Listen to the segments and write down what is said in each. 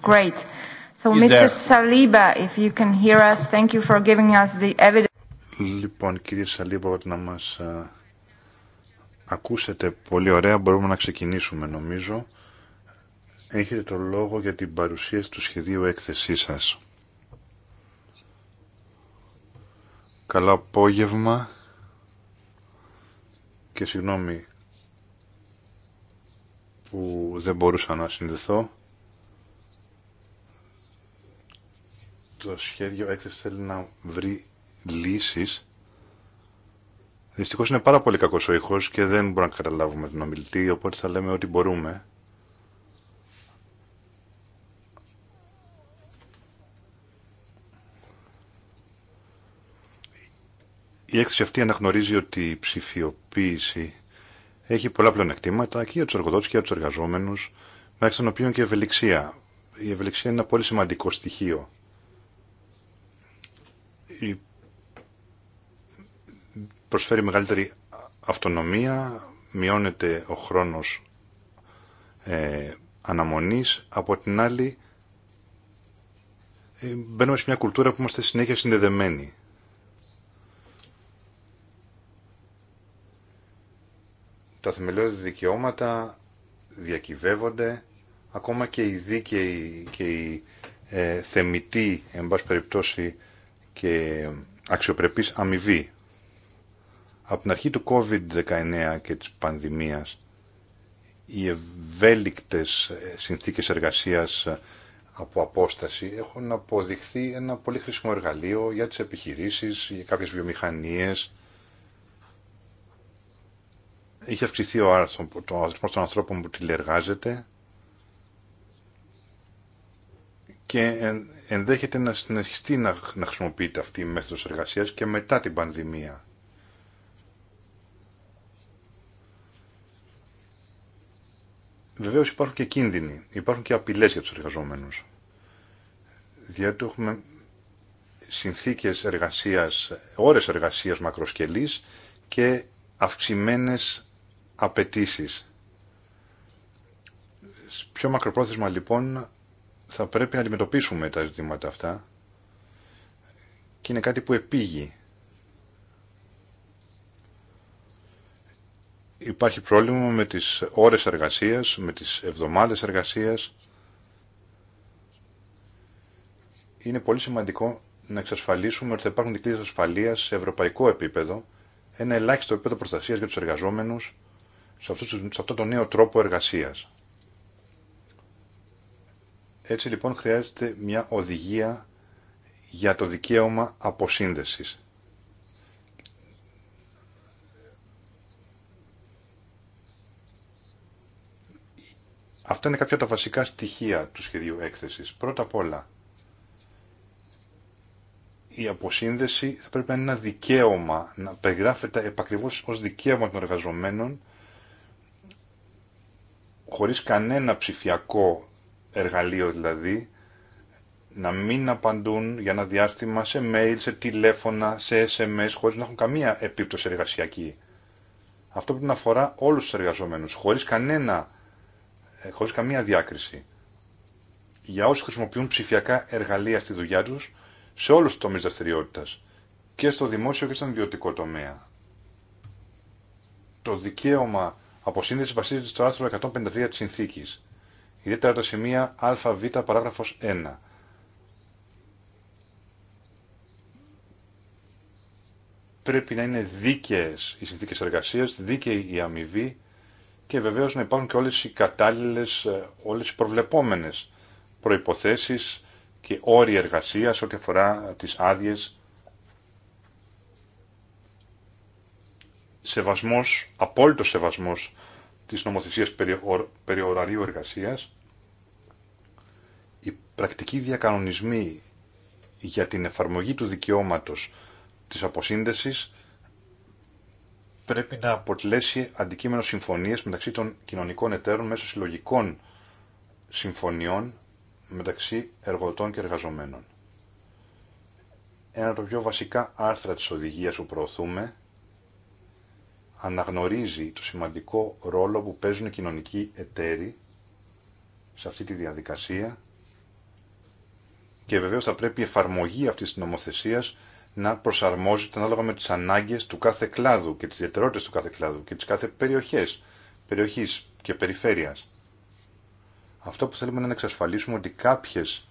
Great. So, Mr. Saliba, if you can hear us, thank you for giving us the evidence. Λοιπόν, κύριε Σαλίβα, να μας ε, ακούσετε πολύ ωραία, μπορούμε να ξεκινήσουμε νομίζω. Έχετε το λόγο για την παρουσίαση του σχεδίου έκθεσή σας. Καλό απόγευμα και συγγνώμη που δεν μπορούσα να συνδεθώ. το σχέδιο έκθεση θέλει να βρει λύσεις. Δυστυχώς είναι πάρα πολύ κακός ο ήχος και δεν μπορούμε να καταλάβουμε τον ομιλητή, οπότε θα λέμε ότι μπορούμε. Η έκθεση αυτή αναγνωρίζει ότι η ψηφιοποίηση έχει πολλά πλεονεκτήματα και για του εργοδότε και για του εργαζόμενου, μέχρι των οποίων και η ευελιξία. Η ευελιξία είναι ένα πολύ σημαντικό στοιχείο προσφέρει μεγαλύτερη αυτονομία, μειώνεται ο χρόνος ε, αναμονής, από την άλλη ε, μπαίνουμε σε μια κουλτούρα που είμαστε συνέχεια συνδεδεμένοι. Τα θεμελιώδη δικαιώματα διακυβεύονται, ακόμα και οι δίκαιοι και οι ε, θεμητοί, εν πάση περιπτώσει, και αξιοπρεπής αμοιβή. Από την αρχή του COVID-19 και της πανδημίας, οι ευέλικτες ε, συνθήκες εργασίας ε, από απόσταση έχουν αποδειχθεί ένα πολύ χρήσιμο εργαλείο για τις επιχειρήσεις, για κάποιες βιομηχανίες. Είχε αυξηθεί ο αριθμός των ανθρώπων που τηλεργάζεται και ε, ενδέχεται να συνεχιστεί να, να χρησιμοποιείται αυτή η μέθοδος εργασίας και μετά την πανδημία. Βεβαίως υπάρχουν και κίνδυνοι, υπάρχουν και απειλές για τους εργαζόμενους. Διότι έχουμε συνθήκες εργασίας, ώρες εργασίας μακροσκελής και αυξημένες απαιτήσεις. Πιο μακροπρόθεσμα λοιπόν θα πρέπει να αντιμετωπίσουμε τα ζητήματα αυτά και είναι κάτι που επήγει. Υπάρχει πρόβλημα με τις ώρες εργασίας, με τις εβδομάδες εργασίας. Είναι πολύ σημαντικό να εξασφαλίσουμε ότι θα υπάρχουν δικτύες ασφαλείας σε ευρωπαϊκό επίπεδο, ένα ελάχιστο επίπεδο προστασίας για τους εργαζόμενους σε αυτό, τον το νέο τρόπο εργασίας. Έτσι λοιπόν χρειάζεται μια οδηγία για το δικαίωμα αποσύνδεσης. Αυτά είναι κάποια τα βασικά στοιχεία του σχεδίου έκθεσης. Πρώτα απ' όλα, η αποσύνδεση θα πρέπει να είναι ένα δικαίωμα, να περιγράφεται επακριβώς ως δικαίωμα των εργαζομένων, χωρίς κανένα ψηφιακό εργαλείο δηλαδή, να μην απαντούν για ένα διάστημα σε mail, σε τηλέφωνα, σε SMS, χωρίς να έχουν καμία επίπτωση εργασιακή. Αυτό πρέπει να αφορά όλους τους εργαζομένους, χωρίς, κανένα, ε, χωρίς καμία διάκριση. Για όσους χρησιμοποιούν ψηφιακά εργαλεία στη δουλειά τους, σε όλους τους τομείς δραστηριότητα και στο δημόσιο και στον ιδιωτικό τομέα. Το δικαίωμα αποσύνδεση βασίζεται στο άρθρο 153 της συνθήκης ιδιαίτερα τα σημεία αβ παράγραφος 1. Πρέπει να είναι δίκαιες οι συνθήκες εργασίας, δίκαιη η αμοιβή και βεβαίως να υπάρχουν και όλες οι κατάλληλες, ε, όλες οι προβλεπόμενες προϋποθέσεις και όροι εργασίας ό,τι αφορά τις άδειες σεβασμός, απόλυτος σεβασμός της νομοθεσίας περί, περί εργασίας πρακτικοί διακανονισμοί για την εφαρμογή του δικαιώματος της αποσύνδεσης πρέπει να αποτελέσει αντικείμενο συμφωνίες μεταξύ των κοινωνικών εταίρων μέσω συλλογικών συμφωνιών μεταξύ εργοτών και εργαζομένων. Ένα από τα πιο βασικά άρθρα της οδηγίας που προωθούμε αναγνωρίζει το σημαντικό ρόλο που παίζουν οι κοινωνικοί εταίροι σε αυτή τη διαδικασία και βεβαίως θα πρέπει η εφαρμογή αυτής της νομοθεσίας να προσαρμόζεται ανάλογα με τις ανάγκες του κάθε κλάδου και τις ιδιαιτερότητες του κάθε κλάδου και τις κάθε περιοχές, περιοχής και περιφέρειας. Αυτό που θέλουμε είναι να εξασφαλίσουμε ότι κάποιες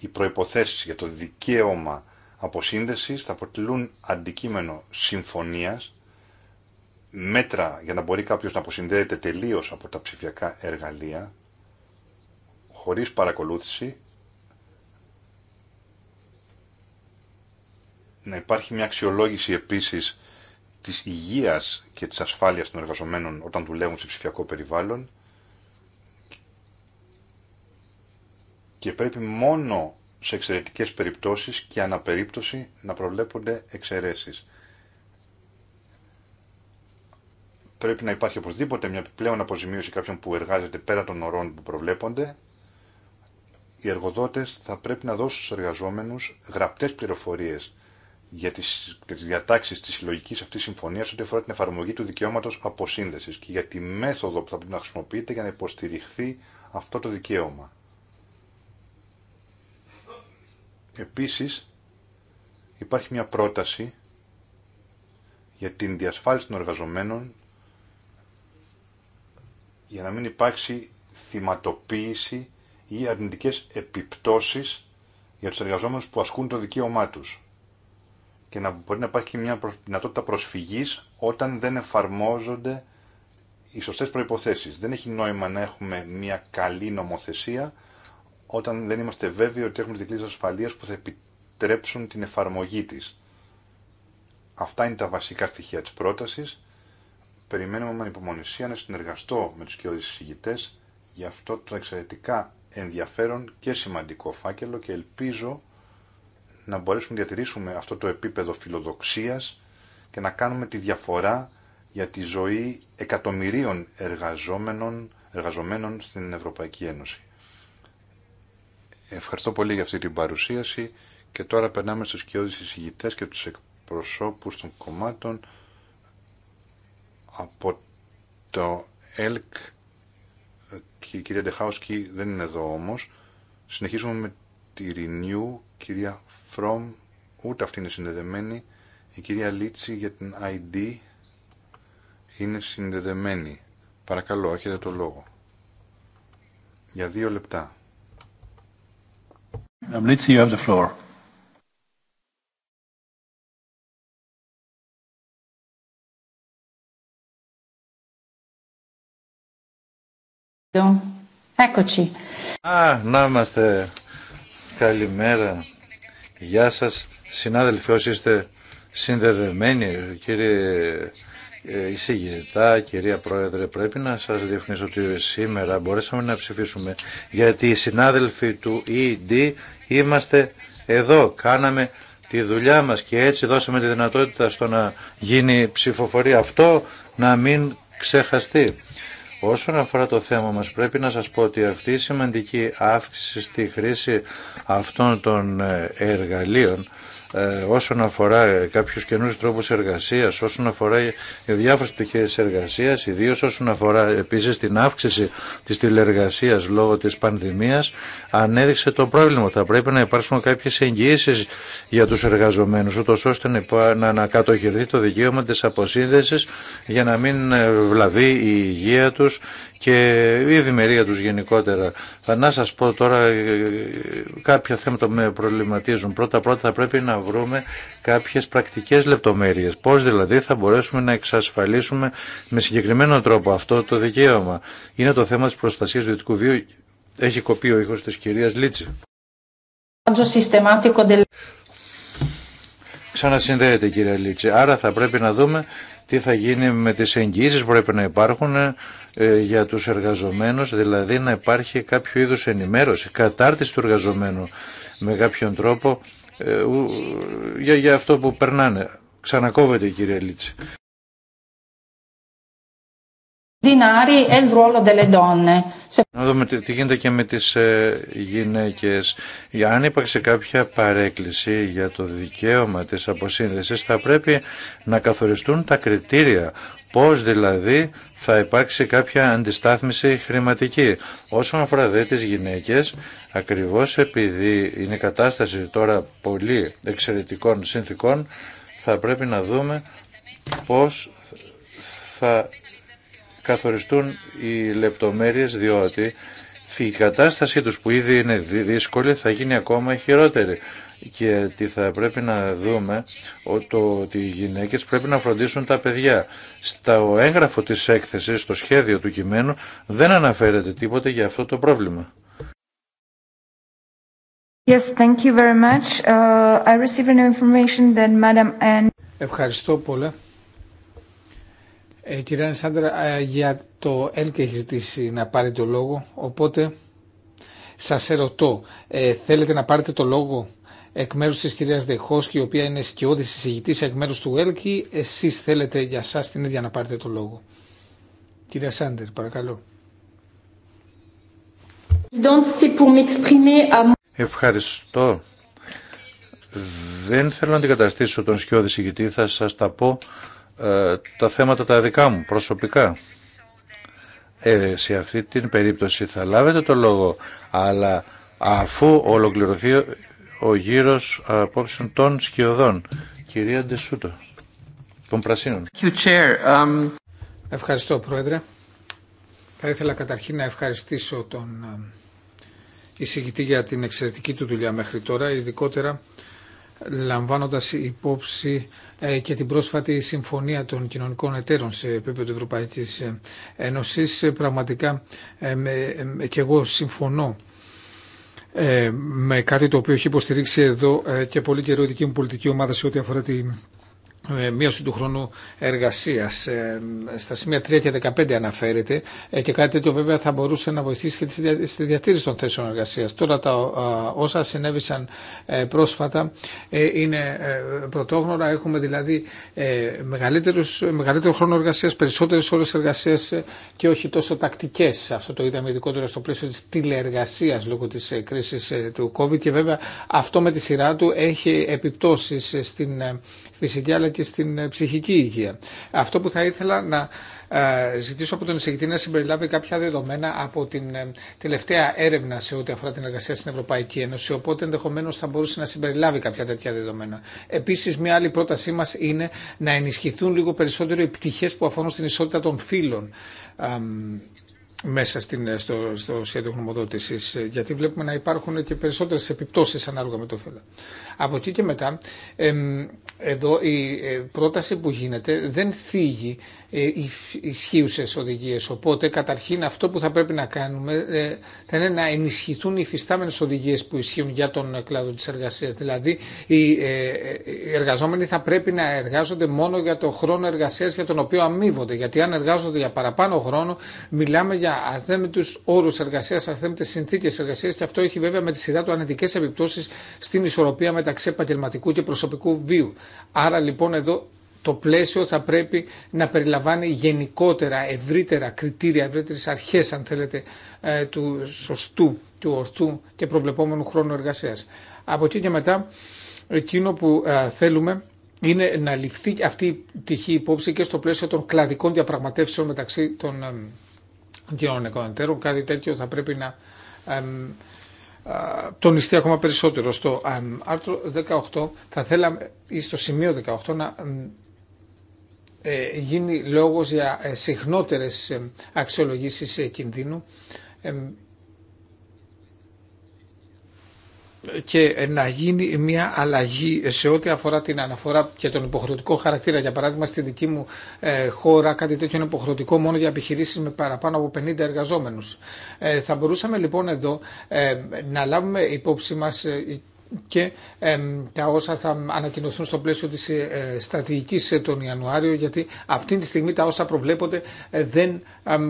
οι προϋποθέσεις για το δικαίωμα αποσύνδεσης θα αποτελούν αντικείμενο συμφωνίας, μέτρα για να μπορεί κάποιο να αποσυνδέεται τελείως από τα ψηφιακά εργαλεία, χωρίς παρακολούθηση να υπάρχει μια αξιολόγηση επίσης της υγείας και της ασφάλειας των εργαζομένων όταν δουλεύουν σε ψηφιακό περιβάλλον και πρέπει μόνο σε εξαιρετικές περιπτώσεις και αναπερίπτωση να προβλέπονται εξαιρέσεις. Πρέπει να υπάρχει οπωσδήποτε μια επιπλέον αποζημίωση κάποιων που εργάζεται πέρα των ορών που προβλέπονται. Οι εργοδότες θα πρέπει να δώσουν στους εργαζόμενους γραπτές πληροφορίες για τις, τις διατάξεις της συλλογικής αυτής συμφωνίας ό,τι αφορά την εφαρμογή του δικαιώματος αποσύνδεσης και για τη μέθοδο που θα πρέπει να χρησιμοποιείται για να υποστηριχθεί αυτό το δικαίωμα. Επίσης, υπάρχει μια πρόταση για την διασφάλιση των εργαζομένων για να μην υπάρξει θυματοποίηση ή αρνητικές επιπτώσεις για τους εργαζόμενους που ασκούν το δικαίωμά τους και να μπορεί να υπάρχει και μια δυνατότητα προσφυγής όταν δεν εφαρμόζονται οι σωστές προϋποθέσεις. Δεν έχει νόημα να έχουμε μια καλή νομοθεσία όταν δεν είμαστε βέβαιοι ότι έχουμε τις ασφαλεία ασφαλείας που θα επιτρέψουν την εφαρμογή της. Αυτά είναι τα βασικά στοιχεία της πρότασης. Περιμένουμε με ανυπομονησία να συνεργαστώ με τους κοιόδης συζητητές για αυτό το εξαιρετικά ενδιαφέρον και σημαντικό φάκελο και ελπίζω να μπορέσουμε να διατηρήσουμε αυτό το επίπεδο φιλοδοξίας και να κάνουμε τη διαφορά για τη ζωή εκατομμυρίων εργαζόμενων, εργαζομένων στην Ευρωπαϊκή Ένωση. Ευχαριστώ πολύ για αυτή την παρουσίαση και τώρα περνάμε στους κοιόδης εισηγητές και τους εκπροσώπους των κομμάτων από το ΕΛΚ και η κυρία δεν είναι εδώ όμως. Συνεχίζουμε με τη Renew, κυρία From, ούτε αυτή είναι συνδεδεμένη. Η κυρία Λίτση για την ID είναι συνδεδεμένη. Παρακαλώ, έχετε το λόγο. Για δύο λεπτά. Λίτση, you have the floor. Α, να είμαστε. Καλημέρα. Γεια σας, συνάδελφοι, όσοι είστε συνδεδεμένοι, κύριε ε, εισηγητά, κυρία Πρόεδρε, πρέπει να σας διευκνήσω ότι σήμερα μπορέσαμε να ψηφίσουμε γιατί οι συνάδελφοι του ED είμαστε εδώ, κάναμε τη δουλειά μας και έτσι δώσαμε τη δυνατότητα στο να γίνει ψηφοφορία αυτό να μην ξεχαστεί. Όσον αφορά το θέμα μας πρέπει να σας πω ότι αυτή η σημαντική αύξηση στη χρήση αυτών των ε, εργαλείων ε, όσον αφορά ε, κάποιους καινούριου τρόπους εργασίας, όσον αφορά ε, διάφορε πτυχέ εργασίας, ιδίως όσον αφορά επίσης την αύξηση της τηλεργασία λόγω της πανδημίας, ανέδειξε το πρόβλημα. Θα πρέπει να υπάρξουν κάποιες εγγυήσει για τους εργαζομένους, ούτω ώστε να ανακατοχυρθεί το δικαίωμα τη αποσύνδεση για να μην βλαβεί η υγεία του και η ευημερία τους γενικότερα. Να σας πω τώρα ε, ε, κάποια θέματα που με προβληματίζουν. Πρώτα-πρώτα θα πρέπει να βρούμε κάποιες πρακτικές λεπτομέρειες. Πώς δηλαδή θα μπορέσουμε να εξασφαλίσουμε με συγκεκριμένο τρόπο αυτό το δικαίωμα. Είναι το θέμα της προστασίας ιδιωτικού βίου. Έχει κοπεί ο ήχος της κυρίας Λίτση. Ξανασυνδέεται κυρία Λίτση. Άρα θα πρέπει να δούμε τι θα γίνει με τις εγγυήσεις που πρέπει να υπάρχουν ε, ε, για τους εργαζομένους, δηλαδή να υπάρχει κάποιο είδους ενημέρωση, κατάρτιση του εργαζομένου με κάποιον τρόπο ε, για, αυτό που περνάνε. Ξανακόβεται η κυρία Λίτση. Να δούμε τι γίνεται και με τις ε, γυναίκες. Αν υπάρξει κάποια παρέκκληση για το δικαίωμα της αποσύνδεσης θα πρέπει να καθοριστούν τα κριτήρια Πώς δηλαδή θα υπάρξει κάποια αντιστάθμιση χρηματική. Όσον αφορά δε τις γυναίκες, ακριβώς επειδή είναι κατάσταση τώρα πολύ εξαιρετικών συνθήκων, θα πρέπει να δούμε πώς θα καθοριστούν οι λεπτομέρειες διότι η κατάστασή τους που ήδη είναι δύσκολη θα γίνει ακόμα χειρότερη και τι θα πρέπει να δούμε ότι οι γυναίκες πρέπει να φροντίσουν τα παιδιά. Στο έγγραφο της έκθεσης, στο σχέδιο του κειμένου, δεν αναφέρεται τίποτε για αυτό το πρόβλημα. you information Ευχαριστώ πολύ. Ε, κυρία Σάντερ, για το ΕΛΚ έχει ζητήσει να πάρει το λόγο, οπότε σας ερωτώ, ε, θέλετε να πάρετε το λόγο εκ μέρους της κυρίας Δεχόσκη, η οποία είναι σκιώδης συζητής εκ μέρους του ΕΛΚ ή εσείς θέλετε για σας την ίδια να πάρετε το λόγο. Κυρία Σάντερ, παρακαλώ. Ευχαριστώ. Δεν θέλω να αντικαταστήσω τον σκιώδη συγητή, θα σας τα πω ε, τα θέματα τα δικά μου προσωπικά. Ε, σε αυτή την περίπτωση θα λάβετε το λόγο, αλλά αφού ολοκληρωθεί ο γύρος απόψεων των σκιωδών. Κυρία Ντεσούτο, των Πρασίνων. Um, Ευχαριστώ, Πρόεδρε. Θα ήθελα καταρχήν να ευχαριστήσω τον ε, εισηγητή για την εξαιρετική του δουλειά μέχρι τώρα, ειδικότερα λαμβάνοντας υπόψη ε, και την πρόσφατη συμφωνία των κοινωνικών εταίρων σε επίπεδο Ευρωπαϊκής ε, Ένωσης. Ε, πραγματικά και εγώ συμφωνώ με κάτι το οποίο έχει υποστηρίξει εδώ και πολύ καιρό η δική μου πολιτική ομάδα σε ό,τι αφορά την. Ε, μείωση του χρόνου εργασίας. Ε, στα σημεία 3 και 15 αναφέρεται ε, και κάτι τέτοιο βέβαια θα μπορούσε να βοηθήσει και στη διατήρηση των θέσεων εργασία. Τώρα τα όσα συνέβησαν πρόσφατα είναι πρωτόγνωρα. Έχουμε δηλαδή μεγαλύτερο χρόνο εργασίας, περισσότερες ώρες εργασίας και όχι τόσο τακτικέ. Αυτό το είδαμε ειδικότερα στο πλαίσιο της τηλεεργασία λόγω της κρίσης του COVID και βέβαια αυτό με τη σειρά του έχει επιπτώσεις στην φυσική αλλά και στην ε, ψυχική υγεία. Αυτό που θα ήθελα να ε, ζητήσω από τον εισηγητή να συμπεριλάβει κάποια δεδομένα από την ε, τελευταία έρευνα σε ό,τι αφορά την εργασία στην Ευρωπαϊκή Ένωση. Οπότε ενδεχομένω θα μπορούσε να συμπεριλάβει κάποια τέτοια δεδομένα. Επίση, μια άλλη πρότασή μα είναι να ενισχυθούν λίγο περισσότερο οι πτυχέ που αφορούν στην ισότητα των φύλων μέσα στην, στο, στο σχέδιο γνωμοδότηση, γιατί βλέπουμε να υπάρχουν και περισσότερε επιπτώσει ανάλογα με το φέλλον. Από εκεί και μετά, εμ, εδώ η ε, πρόταση που γίνεται δεν θίγει οι ε, ισχύουσε οδηγίε. Οπότε, καταρχήν, αυτό που θα πρέπει να κάνουμε ε, θα είναι να ενισχυθούν οι φυστάμενε οδηγίε που ισχύουν για τον κλάδο τη εργασία. Δηλαδή, οι, ε, ε εργαζόμενοι θα πρέπει να εργάζονται μόνο για το χρόνο εργασία για τον οποίο αμείβονται. Γιατί αν εργάζονται για παραπάνω χρόνο, μιλάμε για αθέμητου όρου εργασία, αθέμητε συνθήκε εργασία και αυτό έχει βέβαια με τη σειρά του ανετικέ επιπτώσει στην ισορροπία μεταξύ επαγγελματικού και προσωπικού βίου. Άρα λοιπόν εδώ το πλαίσιο θα πρέπει να περιλαμβάνει γενικότερα, ευρύτερα κριτήρια, ευρύτερε αρχέ, αν θέλετε, ε, του σωστού, του ορθού και προβλεπόμενου χρόνου εργασία. Από εκεί και μετά, εκείνο που ε, θέλουμε είναι να ληφθεί αυτή η τυχή υπόψη και στο πλαίσιο των κλαδικών διαπραγματεύσεων μεταξύ των ε, κοινωνικών εταίρων. Κάτι τέτοιο θα πρέπει να τονιστεί ακόμα περισσότερο. Στο άρθρο 18 θα θέλαμε, ή στο σημείο 18 να ε, γίνει λόγος για ε, συχνότερες αξιολογήσεις ε, κινδύνου και να γίνει μια αλλαγή σε ό,τι αφορά την αναφορά και τον υποχρεωτικό χαρακτήρα. Για παράδειγμα, στη δική μου ε, χώρα κάτι τέτοιο είναι υποχρεωτικό μόνο για επιχειρήσει με παραπάνω από 50 εργαζόμενους. Ε, θα μπορούσαμε λοιπόν εδώ ε, να λάβουμε υπόψη μα και τα όσα θα ανακοινωθούν στο πλαίσιο της ε, στρατηγικής ε, τον Ιανουάριο γιατί αυτή τη στιγμή τα όσα προβλέπονται ε, δεν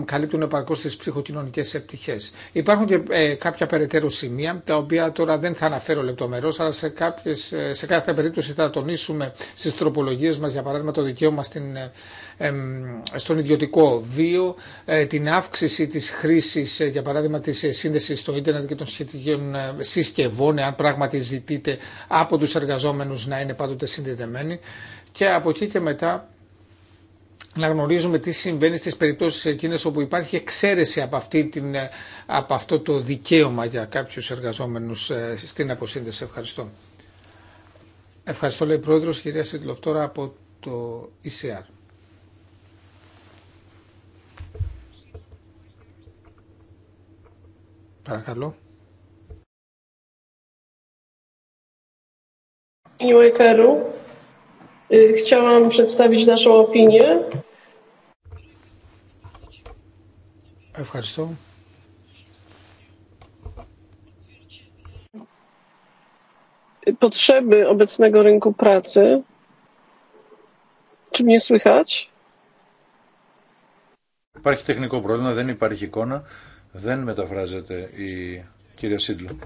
καλύπτουν επαρκώς τις ψυχοκοινωνικές επιτυχίες. Υπάρχουν και ε, κάποια περαιτέρω σημεία τα οποία τώρα δεν θα αναφέρω λεπτομερώς αλλά σε, κάποιες, σε κάθε περίπτωση θα τονίσουμε στις τροπολογίες μας για παράδειγμα το δικαίωμα στην στον ιδιωτικό βίο, ε, την αύξηση της χρήσης, ε, για παράδειγμα, της ε, σύνδεσης στο ίντερνετ και των σχετικών συσκευών, εάν πράγματι ζητείτε από τους εργαζόμενους να είναι πάντοτε συνδεδεμένοι. Και από εκεί και μετά να γνωρίζουμε τι συμβαίνει στις περιπτώσεις εκείνες όπου υπάρχει εξαίρεση από, αυτή την, από αυτό το δικαίωμα για κάποιους εργαζόμενους στην αποσύνδεση. Ευχαριστώ. Ευχαριστώ λέει Πρόεδρος, κυρία Σίτλοφ, από το ECR. Παρακαλώ. Newackeru. Chciałam przedstawić naszą opinię. Ευχαριστώ. Potrzeby obecnego rynku pracy. Czy mnie słychać? Υπάρχει τεχνικό πρόβλημα, δεν υπάρχει εικόνα. Δεν μεταφράζεται η κυρία Σίτλο.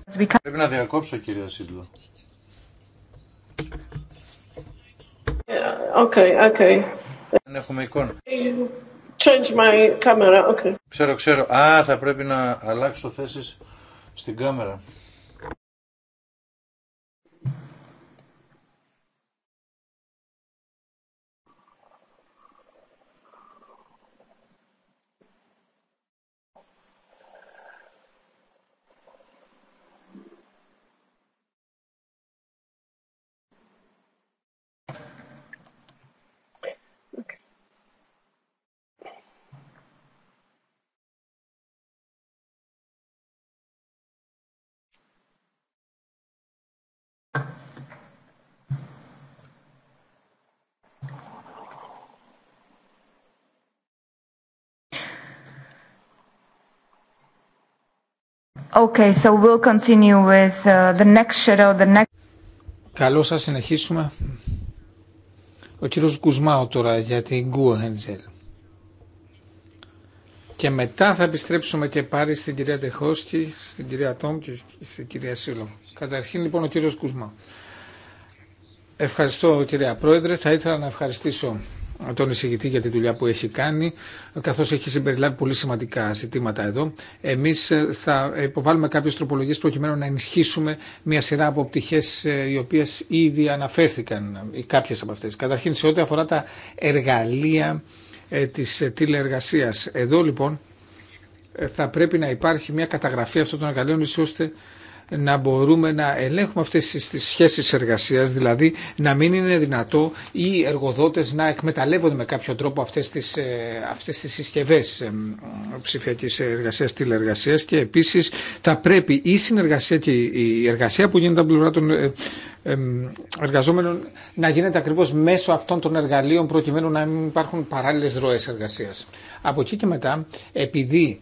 Πρέπει να διακόψω κυρία Σίτλο. okay, okay. Δεν έχουμε εικόνα. Change my camera, okay. Ξέρω, ξέρω. Α, θα πρέπει να αλλάξω θέσεις στην κάμερα. Okay, so we'll continue with uh, the next shadow, the next... Καλώς θα συνεχίσουμε. Ο κύριος Κουσμάου τώρα για την Γκουέντζελ. Και μετά θα επιστρέψουμε και πάλι στην κυρία Τεχόσκη, στην κυρία Τόμ και στην κυρία Σύλλογο. Καταρχήν λοιπόν ο κύριος Κουσμάου. Ευχαριστώ κυρία Πρόεδρε. Θα ήθελα να ευχαριστήσω τον εισηγητή για τη δουλειά που έχει κάνει, καθώς έχει συμπεριλάβει πολύ σημαντικά ζητήματα εδώ. Εμείς ε, θα υποβάλουμε κάποιες τροπολογίες προκειμένου να ενισχύσουμε μια σειρά από πτυχέ, ε, οι οποίες ήδη αναφέρθηκαν, ή ε, κάποιες από αυτές. Καταρχήν σε ό,τι αφορά τα εργαλεία της τηλεεργασία. Εδώ λοιπόν θα πρέπει να υπάρχει μια καταγραφή αυτών των εργαλείων ώστε να μπορούμε να ελέγχουμε αυτές τις σχέσεις εργασίας, δηλαδή να μην είναι δυνατό οι εργοδότες να εκμεταλλεύονται με κάποιο τρόπο αυτές τις, ε, αυτές τις συσκευές ε, ψηφιακής εργασίας, τηλεργασίας και επίσης θα πρέπει η συνεργασία και η εργασία που γίνεται από πλευρά των ε, εργαζόμενων να γίνεται ακριβώς μέσω αυτών των εργαλείων προκειμένου να μην υπάρχουν παράλληλες ροές εργασίας. Από εκεί και μετά, επειδή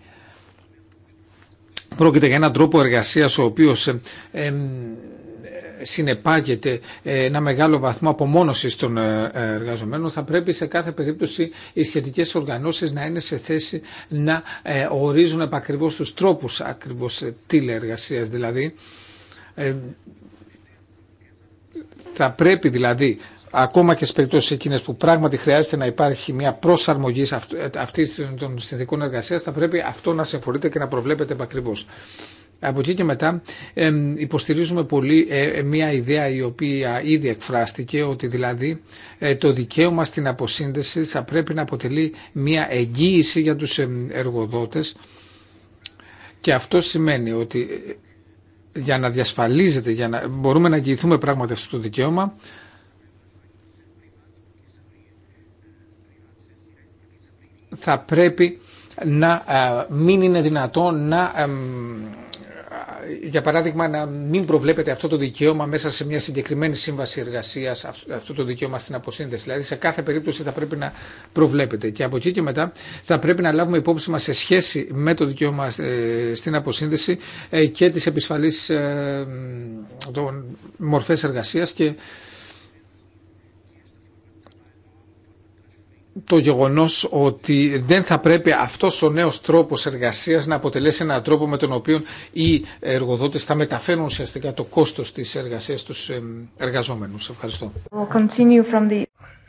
Πρόκειται για έναν τρόπο εργασίας ο οποίος ε, ε, συνεπάγεται ε, ένα μεγάλο βαθμό απομόνωσης των εργαζομένων, θα πρέπει σε κάθε περίπτωση οι σχετικές οργανώσεις να είναι σε θέση να ορίζουν επακριβώς τους τρόπους ακριβώς τηλεεργασίας. Δηλαδή, θα πρέπει δηλαδή ακόμα και σε περιπτώσει εκείνε που πράγματι χρειάζεται να υπάρχει μια προσαρμογή ε, αυτή των συνθηκών εργασία, θα πρέπει αυτό να συμφορείται και να προβλέπεται επακριβώ. Από εκεί και μετά υποστηρίζουμε πολύ ε, ε, μια ιδέα η οποία ήδη εκφράστηκε ότι δηλαδή το δικαίωμα στην αποσύνδεση θα πρέπει να αποτελεί μια εγγύηση για τους εργοδότες και αυτό σημαίνει ότι για να διασφαλίζεται, για να μπορούμε να εγγυηθούμε πράγματι αυτό το δικαίωμα θα πρέπει να ε, μην είναι δυνατόν να για παράδειγμα να μην προβλέπεται αυτό το δικαίωμα μέσα σε μια συγκεκριμένη σύμβαση εργασίας, αυτό το δικαίωμα στην αποσύνδεση. Δηλαδή σε κάθε περίπτωση θα πρέπει να προβλέπεται. Και από εκεί και μετά θα πρέπει να λάβουμε υπόψη μας σε σχέση με το δικαίωμα ε, στην αποσύνδεση ε, και τι των μορφές εργασίας. και το γεγονός ότι δεν θα πρέπει αυτός ο νέος τρόπος εργασίας να αποτελέσει έναν τρόπο με τον οποίο οι εργοδότες θα μεταφέρουν ουσιαστικά το κόστος της εργασίας τους εργαζόμενους. Ευχαριστώ.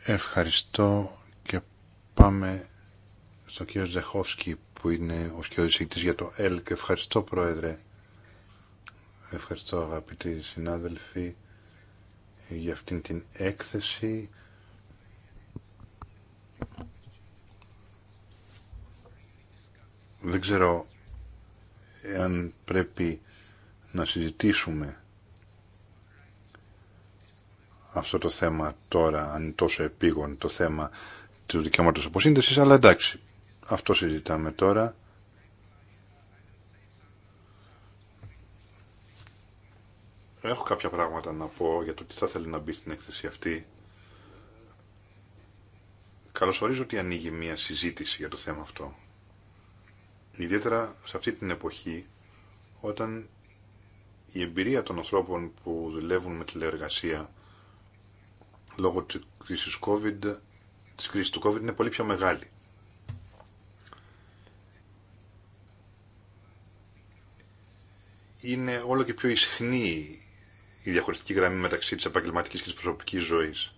Ευχαριστώ και πάμε στον κύριο Ζεχόφσκι που είναι ο σκιοδησίκτης για το ΕΛΚ. Ευχαριστώ Πρόεδρε. Ευχαριστώ αγαπητοί συνάδελφοι για αυτήν την έκθεση δεν ξέρω αν πρέπει να συζητήσουμε αυτό το θέμα τώρα, αν είναι τόσο επίγον το θέμα του δικαιώματος αποσύνδεσης, αλλά εντάξει, αυτό συζητάμε τώρα. Έχω κάποια πράγματα να πω για το τι θα θέλει να μπει στην έκθεση αυτή. Καλωσορίζω ότι ανοίγει μια συζήτηση για το θέμα αυτό. Ιδιαίτερα σε αυτή την εποχή όταν η εμπειρία των ανθρώπων που δουλεύουν με τηλεεργασία λόγω της κρίσης, COVID, της κρίσης του COVID είναι πολύ πιο μεγάλη. Είναι όλο και πιο ισχνή η διαχωριστική γραμμή μεταξύ της επαγγελματική και της προσωπικής ζωής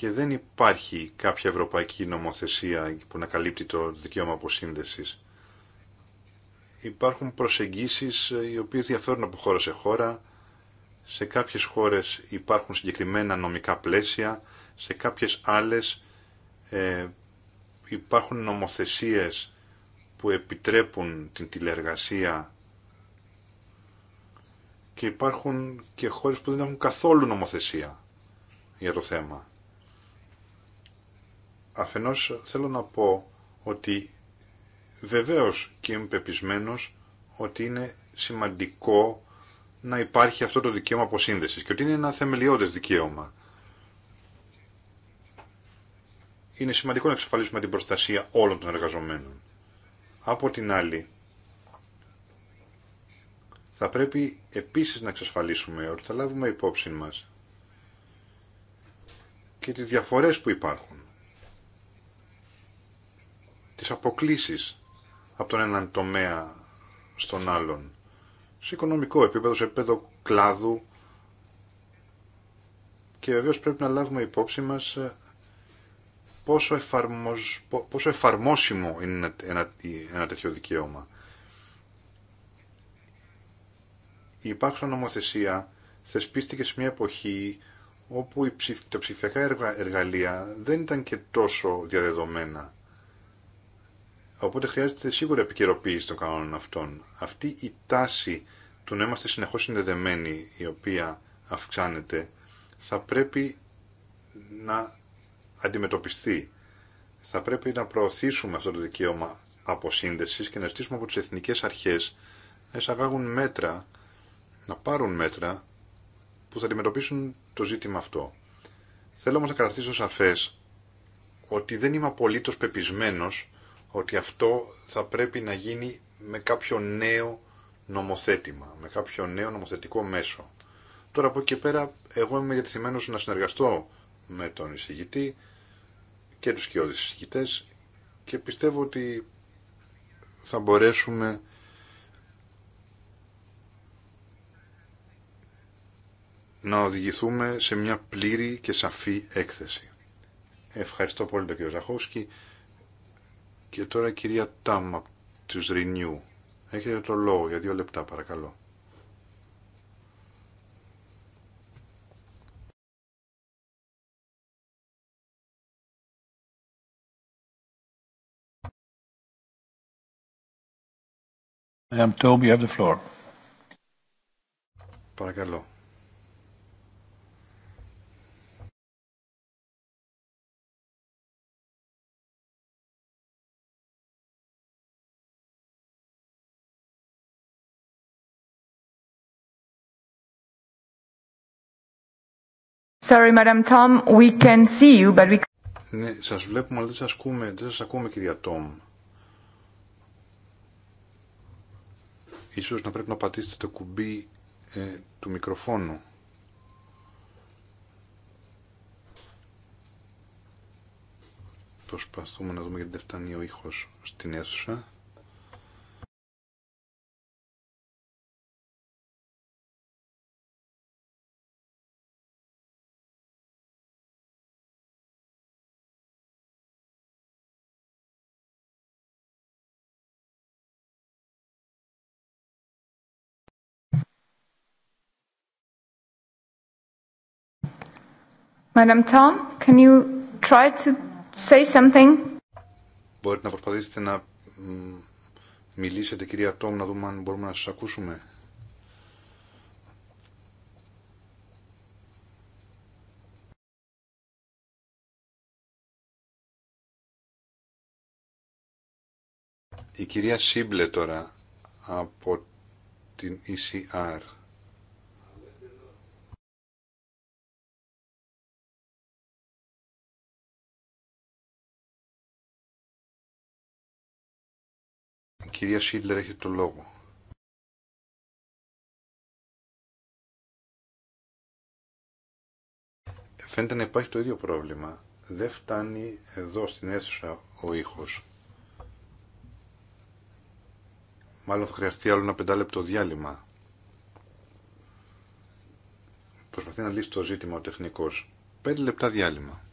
και δεν υπάρχει κάποια ευρωπαϊκή νομοθεσία που να καλύπτει το δικαίωμα αποσύνδεσης. Υπάρχουν προσεγγίσεις ε, οι οποίες διαφέρουν από χώρα σε χώρα. Σε κάποιες χώρες υπάρχουν συγκεκριμένα νομικά πλαίσια, σε κάποιες άλλες ε, υπάρχουν νομοθεσίες που επιτρέπουν την τηλεργασία και υπάρχουν και χώρες που δεν έχουν καθόλου νομοθεσία για το θέμα. Αφενός θέλω να πω ότι βεβαίως και είμαι ότι είναι σημαντικό να υπάρχει αυτό το δικαίωμα αποσύνδεσης και ότι είναι ένα θεμελιώδες δικαίωμα. Είναι σημαντικό να εξασφαλίσουμε την προστασία όλων των εργαζομένων. Από την άλλη, θα πρέπει επίσης να εξασφαλίσουμε ότι θα λάβουμε υπόψη μας και τις διαφορές που υπάρχουν τις αποκλίσεις από τον έναν τομέα στον άλλον. Σε οικονομικό επίπεδο, σε επίπεδο κλάδου και βεβαίως πρέπει να λάβουμε υπόψη μας ε, πόσο, εφαρμόσιμο είναι ένα, ένα τέτοιο δικαίωμα. Η υπάρχουσα νομοθεσία θεσπίστηκε σε μια εποχή όπου τα ψηφιακά εργαλεία δεν ήταν και τόσο διαδεδομένα. Οπότε χρειάζεται σίγουρα επικαιροποίηση των κανόνων αυτών. Αυτή η τάση του να είμαστε συνεχώ συνδεδεμένοι, η οποία αυξάνεται, θα πρέπει να αντιμετωπιστεί. Θα πρέπει να προωθήσουμε αυτό το δικαίωμα αποσύνδεσης και να ζητήσουμε από τις εθνικές αρχές να εισαγάγουν μέτρα, να πάρουν μέτρα που θα αντιμετωπίσουν το ζήτημα αυτό. Θέλω όμως να καταστήσω σαφές ότι δεν είμαι απολύτως πεπισμένος ότι αυτό θα πρέπει να γίνει με κάποιο νέο νομοθέτημα, με κάποιο νέο νομοθετικό μέσο. Τώρα από εκεί και πέρα εγώ είμαι διατηθειμένος να συνεργαστώ με τον εισηγητή και τους κοιόδης εισηγητές και πιστεύω ότι θα μπορέσουμε να οδηγηθούμε σε μια πλήρη και σαφή έκθεση. Ευχαριστώ πολύ τον κύριο Ζαχώσκη. Και τώρα η κυρία Τάμ από τους Έχετε το λόγο για δύο λεπτά παρακαλώ. Madame Tobe, you have the floor. Παρακαλώ. Sorry, Madam Tom, we can see you, but we... Ναι, σας βλέπουμε, αλλά δεν σας ακούμε, δεν σας ακούμε, κυρία Τόμ. Ίσως να πρέπει να πατήσετε το κουμπί ε, του μικροφόνου. Προσπαθούμε να δούμε γιατί δεν φτάνει ο ήχος στην αίθουσα. Madam Tom, you try Μπορείτε να προσπαθήσετε να μιλήσετε, κυρία Τόμ, να δούμε αν μπορούμε να σας ακούσουμε. Η κυρία Σίμπλε τώρα από την ECR. Κυρία Σίτλερ, έχει το λόγο. Φαίνεται να υπάρχει το ίδιο πρόβλημα. Δεν φτάνει εδώ στην αίθουσα ο ήχος. Μάλλον θα χρειαστεί άλλο ένα πεντάλεπτο διάλειμμα. Προσπαθεί να λύσει το ζήτημα ο τεχνικός. Πέντε λεπτά διάλειμμα.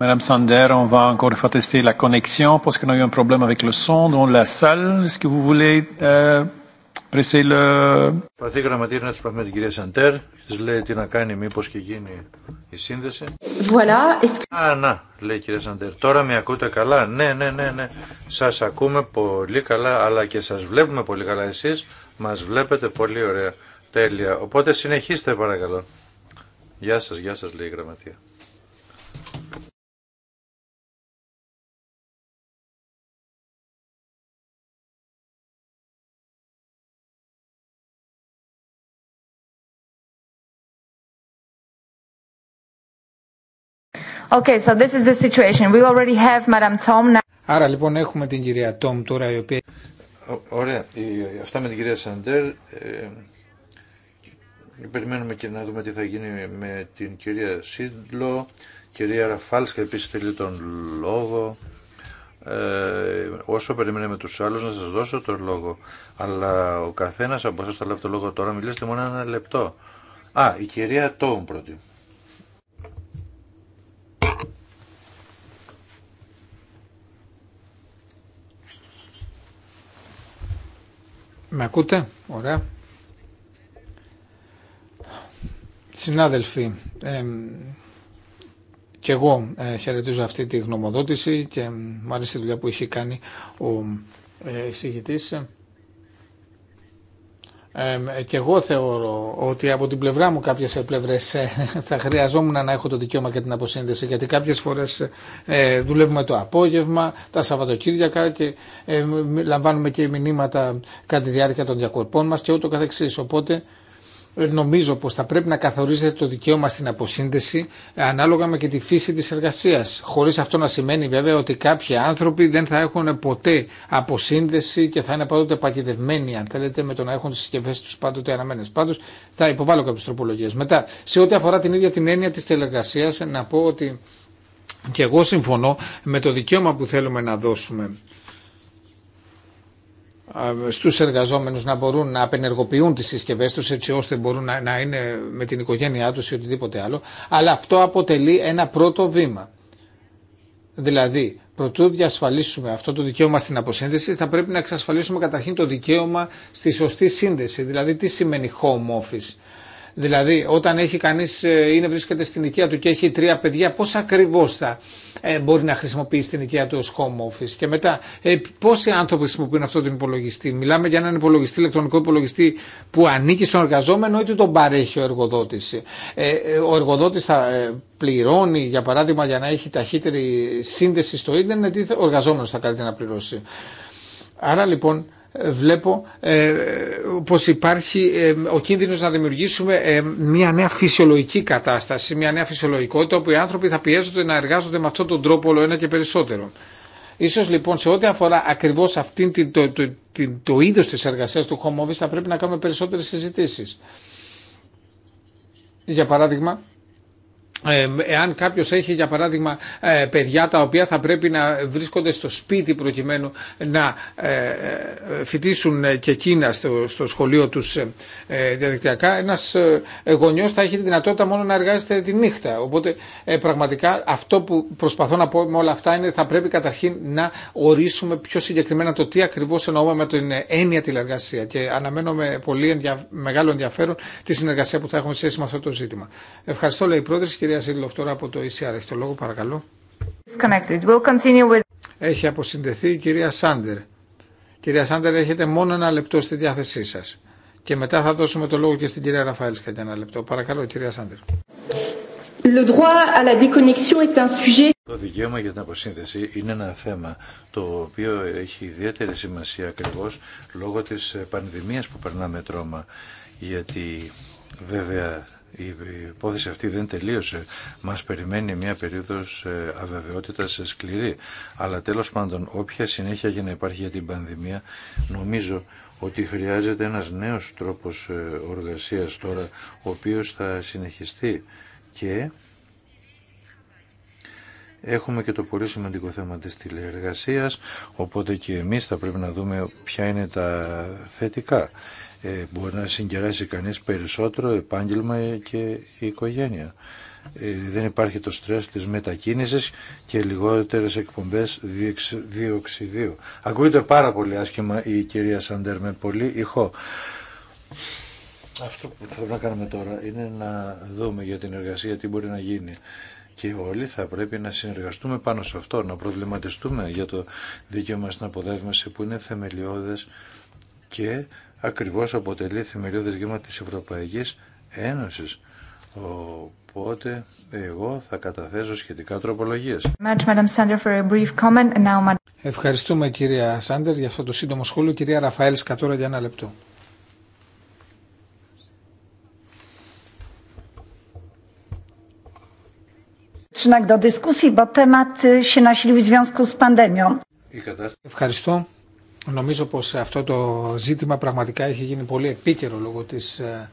Madame Sander, on va encore une fois tester la connexion parce qu'on a eu un problème avec le son dans la salle. Est-ce que vous voulez euh, presser le... Προσπαθεί γραμματήρια να του με την κυρία Σαντέρ, τη λέει τι να κάνει, μήπω και γίνει η σύνδεση. Voilà. Α, να, λέει η κυρία Σαντέρ. Τώρα με ακούτε καλά. Ναι, ναι, ναι, ναι. Σα ακούμε πολύ καλά, αλλά και σα βλέπουμε πολύ καλά. Εσεί μα βλέπετε πολύ ωραία. Τέλεια. Οπότε συνεχίστε παρακαλώ. Γεια σα, γεια σα, λέει η γραμματεία. Άρα λοιπόν έχουμε την κυρία Τόμ τώρα η οποία... ωραία. Αυτά με την κυρία Σαντέρ. Ε, περιμένουμε και να δούμε τι θα γίνει με την κυρία Σίντλο. Κυρία Ραφάλσκα επίσης θέλει τον λόγο. Ε, όσο περιμένουμε τους άλλους να σας δώσω τον λόγο. Αλλά ο καθένας από εσάς θα λάβει τον λόγο τώρα. Μιλήστε μόνο ένα λεπτό. Α, η κυρία Τόμ πρώτη. Με ακούτε, ωραία. Συνάδελφοι, ε, και εγώ ε, χαιρετίζω αυτή τη γνωμοδότηση και μου άρεσε η δουλειά που έχει κάνει ο εισηγητής ε, και εγώ θεωρώ ότι από την πλευρά μου κάποιες πλευρές ε, θα χρειαζόμουν να έχω το δικαίωμα και την αποσύνδεση γιατί κάποιες φορές ε, δουλεύουμε το απόγευμα, τα Σαββατοκύριακα και λαμβάνουμε και μηνύματα κατά τη διάρκεια των διακορπών μας και ούτω καθεξής. Οπότε νομίζω πως θα πρέπει να καθορίζεται το δικαίωμα στην αποσύνδεση ε, ανάλογα με και τη φύση της εργασίας. Χωρίς αυτό να σημαίνει βέβαια ότι κάποιοι άνθρωποι δεν θα έχουν ποτέ αποσύνδεση και θα είναι πάντοτε παγιδευμένοι αν θέλετε με το να έχουν τις συσκευές τους πάντοτε αναμένες. Πάντως θα υποβάλω κάποιες τροπολογίες. Μετά, σε ό,τι αφορά την ίδια την έννοια της τελεργασίας, να πω ότι και εγώ συμφωνώ με το δικαίωμα που θέλουμε να δώσουμε στους εργαζόμενους να μπορούν να απενεργοποιούν τις συσκευές τους έτσι ώστε μπορούν να, να είναι με την οικογένειά τους ή οτιδήποτε άλλο αλλά αυτό αποτελεί ένα πρώτο βήμα. Δηλαδή, προτού διασφαλίσουμε αυτό το δικαίωμα στην αποσύνδεση, θα πρέπει να εξασφαλίσουμε καταρχήν το δικαίωμα στη σωστή σύνδεση. Δηλαδή, τι σημαίνει home office. Δηλαδή, όταν έχει κανείς, ε, είναι, βρίσκεται στην οικία του και έχει τρία παιδιά, πώς ακριβώς θα ε, μπορεί να χρησιμοποιήσει την οικία του ως home office. Και μετά, ε, πόσοι άνθρωποι χρησιμοποιούν αυτόν τον υπολογιστή. Μιλάμε για έναν υπολογιστή, ηλεκτρονικό υπολογιστή που ανήκει στον εργαζόμενο ή του τον παρέχει ο εργοδότης. Ε, ε ο εργοδότης θα πληρώνει, για παράδειγμα, για να έχει ταχύτερη σύνδεση στο ίντερνετ ή ο εργαζόμενος θα κάτι να πληρώσει. Άρα λοιπόν βλέπω ε, πως υπάρχει ε, ο κίνδυνος να δημιουργήσουμε ε, μια νέα φυσιολογική κατάσταση, μια νέα φυσιολογικότητα όπου οι άνθρωποι θα πιέζονται να εργάζονται με αυτόν τον τρόπο όλο ένα και περισσότερο. Ίσως λοιπόν σε ό,τι αφορά ακριβώς αυτήν το, το, το, το είδος της εργασίας του home θα πρέπει να κάνουμε περισσότερες συζητήσεις. Για παράδειγμα, εάν κάποιο έχει για παράδειγμα ε, παιδιά τα οποία θα πρέπει να βρίσκονται στο σπίτι προκειμένου να ε, ε, φοιτήσουν και εκείνα στο, σχολείο τους διαδικτυακά ένας γονιό θα έχει τη δυνατότητα μόνο να εργάζεται τη νύχτα οπότε πραγματικά αυτό που προσπαθώ να πω με όλα αυτά είναι θα πρέπει καταρχήν να ορίσουμε πιο συγκεκριμένα το τι ακριβώ εννοούμε με την έννοια τηλεργασία και αναμένω με πολύ ενδια... μεγάλο ενδιαφέρον τη συνεργασία που θα έχουμε σχέση με αυτό το ζήτημα. Ευχαριστώ λέει η κυρία Ζήλοφ τώρα από το ECR. Έχει το λόγο παρακαλώ. We'll with... Έχει αποσυνδεθεί η κυρία Σάντερ. Κυρία Σάντερ έχετε μόνο ένα λεπτό στη διάθεσή σα. Και μετά θα δώσουμε το λόγο και στην κυρία Ραφαέλ για ένα λεπτό. Παρακαλώ κυρία Σάντερ. Le droit à la déconnexion est un sujet... Το δικαίωμα για την αποσύνθεση είναι ένα θέμα το οποίο έχει ιδιαίτερη σημασία ακριβώ λόγω τη πανδημία που περνάμε τρώμα γιατί βέβαια η υπόθεση αυτή δεν τελείωσε. Μας περιμένει μια περίοδος ε, αβεβαιότητας ε, σκληρή. Αλλά τέλος πάντων, όποια συνέχεια για να υπάρχει για την πανδημία, νομίζω ότι χρειάζεται ένας νέος τρόπος ε, οργασίας τώρα, ο οποίος θα συνεχιστεί. Και έχουμε και το πολύ σημαντικό θέμα της τηλεεργασίας, οπότε και εμείς θα πρέπει να δούμε ποια είναι τα θετικά ε, μπορεί να συγκεράσει κανείς περισσότερο επάγγελμα και η οικογένεια. Ε, δεν υπάρχει το στρες της μετακίνησης και λιγότερες εκπομπές διοξιδίου. Ακούγεται πάρα πολύ άσχημα η κυρία Σαντέρ με πολύ ηχό. Αυτό που θα πρέπει να κάνουμε τώρα είναι να δούμε για την εργασία τι μπορεί να γίνει. Και όλοι θα πρέπει να συνεργαστούμε πάνω σε αυτό, να προβληματιστούμε για το μας στην σε που είναι θεμελιώδες και ακριβώς αποτελεί θεμελιώδες γήμα της Ευρωπαϊκής Ένωσης. Οπότε εγώ θα καταθέσω σχετικά τροπολογίες. Ευχαριστούμε κυρία Σάντερ για αυτό το σύντομο σχόλιο. Κυρία Ραφαέλ Σκατόρα για ένα λεπτό. Ευχαριστώ. Νομίζω πως αυτό το ζήτημα πραγματικά έχει γίνει πολύ επίκαιρο λόγω της ε,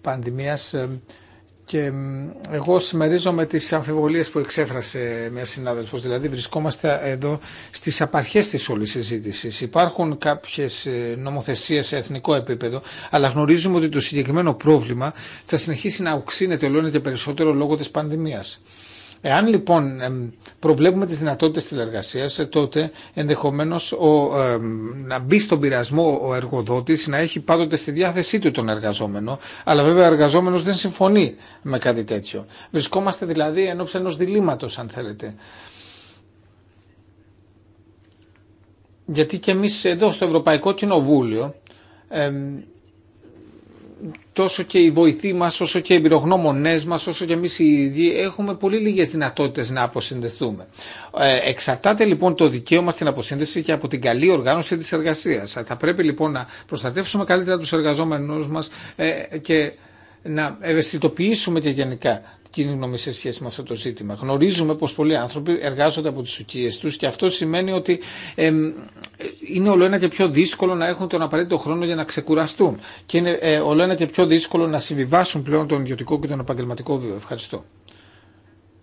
πανδημίας ε, και εγώ συμμερίζομαι τις αμφιβολίες που εξέφρασε μια συνάδελφος. Δηλαδή βρισκόμαστε εδώ στις απαρχές της όλης συζήτηση. Υπάρχουν κάποιες ε, νομοθεσίες σε εθνικό επίπεδο, αλλά γνωρίζουμε ότι το συγκεκριμένο πρόβλημα θα συνεχίσει να οξύνεται και περισσότερο λόγω της πανδημίας. Εάν λοιπόν προβλέπουμε τις δυνατότητες τηλεργασίας, ε, τότε ενδεχομένως ο, να μπει στον πειρασμό ο εργοδότης να έχει πάντοτε στη διάθεσή του τον εργαζόμενο, αλλά βέβαια ο εργαζόμενος δεν συμφωνεί με κάτι τέτοιο. Βρισκόμαστε δηλαδή ενώπιση ενός διλήμματος αν θέλετε. Γιατί και εμείς εδώ στο Ευρωπαϊκό Κοινοβούλιο ε, τόσο και οι βοηθοί μα, όσο και οι εμπειρογνώμονέ μα, όσο και εμεί οι ίδιοι έχουμε πολύ λίγε δυνατότητε να αποσυνδεθούμε. Ε, εξαρτάται λοιπόν το δικαίωμα στην αποσύνδεση και από την καλή οργάνωση της εργασίας. Θα πρέπει λοιπόν να προστατεύσουμε καλύτερα του εργαζόμενου μα ε, και να ευαισθητοποιήσουμε και γενικά κοινή γνώμη σε σχέση με αυτό το ζήτημα. Γνωρίζουμε πως πολλοί άνθρωποι εργάζονται από τις οικίες τους και αυτό σημαίνει ότι είναι όλο ένα και πιο δύσκολο να έχουν τον απαραίτητο χρόνο για να ξεκουραστούν και είναι ε, ένα και πιο δύσκολο να συμβιβάσουν πλέον τον ιδιωτικό και τον επαγγελματικό βίο. Ευχαριστώ.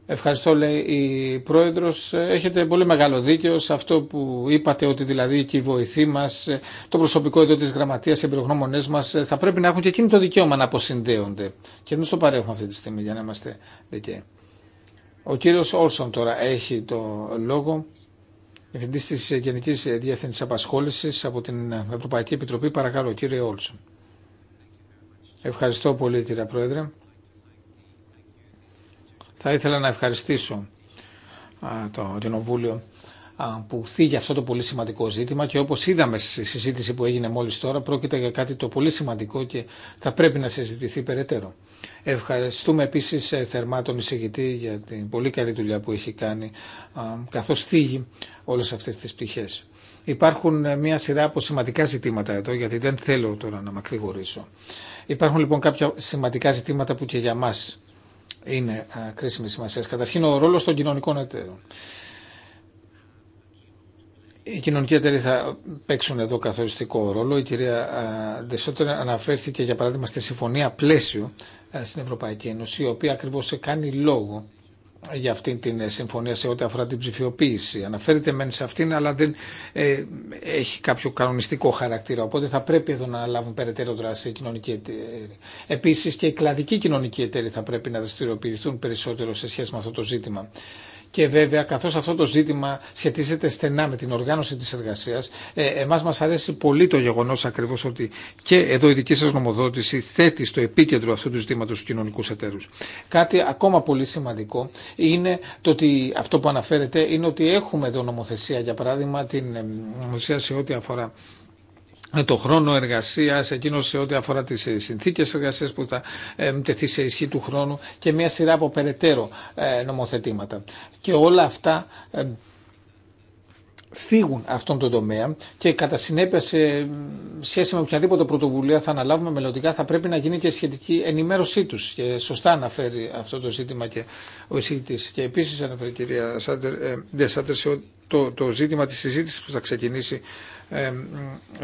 Ευχαριστώ, λέει η Πρόεδρος. Έχετε πολύ μεγάλο δίκαιο σε αυτό που είπατε ότι δηλαδή και οι βοηθοί μα, το προσωπικό εδώ της γραμματείας, οι εμπειρογνώμονέ μας θα πρέπει να έχουν και εκείνο το δικαίωμα να αποσυνδέονται. Και εμεί το παρέχουμε αυτή τη στιγμή για να είμαστε δικαίοι. Ο κύριος Όλσον τώρα έχει το λόγο. Διευθυντής τη Γενικής Διεθνή Απασχόλησης από την Ευρωπαϊκή Επιτροπή. Παρακαλώ, κύριε Όλσον. Ευχαριστώ πολύ, κύριε Πρόεδρε. Θα ήθελα να ευχαριστήσω το Κοινοβούλιο που θίγει αυτό το πολύ σημαντικό ζήτημα και όπως είδαμε στη συζήτηση που έγινε μόλις τώρα πρόκειται για κάτι το πολύ σημαντικό και θα πρέπει να συζητηθεί περαιτέρω. Ευχαριστούμε επίσης ε, θερμά τον εισηγητή για την πολύ καλή δουλειά που έχει κάνει καθώς θίγει όλες αυτές τις πτυχές. Υπάρχουν ε, μια σειρά από σημαντικά ζητήματα εδώ, γιατί δεν θέλω τώρα να μακρηγορήσω. Υπάρχουν λοιπόν κάποια σημαντικά ζητήματα που και για μας είναι ε, κρίσιμη σημασία. Καταρχήν ο ρόλο των κοινωνικών εταίρων. Οι κοινωνικοί εταίροι θα παίξουν εδώ καθοριστικό ρόλο. Η κυρία ε, Ντεσότερ αναφέρθηκε για παράδειγμα στη συμφωνία πλαίσιο ε, στην Ευρωπαϊκή Ένωση, η οποία ακριβώς κάνει λόγο για αυτή την ε, συμφωνία σε ό,τι αφορά την ψηφιοποίηση. Αναφέρεται μεν σε αυτήν, αλλά δεν ε, έχει κάποιο κανονιστικό χαρακτήρα. Οπότε θα πρέπει εδώ να λάβουν περαιτέρω δράση οι κοινωνικοί εταίροι. Επίση και οι κλαδικοί κοινωνικοί εταίροι θα πρέπει να δραστηριοποιηθούν περισσότερο σε σχέση με αυτό το ζήτημα. Και βέβαια, καθώ αυτό το ζήτημα σχετίζεται στενά με την οργάνωση τη εργασία, ε, εμά μα αρέσει πολύ το γεγονό ακριβώ ότι και εδώ η δική σα νομοδότηση θέτει στο επίκεντρο αυτού του ζητήματο του κοινωνικού εταίρου. Κάτι ακόμα πολύ σημαντικό είναι το ότι αυτό που αναφέρεται είναι ότι έχουμε εδώ νομοθεσία, για παράδειγμα, την νομοθεσία σε ό,τι αφορά με το χρόνο εργασία, εκείνο σε ό,τι αφορά τι ε, συνθήκε εργασία που θα ε, τεθεί σε ισχύ του χρόνου και μια σειρά από περαιτέρω ε, νομοθετήματα. Και όλα αυτά θίγουν αυτόν τον τομέα και κατά συνέπεια σε σχέση με οποιαδήποτε πρωτοβουλία θα αναλάβουμε μελλοντικά θα πρέπει να γίνει και σχετική ενημέρωσή του και σωστά αναφέρει αυτό το ζήτημα και ο εισηγητή. και επίσης αναφέρει η κυρία Σάντερ, ναι, το, το ζήτημα τη συζήτηση που θα ξεκινήσει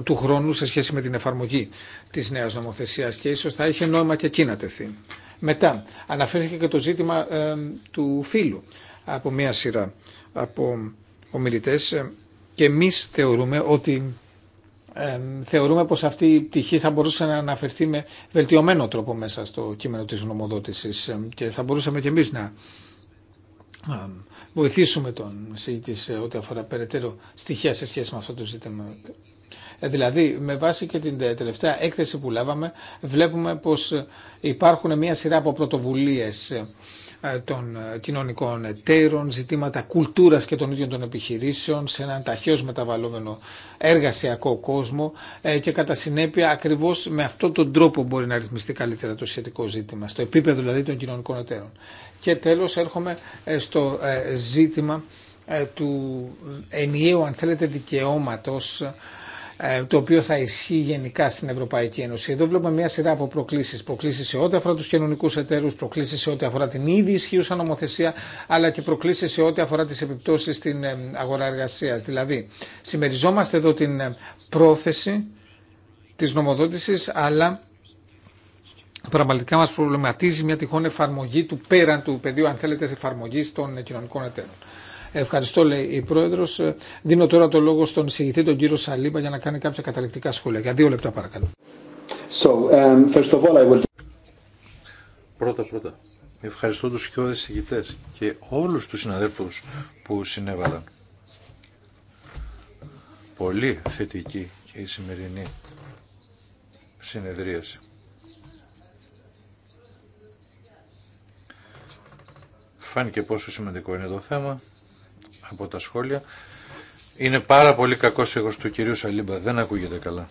του χρόνου σε σχέση με την εφαρμογή της νέας νομοθεσίας και ίσως θα είχε νόημα και εκεί να τεθεί. Μετά αναφέρθηκε και το ζήτημα του φίλου από μία σειρά από ομιλητές και εμεί θεωρούμε ότι θεωρούμε πως αυτή η πτυχή θα μπορούσε να αναφερθεί με βελτιωμένο τρόπο μέσα στο κείμενο της γνωμοδότησης και θα μπορούσαμε και εμείς να βοηθήσουμε τον εισηγητή σε ό,τι αφορά περαιτέρω στοιχεία σε σχέση με αυτό το ζήτημα. Ε, δηλαδή, με βάση και την τελευταία έκθεση που λάβαμε, βλέπουμε πως υπάρχουν μια σειρά από πρωτοβουλίες ε, των ε, κοινωνικών εταίρων, ζητήματα κουλτούρας και των ίδιων των επιχειρήσεων σε έναν ταχαίως μεταβαλλόμενο εργασιακό κόσμο και κατά συνέπεια ακριβώς με αυτόν τον τρόπο μπορεί να ρυθμιστεί καλύτερα το σχετικό ζήτημα, στο επίπεδο δηλαδή των κοινωνικών εταίρων. Και τέλος έρχομαι ε, στο ε, ζήτημα ε, του ενιαίου αν θέλετε δικαιώματος το οποίο θα ισχύει γενικά στην Ευρωπαϊκή Ένωση. Εδώ βλέπουμε μια σειρά από προκλήσει. Προκλήσει σε ό,τι αφορά του κοινωνικού εταίρου, προκλήσει σε ό,τι αφορά την ήδη ισχύουσα νομοθεσία, αλλά και προκλήσει σε ό,τι αφορά τι επιπτώσει στην αγορά εργασία. Δηλαδή, συμμεριζόμαστε εδώ την πρόθεση τη νομοδότηση, αλλά πραγματικά μας προβληματίζει μια τυχόν εφαρμογή του πέραν του πεδίου, αν θέλετε, εφαρμογής των κοινωνικών εταίρων. Ευχαριστώ, λέει η πρόεδρο. Ε, δίνω τώρα το λόγο στον εισηγητή, τον κύριο Σαλίμπα, για να κάνει κάποια καταληκτικά σχόλια. Για δύο λεπτά, παρακαλώ. So, um, first of all, I will... Πρώτα, πρώτα. Ευχαριστώ τους και εισηγητές και όλους τους συναδέλφους που συνέβαλαν. Πολύ θετική και η σημερινή συνεδρίαση. Φάνηκε πόσο σημαντικό είναι το θέμα από τα σχόλια. Είναι πάρα πολύ κακό εγώ του κυρίου Σαλίμπα. Δεν ακούγεται καλά.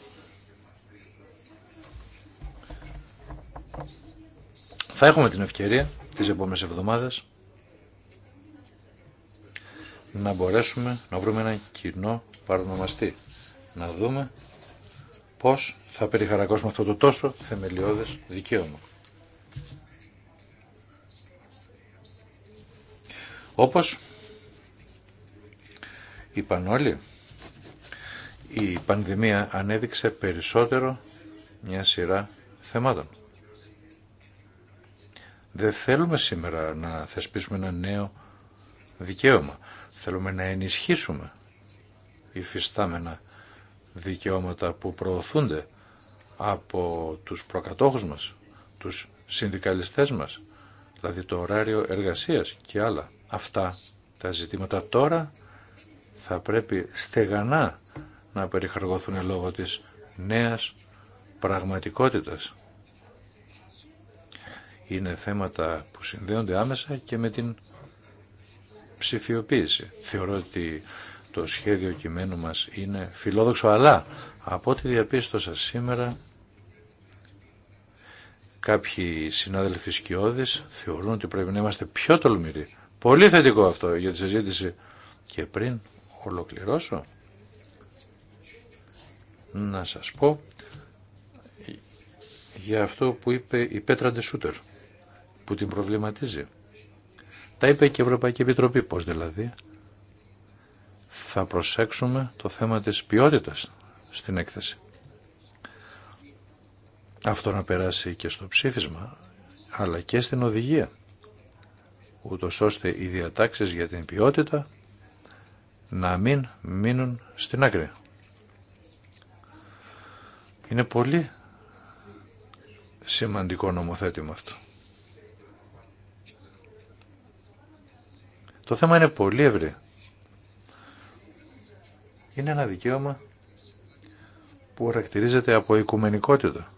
Θα έχουμε την ευκαιρία τις επόμενες εβδομάδες να μπορέσουμε να βρούμε ένα κοινό παρονομαστή. Να δούμε πώς θα περιχαρακώσουμε αυτό το τόσο θεμελιώδες δικαίωμα. Όπως είπαν όλοι, η πανδημία ανέδειξε περισσότερο μια σειρά θεμάτων. Δεν θέλουμε σήμερα να θεσπίσουμε ένα νέο δικαίωμα. Θέλουμε να ενισχύσουμε υφιστάμενα δικαιώματα που προωθούνται από τους προκατόχους μας, τους συνδικαλιστές μας, δηλαδή το ωράριο εργασίας και άλλα αυτά τα ζητήματα. Τώρα θα πρέπει στεγανά να περιχαργωθούν λόγω της νέας πραγματικότητας. Είναι θέματα που συνδέονται άμεσα και με την ψηφιοποίηση. Θεωρώ ότι το σχέδιο κειμένου μας είναι φιλόδοξο, αλλά από ό,τι διαπίστωσα σήμερα κάποιοι συνάδελφοι σκιώδεις θεωρούν ότι πρέπει να είμαστε πιο τολμηροί Πολύ θετικό αυτό για τη συζήτηση. Και πριν ολοκληρώσω, να σας πω για αυτό που είπε η Πέτρα Ντεσούτερ, που την προβληματίζει. Τα είπε και η Ευρωπαϊκή Επιτροπή, πώς δηλαδή. Θα προσέξουμε το θέμα της ποιότητας στην έκθεση. Αυτό να περάσει και στο ψήφισμα, αλλά και στην οδηγία ούτως ώστε οι διατάξεις για την ποιότητα να μην μείνουν στην άκρη. Είναι πολύ σημαντικό νομοθέτημα αυτό. Το θέμα είναι πολύ ευρύ. Είναι ένα δικαίωμα που χαρακτηρίζεται από οικουμενικότητα.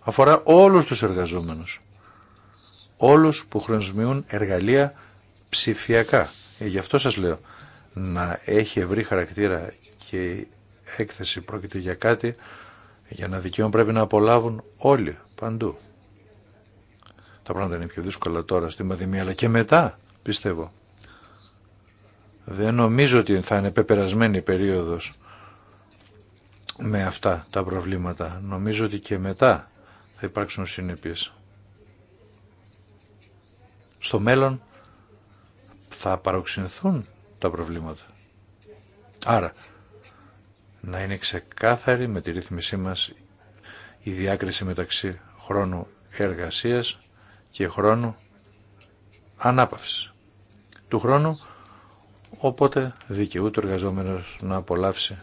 Αφορά όλους τους εργαζόμενους όλους που χρησιμοποιούν εργαλεία ψηφιακά. Ε, γι' αυτό σας λέω να έχει ευρύ χαρακτήρα και η έκθεση πρόκειται για κάτι για να δικαίωμα πρέπει να απολάβουν όλοι παντού. Τα πράγματα είναι πιο δύσκολα τώρα στην πανδημία αλλά και μετά πιστεύω. Δεν νομίζω ότι θα είναι πεπερασμένη η περίοδος με αυτά τα προβλήματα. Νομίζω ότι και μετά θα υπάρξουν συνέπειες στο μέλλον θα παροξυνθούν τα προβλήματα. Άρα, να είναι ξεκάθαρη με τη ρύθμισή μας η διάκριση μεταξύ χρόνου εργασίας και χρόνου ανάπαυσης. Του χρόνου, όποτε δικαιούται ο εργαζόμενος να απολαύσει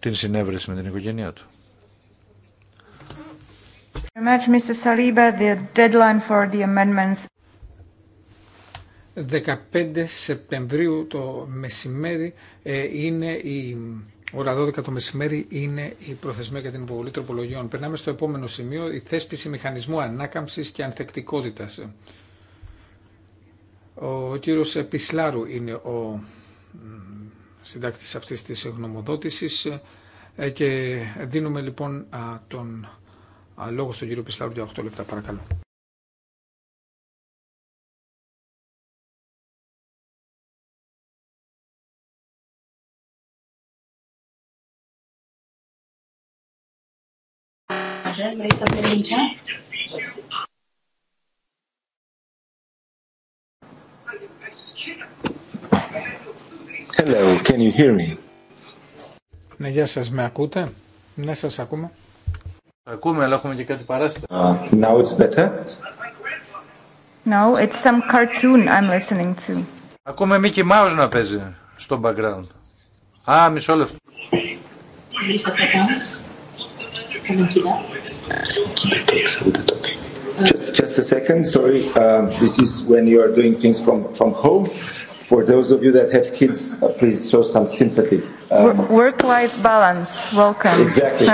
την συνέβρεση με την οικογένειά του. Mr. Saliba. The deadline for the amendments 15 Σεπτεμβρίου το μεσημέρι ε, είναι η ώρα 12 το μεσημέρι είναι η προθεσμία για την υποβολή τροπολογιών. Περνάμε στο επόμενο σημείο, η θέσπιση μηχανισμού ανάκαμψης και ανθεκτικότητας. Ο κύριος Πισλάρου είναι ο συντάκτης αυτής της γνωμοδότησης ε, και δίνουμε λοιπόν τον λόγο στον κύριο Πισλάρου για 8 λεπτά παρακαλώ. Roger, vrei să pleci Hello, can you hear me? Ναι, γεια σας, με ακούτε? Ναι, σας ακούμε. Ακούμε, αλλά έχουμε και κάτι παράσταση. Uh, now it's better? No, it's some cartoon I'm listening to. Ακούμε Mickey Mouse να παίζει στο background. Α, μισό λεπτό. Can you Just, just a second, sorry. Uh, this is when you are doing things from, from home. For those of you that have kids, uh, please show some sympathy. Um, Work-life balance, welcome. Exactly.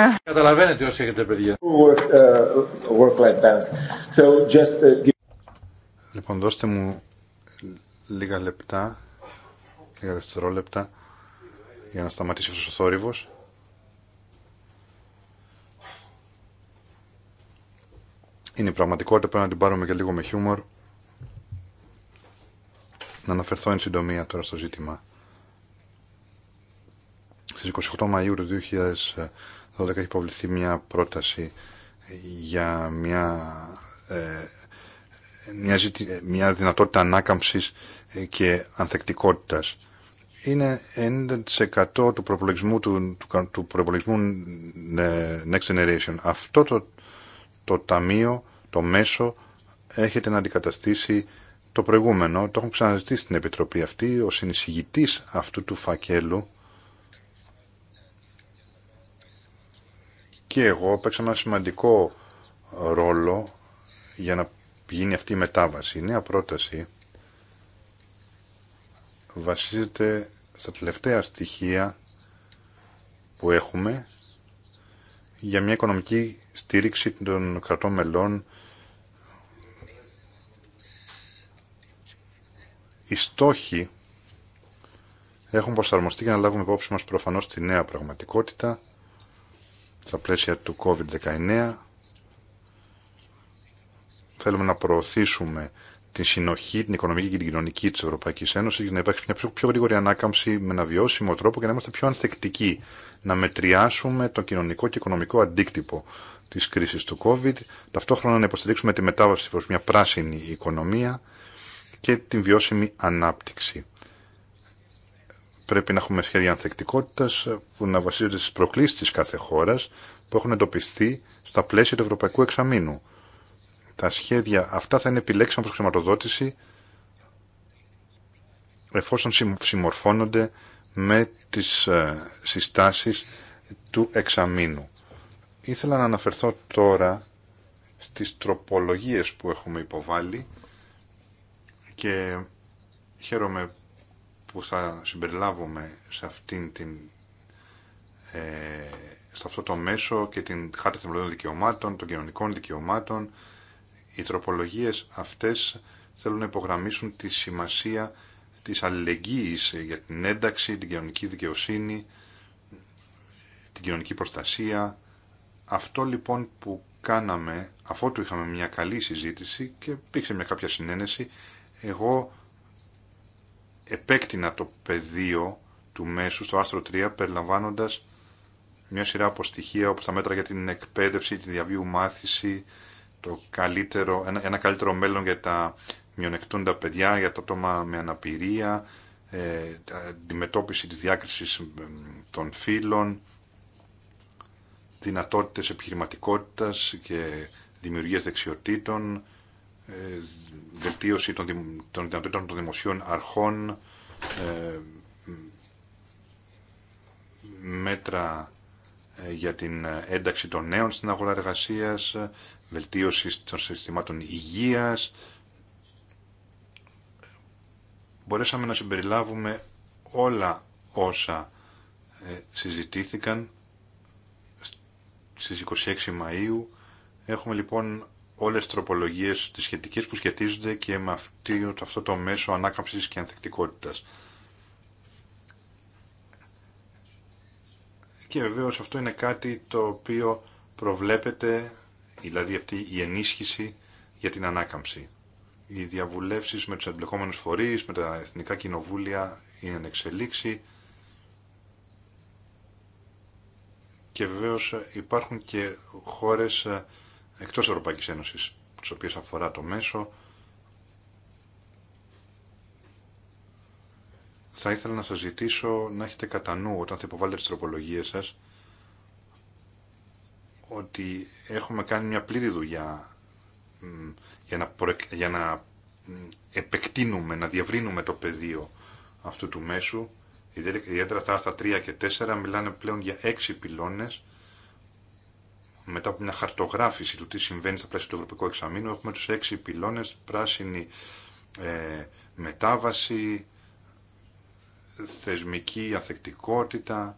Work, uh, work-life balance. So just uh, give... Λοιπόν, δώστε μου λίγα λεπτά, λίγα δευτερόλεπτα, για να σταματήσει αυτός ο θόρυβος. είναι η πραγματικότητα, πρέπει να την πάρουμε και λίγο με χιούμορ. Να αναφερθώ εν συντομία τώρα στο ζήτημα. Στις 28 Μαΐου του 2012 έχει υποβληθεί μια πρόταση για μια, ε, ε, μια, δυνατότητα ανάκαμψης ε, και ανθεκτικότητας. Είναι 90% του προπολογισμού του, του, του Next Generation. Αυτό το το ταμείο, το μέσο έχετε να αντικαταστήσει το προηγούμενο. Το έχουν ξαναζητήσει στην Επιτροπή αυτή. Ο συνεισηγητής αυτού του φακέλου και εγώ παίξα ένα σημαντικό ρόλο για να γίνει αυτή η μετάβαση. Η νέα πρόταση βασίζεται στα τελευταία στοιχεία που έχουμε για μια οικονομική στήριξη των κρατών μελών οι στόχοι έχουν προσαρμοστεί για να λάβουμε υπόψη μας προφανώς τη νέα πραγματικότητα στα πλαίσια του COVID-19 θέλουμε να προωθήσουμε την συνοχή, την οικονομική και την κοινωνική της Ευρωπαϊκής Ένωσης για να υπάρξει μια πιο γρήγορη ανάκαμψη με ένα βιώσιμο τρόπο και να είμαστε πιο ανθεκτικοί να μετριάσουμε το κοινωνικό και οικονομικό αντίκτυπο της κρίσης του COVID, ταυτόχρονα να υποστηρίξουμε τη μετάβαση προς μια πράσινη οικονομία και την βιώσιμη ανάπτυξη. Πρέπει να έχουμε σχέδια ανθεκτικότητας που να βασίζονται στις προκλήσεις της κάθε χώρας που έχουν εντοπιστεί στα πλαίσια του Ευρωπαϊκού Εξαμήνου. Τα σχέδια αυτά θα είναι επιλέξιμα προς χρηματοδότηση εφόσον συμμορφώνονται με τις ε, συστάσεις του εξαμήνου. Ήθελα να αναφερθώ τώρα στις τροπολογίες που έχουμε υποβάλει και χαίρομαι που θα συμπεριλάβουμε σε αυτήν την ε, αυτό το μέσο και την Χάρτη Θεμελιών δικαιωμάτων, των κοινωνικών δικαιωμάτων. Οι τροπολογίες αυτές θέλουν να υπογραμμίσουν τη σημασία της αλληλεγγύης για την ένταξη, την κοινωνική δικαιοσύνη, την κοινωνική προστασία, αυτό λοιπόν που κάναμε, αφότου είχαμε μια καλή συζήτηση και υπήρξε μια κάποια συνένεση, εγώ επέκτηνα το πεδίο του μέσου στο Άστρο 3 περιλαμβάνοντας μια σειρά από στοιχεία όπως τα μέτρα για την εκπαίδευση, τη διαβίου μάθηση, το καλύτερο, ένα, ένα καλύτερο μέλλον για τα μειονεκτούντα παιδιά, για το τόμα με αναπηρία, ε, αντιμετώπιση της διάκρισης των φύλων, δυνατότητες επιχειρηματικότητας και δημιουργίας δεξιοτήτων, ε, βελτίωση των, των δυνατότητων των δημοσίων αρχών, ε, μέτρα ε, για την ένταξη των νέων στην αγορά εργασίας, βελτίωση των συστημάτων υγείας. Μπορέσαμε να συμπεριλάβουμε όλα όσα συζητήθηκαν στις 26 Μαΐου. Έχουμε λοιπόν όλες τις τροπολογίες τις σχετικές που σχετίζονται και με αυτή, αυτό το μέσο ανάκαμψης και ανθεκτικότητας. Και βεβαίως αυτό είναι κάτι το οποίο προβλέπεται, δηλαδή αυτή η ενίσχυση για την ανάκαμψη. Οι διαβουλεύσεις με τους εμπλεκόμενους φορείς, με τα εθνικά κοινοβούλια είναι εξελίξη. και βεβαίω υπάρχουν και χώρες ε, εκτός Ευρωπαϊκής Ένωσης, τις οποίες αφορά το μέσο. Θα ήθελα να σας ζητήσω να έχετε κατά νου όταν θα υποβάλλετε τις τροπολογίες σας ότι έχουμε κάνει μια πλήρη δουλειά για να, να επεκτείνουμε, να διαβρύνουμε το πεδίο αυτού του μέσου Ιδιαίτερα τα άρθρα 3 και 4 μιλάνε πλέον για έξι πυλώνες. Μετά από μια χαρτογράφηση του τι συμβαίνει στα πλαίσια του Ευρωπαϊκού Εξαμήνου, έχουμε τους έξι πυλώνες, πράσινη ε, μετάβαση, θεσμική αθεκτικότητα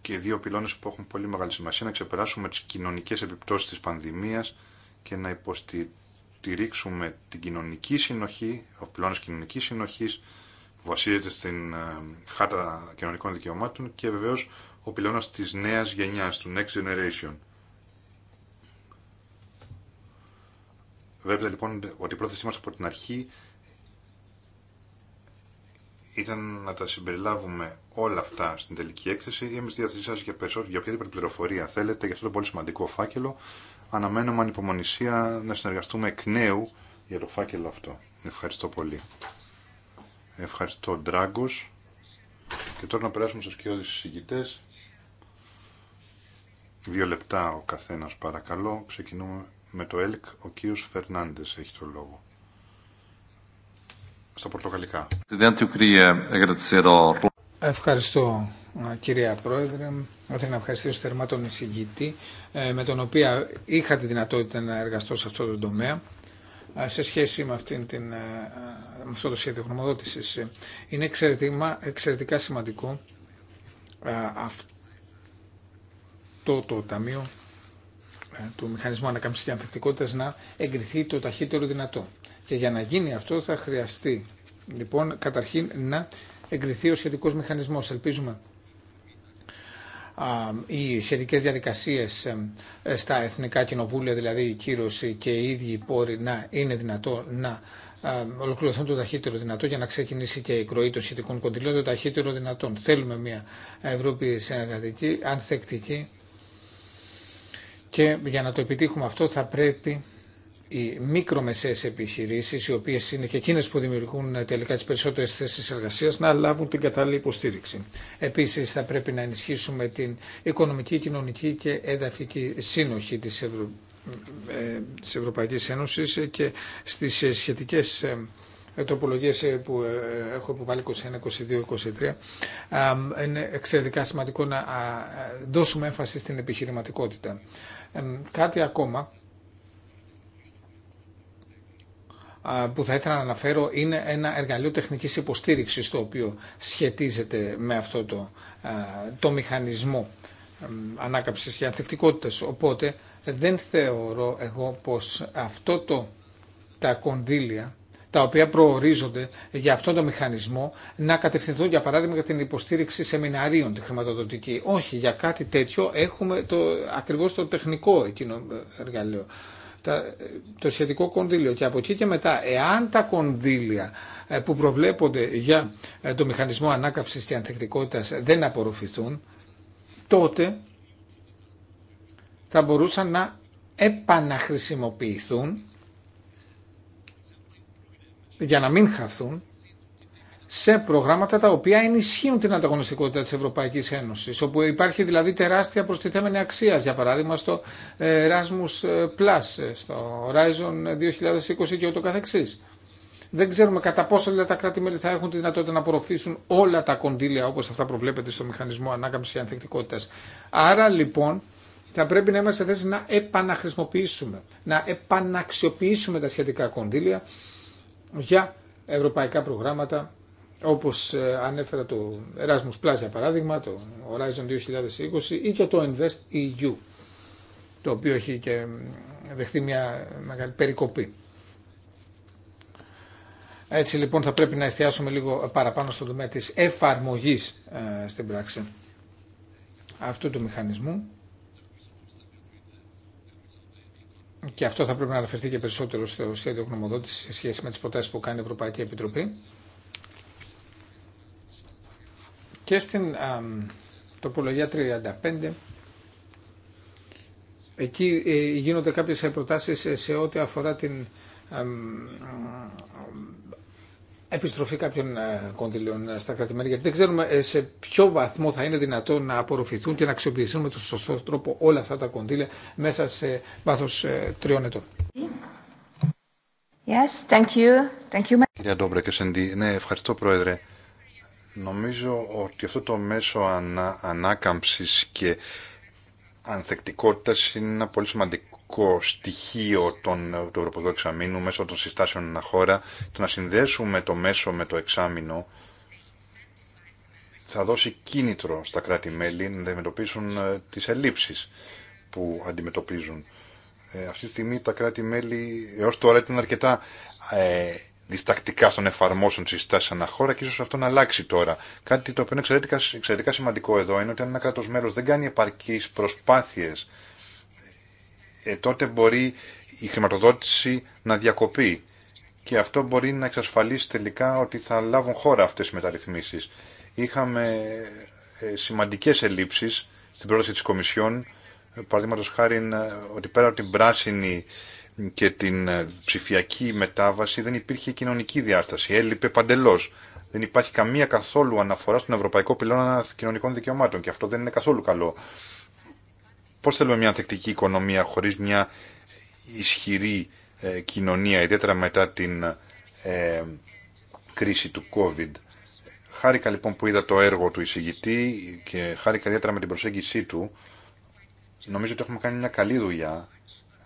και δύο πυλώνες που έχουν πολύ μεγάλη σημασία να ξεπεράσουμε τις κοινωνικές επιπτώσεις της πανδημίας και να υποστηρίξουμε την κοινωνική συνοχή, ο πυλώνας κοινωνικής συνοχής, βασίζεται στην ε, χάρτα κοινωνικών δικαιωμάτων και βεβαίω ο πυλώνα τη νέα γενιά του Next Generation. Βλέπετε λοιπόν ότι η πρόθεσή μας από την αρχή ήταν να τα συμπεριλάβουμε όλα αυτά στην τελική έκθεση. Είμαι στη διάθεσή σα για, για οποιαδήποτε πληροφορία θέλετε για αυτό το πολύ σημαντικό φάκελο. Αναμένουμε ανυπομονησία να συνεργαστούμε εκ νέου για το φάκελο αυτό. Ευχαριστώ πολύ. Ευχαριστώ, Ντράγκος. Και τώρα να περάσουμε στους κοιόδης συζητητές. Δύο λεπτά ο καθένας παρακαλώ. Ξεκινούμε με το ΕΛΚ. Ο κύριος Φερνάντες έχει το λόγο. Στα πορτοκαλικά. Ευχαριστώ κυρία Πρόεδρε. Θέλω να ευχαριστήσω θερμά τον εισηγητή ε, με τον οποίο είχα τη δυνατότητα να εργαστώ σε αυτό το τομέα σε σχέση με, αυτήν την, ε, ε, με αυτό το σχέδιο γνωμοδότησης. Ε, είναι εξαιρετικά σημαντικό αυτό το ταμείο του Μηχανισμού Ανακαμψής και Ανθεκτικότητας να εγκριθεί το ταχύτερο δυνατό. Και για να γίνει αυτό θα χρειαστεί λοιπόν καταρχήν να εγκριθεί ο σχετικός μηχανισμός. Ελπίζουμε οι σχετικέ διαδικασίε στα εθνικά κοινοβούλια, δηλαδή η κύρωση και οι ίδιοι πόροι να είναι δυνατό να ολοκληρωθούν το ταχύτερο δυνατό για να ξεκινήσει και η κροή των σχετικών κοντιλίων το ταχύτερο δυνατόν. Θέλουμε μια Ευρώπη συνεργατική, ανθεκτική και για να το επιτύχουμε αυτό θα πρέπει οι μικρομεσαίε επιχειρήσει, οι οποίε είναι και εκείνες που δημιουργούν ε, τελικά τις περισσότερες θέσει εργασία, να λάβουν την κατάλληλη υποστήριξη. Επίση, θα πρέπει να ενισχύσουμε την οικονομική, κοινωνική και εδαφική σύνοχη τη Ευρω... Ε, της Ευρωπαϊκής Ένωσης και στις ε, σχετικές τροπολογίες που έχω υποβάλει 21, 22, 23, είναι εξαιρετικά σημαντικό να δώσουμε έμφαση στην επιχειρηματικότητα. Κάτι ακόμα που θα ήθελα να αναφέρω είναι ένα εργαλείο τεχνικής υποστήριξης το οποίο σχετίζεται με αυτό το, το μηχανισμό ανάκαψης και ανθεκτικότητας. Οπότε δεν θεωρώ εγώ πως αυτό το, τα κονδύλια τα οποία προορίζονται για αυτόν τον μηχανισμό να κατευθυνθούν για παράδειγμα για την υποστήριξη σεμιναρίων τη χρηματοδοτική. Όχι, για κάτι τέτοιο έχουμε το, ακριβώς το τεχνικό εκείνο εργαλείο το σχετικό κονδύλιο. Και από εκεί και μετά, εάν τα κονδύλια ε, που προβλέπονται για ε, το μηχανισμό ανάκαψης και ανθεκτικότητας δεν απορροφηθούν, τότε θα μπορούσαν να επαναχρησιμοποιηθούν για να μην χαθούν σε προγράμματα τα οποία ενισχύουν την ανταγωνιστικότητα τη Ευρωπαϊκή Ένωση, όπου υπάρχει δηλαδή τεράστια προστιθέμενη αξία, για παράδειγμα στο ε, Erasmus ε, Plus, ε, στο Horizon 2020 και ούτω καθεξή. Δεν ξέρουμε κατά πόσο δηλαδή, τα κράτη-μέλη θα έχουν τη δυνατότητα να απορροφήσουν όλα τα κονδύλια όπω αυτά προβλέπεται στο μηχανισμό ανάκαμψη και ανθεκτικότητας. Άρα λοιπόν θα πρέπει να είμαστε σε θέση να επαναχρησιμοποιήσουμε, να επαναξιοποιήσουμε τα σχετικά κονδύλια για ευρωπαϊκά προγράμματα όπως ε, ανέφερα το Erasmus Plus για παράδειγμα, το Horizon 2020 ή και το Invest EU, το οποίο έχει και δεχθεί μια μεγάλη περικοπή. Έτσι λοιπόν θα πρέπει να εστιάσουμε λίγο παραπάνω στον τομέα της εφαρμογής ε, στην πράξη αυτού του μηχανισμού και αυτό θα πρέπει να αναφερθεί και περισσότερο στο σχέδιο γνωμοδότηση σε σχέση με τις προτάσεις που κάνει η Ευρωπαϊκή Επιτροπή. Και στην α, τοπολογία 35 εκεί ε, γίνονται κάποιες ε, προτάσεις ε, σε ό,τι αφορά την επιστροφή κάποιων κονδυλίων στα κρατημέρια, γιατί δεν ξέρουμε σε ποιο βαθμό θα είναι δυνατόν να απορροφηθούν και να αξιοποιηθούν με τον σωστό τρόπο όλα αυτά τα κονδύλια μέσα σε βάθος τριών ετών. Yes, thank you. Thank you. Κυρία Ντόμπρε, ναι, ευχαριστώ Πρόεδρε. Νομίζω ότι αυτό το μέσο ανά, ανάκαμψης και ανθεκτικότητας είναι ένα πολύ σημαντικό στοιχείο των, του Ευρωπαϊκού Εξαμήνου μέσω των συστάσεων ανά χώρα. Το να συνδέσουμε το μέσο με το εξάμεινο θα δώσει κίνητρο στα κράτη-μέλη να αντιμετωπίσουν ε, τις ελλείψεις που αντιμετωπίζουν. Ε, αυτή τη στιγμή τα κράτη-μέλη έως τώρα ήταν αρκετά ε, διστακτικά στον εφαρμόσουν τι συστάσει αναχώρα και ίσω αυτό να αλλάξει τώρα. Κάτι το οποίο είναι εξαιρετικά, σημαντικό εδώ είναι ότι αν ένα κράτο μέλο δεν κάνει επαρκεί προσπάθειε, ε, τότε μπορεί η χρηματοδότηση να διακοπεί. Και αυτό μπορεί να εξασφαλίσει τελικά ότι θα λάβουν χώρα αυτές οι μεταρρυθμίσεις. Είχαμε ε, σημαντικές ελλείψεις στην πρόταση της Κομισιόν, ε, παραδείγματος χάρη ε, ότι πέρα από την πράσινη και την ε, ψηφιακή μετάβαση δεν υπήρχε κοινωνική διάσταση. Έλειπε παντελώ. Δεν υπάρχει καμία καθόλου αναφορά στον Ευρωπαϊκό Πυλώνα Κοινωνικών Δικαιωμάτων και αυτό δεν είναι καθόλου καλό. Πώ θέλουμε μια ανθεκτική οικονομία χωρί μια ισχυρή ε, κοινωνία, ιδιαίτερα μετά την ε, κρίση του COVID. Χάρηκα λοιπόν που είδα το έργο του εισηγητή και χάρηκα ιδιαίτερα με την προσέγγιση του. Νομίζω ότι έχουμε κάνει μια καλή δουλειά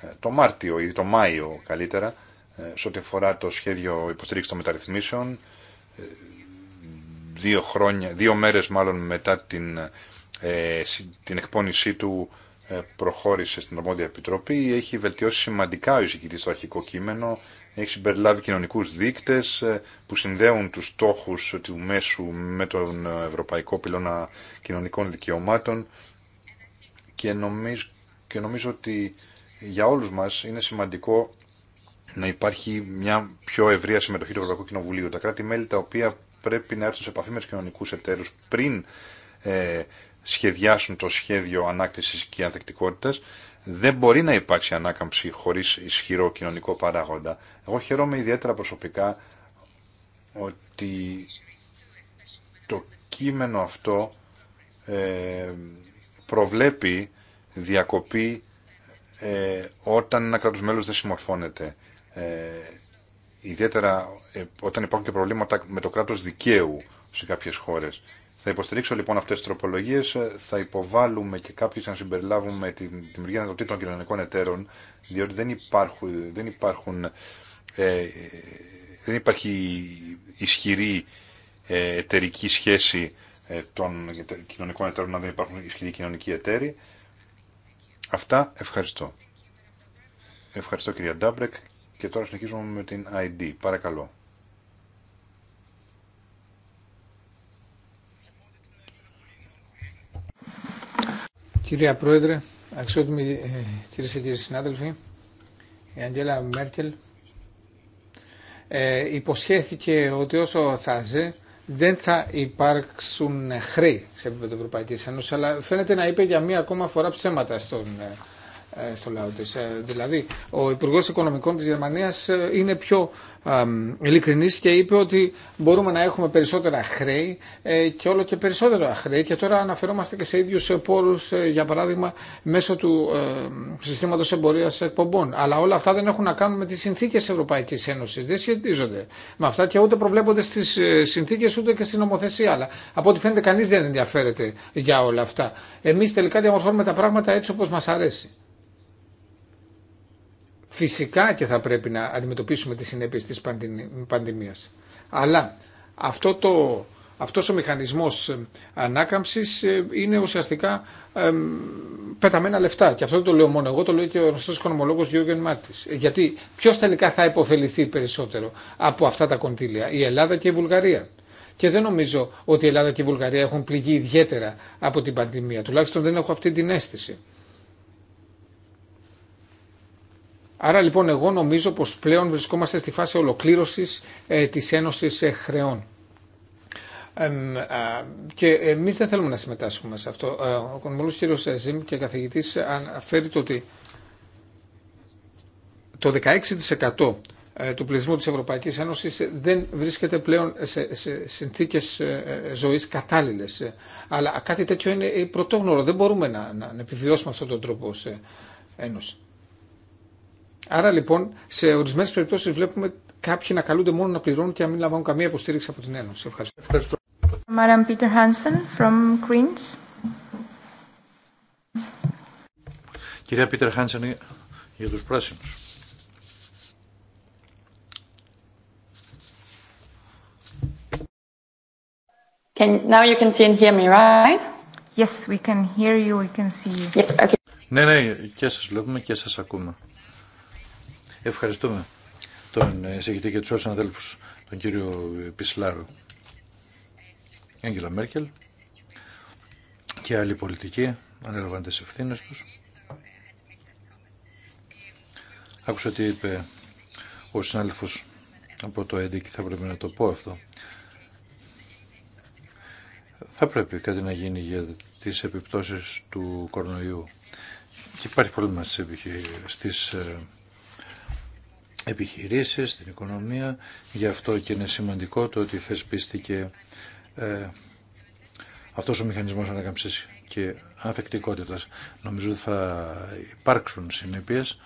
ε, το Μάρτιο ή το Μάιο καλύτερα ε, σε ό,τι αφορά το σχέδιο υποστήριξη των μεταρρυθμίσεων ε, δύο, χρόνια, δύο μέρες μάλλον μετά την, την εκπόνησή του προχώρησε στην Ομόδια Επιτροπή έχει βελτιώσει σημαντικά ο εισηγητής στο αρχικό κείμενο έχει συμπεριλάβει κοινωνικούς δείκτες που συνδέουν τους στόχους του μέσου με τον Ευρωπαϊκό Πυλώνα Κοινωνικών Δικαιωμάτων και νομίζω, και νομίζω ότι για όλους μας είναι σημαντικό να υπάρχει μια πιο ευρία συμμετοχή του Ευρωπαϊκού Κοινοβουλίου. Τα κράτη-μέλη τα οποία πρέπει να έρθουν σε επαφή με τους κοινωνικούς εταίρους πριν ε, σχεδιάσουν το σχέδιο ανάκτησης και ανθεκτικότητας, δεν μπορεί να υπάρξει ανάκαμψη χωρίς ισχυρό κοινωνικό παράγοντα. Εγώ χαιρόμαι ιδιαίτερα προσωπικά ότι το κείμενο αυτό ε, προβλέπει διακοπή ε, όταν ένα κράτος μέλος δεν συμμορφώνεται. Ε, ιδιαίτερα ε, όταν υπάρχουν και προβλήματα με το κράτος δικαίου σε κάποιες χώρες. Θα υποστηρίξω λοιπόν αυτές τις τροπολογίες, ε, θα υποβάλουμε και κάποιες να συμπεριλάβουμε τη δημιουργία των κοινωνικών εταίρων, διότι δεν υπάρχουν, δεν υπάρχουν ε, ε δεν υπάρχει ισχυρή εταιρική σχέση των κοινωνικών εταίρων αν δεν υπάρχουν ισχυροί κοινωνικοί εταίροι. Αυτά ευχαριστώ. Ευχαριστώ κυρία Ντάμπρεκ και τώρα συνεχίζουμε με την ID. Παρακαλώ. Κυρία Πρόεδρε, αξιότιμοι ε, κυρίες και κύριοι συνάδελφοι, η Αγγέλα Μέρκελ ε, υποσχέθηκε ότι όσο θα ζει δεν θα υπάρξουν χρέη σε επίπεδο Ευρωπαϊκή Ένωση. αλλά φαίνεται να είπε για μία ακόμα φορά ψέματα στον ε, ε, στο λαό της. Ε, δηλαδή, ο Υπουργό Οικονομικών της Γερμανίας ε, είναι πιο ειλικρινής και είπε ότι μπορούμε να έχουμε περισσότερα χρέη και όλο και περισσότερα χρέη και τώρα αναφερόμαστε και σε ίδιους πόρους, για παράδειγμα, μέσω του συστήματος εμπορίας εκπομπών. Αλλά όλα αυτά δεν έχουν να κάνουν με τις συνθήκες Ευρωπαϊκής Ένωσης. Δεν σχετίζονται με αυτά και ούτε προβλέπονται στις συνθήκες ούτε και στην νομοθεσία. Αλλά από ό,τι φαίνεται κανεί δεν ενδιαφέρεται για όλα αυτά. Εμεί τελικά διαμορφώνουμε τα πράγματα έτσι όπω μα αρέσει. Φυσικά και θα πρέπει να αντιμετωπίσουμε τις συνέπειες της πανδημίας. Αλλά αυτό το, αυτός ο μηχανισμός ε, ανάκαμψης ε, είναι ουσιαστικά ε, πεταμένα λεφτά. Και αυτό δεν το λέω μόνο εγώ, το λέει και ο γνωστός οικονομολόγος Γιώργεν Μάρτης. Γιατί ποιος τελικά θα υποφεληθεί περισσότερο από αυτά τα κοντήλια, η Ελλάδα και η Βουλγαρία. Και δεν νομίζω ότι η Ελλάδα και η Βουλγαρία έχουν πληγεί ιδιαίτερα από την πανδημία. Τουλάχιστον δεν έχω αυτή την αίσθηση. Άρα λοιπόν εγώ νομίζω πως πλέον βρισκόμαστε στη φάση ολοκλήρωσης ε, της Ένωσης ε, Χρεών. Και εμεί δεν θέλουμε να συμμετάσχουμε σε αυτό. Ε, ο οικονομολόγο κ. Ζήμ και καθηγητή αναφέρει το ότι το 16% του πληθυσμού της Ευρωπαϊκής Ένωση δεν βρίσκεται πλέον σε, σε συνθήκες ζωής κατάλληλες. Αλλά κάτι τέτοιο είναι πρωτόγνωρο. Δεν μπορούμε να, να επιβιώσουμε αυτόν τον τρόπο σε ένωση. Άρα λοιπόν σε ορισμένε περιπτώσει βλέπουμε κάποιοι να καλούνται μόνο να πληρώνουν και να μην λαμβάνουν καμία υποστήριξη από την Ένωση. Ευχαριστώ. Ευχαριστώ. Κυρία Πίτερ Χάνσεν για τους πράσινους. Can, now you can see and hear me, right? Yes, we can hear you, we can see you. Yes, okay. Ναι, ναι, και σας βλέπουμε και σας ακούμε. Ευχαριστούμε τον εισηγητή και τους όλους αδέλφους, τον κύριο Πισλάρο. Έγγελα Μέρκελ και άλλοι πολιτικοί ανέλαβαν τις ευθύνες τους. Άκουσα τι είπε ο συνάδελφος από το έδικ και θα πρέπει να το πω αυτό. Θα πρέπει κάτι να γίνει για τις επιπτώσεις του κορονοϊού. Και υπάρχει πρόβλημα στις, στις ε, επιχειρήσεις, στην οικονομία. Γι' αυτό και είναι σημαντικό το ότι θεσπίστηκε ε, αυτός ο μηχανισμός ανακαμψής και ανθεκτικότητας. Νομίζω θα υπάρξουν συνέπειες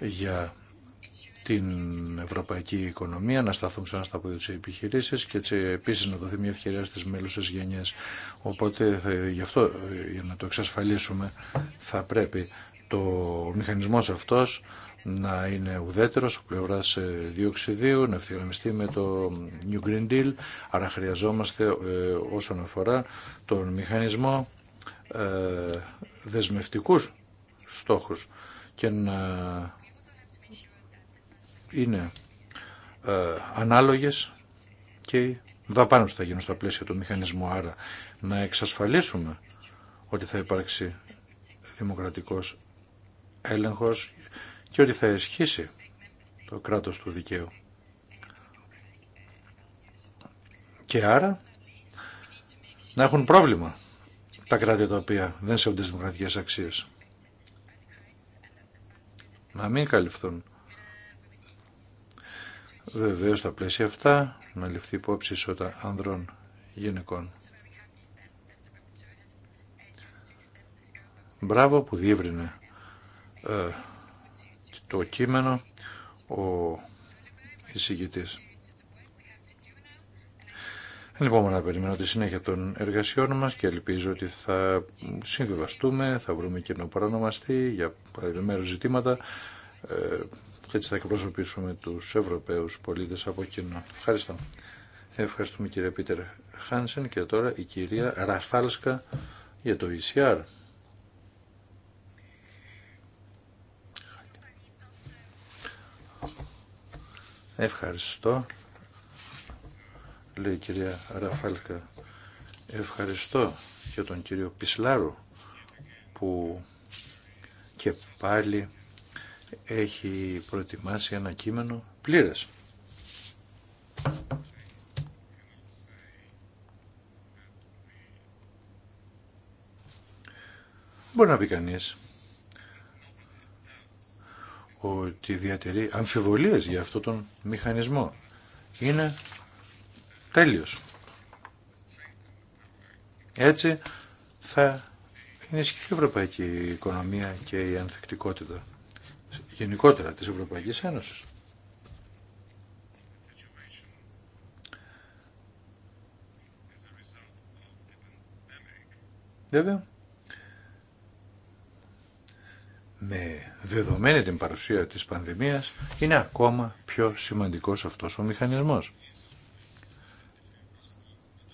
για την ευρωπαϊκή οικονομία, να σταθούν ξανά στα πόδια επιχειρήσει και έτσι επίση να δοθεί μια ευκαιρία στι μέλουσε γενιέ. Οπότε γι' αυτό, ε, για να το εξασφαλίσουμε, θα πρέπει το μηχανισμό αυτό να είναι ουδέτερο, από πλευρά ε, διοξιδίου, να ευθυγραμμιστεί με το New Green Deal, άρα χρειαζόμαστε ε, όσον αφορά τον μηχανισμό ε, δεσμευτικούς στόχους και να είναι ανάλογες και να που θα γίνουν στα πλαίσια του μηχανισμού. Άρα να εξασφαλίσουμε ότι θα υπάρξει δημοκρατικός έλεγχος και ότι θα ισχύσει το κράτος του δικαίου. Και άρα να έχουν πρόβλημα τα κράτη τα οποία δεν σέβονται τις δημοκρατικές αξίες. Να μην καλυφθούν. Βεβαίω στα πλαίσια αυτά να ληφθεί υπόψη ισότητα ανδρών γυναικών. Μπράβο που διεύρυνε ε, το κείμενο ο εισηγητής. Λοιπόν, να περιμένω τη συνέχεια των εργασιών μας και ελπίζω ότι θα συμβιβαστούμε, θα βρούμε κοινό παρανομαστή για μέρους ζητήματα ε, και έτσι θα εκπροσωπήσουμε τους Ευρωπαίους πολίτες από κοινό. Ευχαριστώ. Ευχαριστούμε κύριε Πίτερ Χάνσεν και τώρα η κυρία Ραφάλσκα για το ECR. Ευχαριστώ. Λέει η κυρία Ραφάλκα. Ευχαριστώ και τον κύριο Πισλάρου που και πάλι έχει προετοιμάσει ένα κείμενο πλήρες. Μπορεί να πει κανείς ότι διατηρεί αμφιβολίες για αυτό τον μηχανισμό. Είναι τέλειος. Έτσι θα ενισχυθεί η ευρωπαϊκή οικονομία και η ανθεκτικότητα γενικότερα της Ευρωπαϊκής Ένωσης. Βέβαια, με δεδομένη την παρουσία της πανδημίας είναι ακόμα πιο σημαντικός αυτός ο μηχανισμός.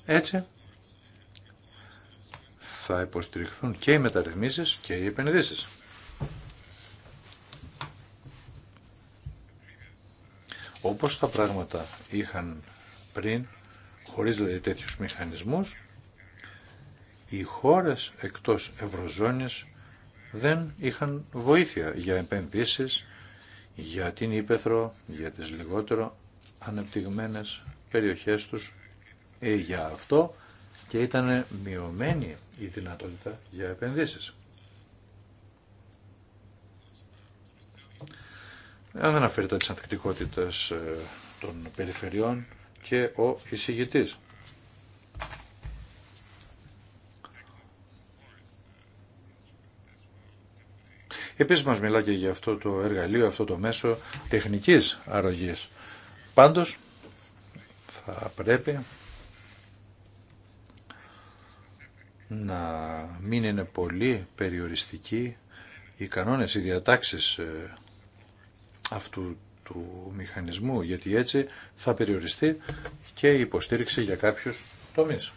Έτσι θα υποστηριχθούν και οι μεταρρυθμίσεις και οι επενδύσεις. Όπως τα πράγματα είχαν πριν, χωρίς δηλαδή τέτοιους μηχανισμούς, οι χώρες εκτός Ευρωζώνης δεν είχαν βοήθεια για επενδύσεις, για την Ήπεθρο, για τις λιγότερο ανεπτυγμένες περιοχές τους. Ε, για αυτό και ήταν μειωμένη η δυνατότητα για επενδύσεις. Αν δεν αναφέρεται της ανθεκτικότητας ε, των περιφερειών και ο εισηγητής. Επίση μα μιλά και για αυτό το εργαλείο, αυτό το μέσο τεχνική αρρωγή. Πάντω, θα πρέπει να μην είναι πολύ περιοριστικοί οι κανόνες, οι διατάξεις ε, αυτού του μηχανισμού, γιατί έτσι θα περιοριστεί και η υποστήριξη για κάποιους τομείς.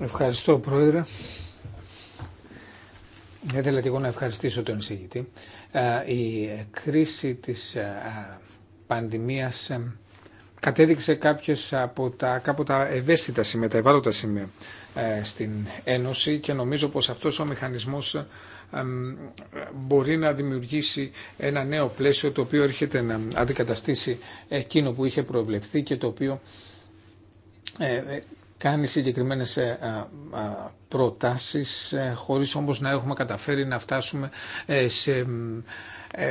Ευχαριστώ Πρόεδρε. Δεν ήθελα και εγώ να ευχαριστήσω τον εισηγητή. Ε, η κρίση της ε, πανδημίας ε, κατέδειξε κάποιες από τα, κάποτα ευαίσθητα σημεία, τα ευάλωτα σημεία στην Ένωση και νομίζω πως αυτός ο μηχανισμός μπορεί να δημιουργήσει ένα νέο πλαίσιο το οποίο έρχεται να αντικαταστήσει εκείνο που είχε προβλεφθεί και το οποίο κάνει συγκεκριμένες ε, προτάσεις ε, χωρίς όμως να έχουμε καταφέρει να φτάσουμε ε, σε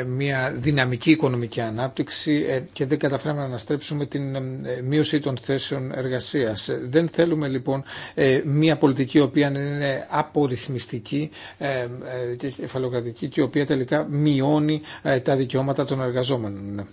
μια δυναμική οικονομική ανάπτυξη και δεν καταφέραμε να αναστρέψουμε την μείωση των θέσεων εργασίας. Δεν θέλουμε λοιπόν μια πολιτική η οποία είναι απορριθμιστική και εφαλοκρατική και η οποία τελικά μειώνει τα δικαιώματα των εργαζόμενων.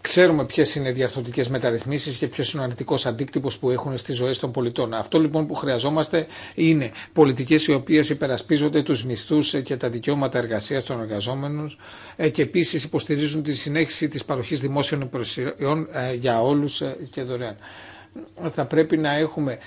ξέρουμε ποιε είναι οι διαρθρωτικέ μεταρρυθμίσει και ποιο είναι ο αρνητικό αντίκτυπο που έχουν στι ζωέ των πολιτών. Αυτό λοιπόν που χρειαζόμαστε είναι πολιτικέ οι οποίε υπερασπίζονται του μισθού και τα δικαιώματα εργασία των εργαζόμενων ε, και επίση υποστηρίζουν τη συνέχιση τη παροχή δημόσιων υπηρεσιών ε, για όλου ε, και δωρεάν θα πρέπει να έχουμε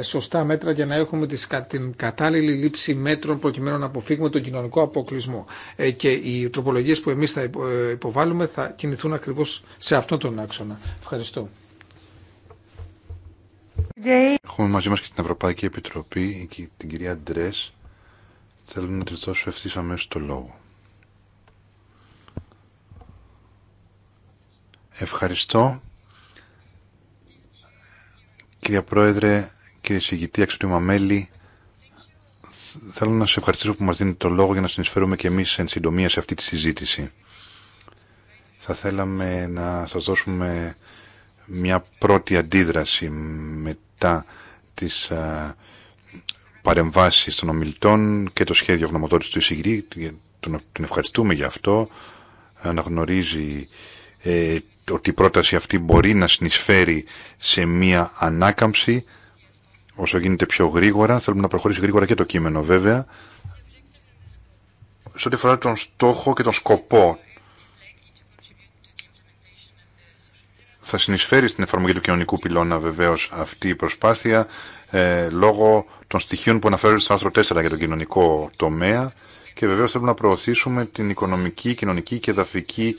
σωστά μέτρα για να έχουμε την κατάλληλη λήψη μέτρων προκειμένου να αποφύγουμε τον κοινωνικό αποκλεισμό. Ε, και οι τροπολογίες που εμείς θα ε, υποβάλλουμε θα κινηθούν ακριβώς σε αυτόν τον άξονα. Ευχαριστώ. Έχουμε μαζί μας και την Ευρωπαϊκή Επιτροπή, και την κυρία Ντρές. Θέλω να της δώσω ευθύς αμέσως το λόγο. Ευχαριστώ. Κυρία Πρόεδρε, κύριε Συγητή, αξιότιμα μέλη, θέλω να σε ευχαριστήσω που μας δίνετε το λόγο για να συνεισφέρουμε και εμείς εν συντομία σε αυτή τη συζήτηση. Θα θέλαμε να σας δώσουμε μια πρώτη αντίδραση μετά τις παρεμβάσεις των ομιλητών και το σχέδιο γνωμοδότησης του Συγητή, Τον ευχαριστούμε για αυτό. Αναγνωρίζει ε, ότι η πρόταση αυτή μπορεί να συνεισφέρει σε μια ανάκαμψη όσο γίνεται πιο γρήγορα. Θέλουμε να προχωρήσει γρήγορα και το κείμενο βέβαια. Σε ό,τι αφορά τον στόχο και τον σκοπό θα συνεισφέρει στην εφαρμογή του κοινωνικού πυλώνα βεβαίως αυτή η προσπάθεια ε, λόγω των στοιχείων που αναφέρονται στο άρθρο 4 για τον κοινωνικό τομέα και βεβαίως θέλουμε να προωθήσουμε την οικονομική, κοινωνική και εδαφική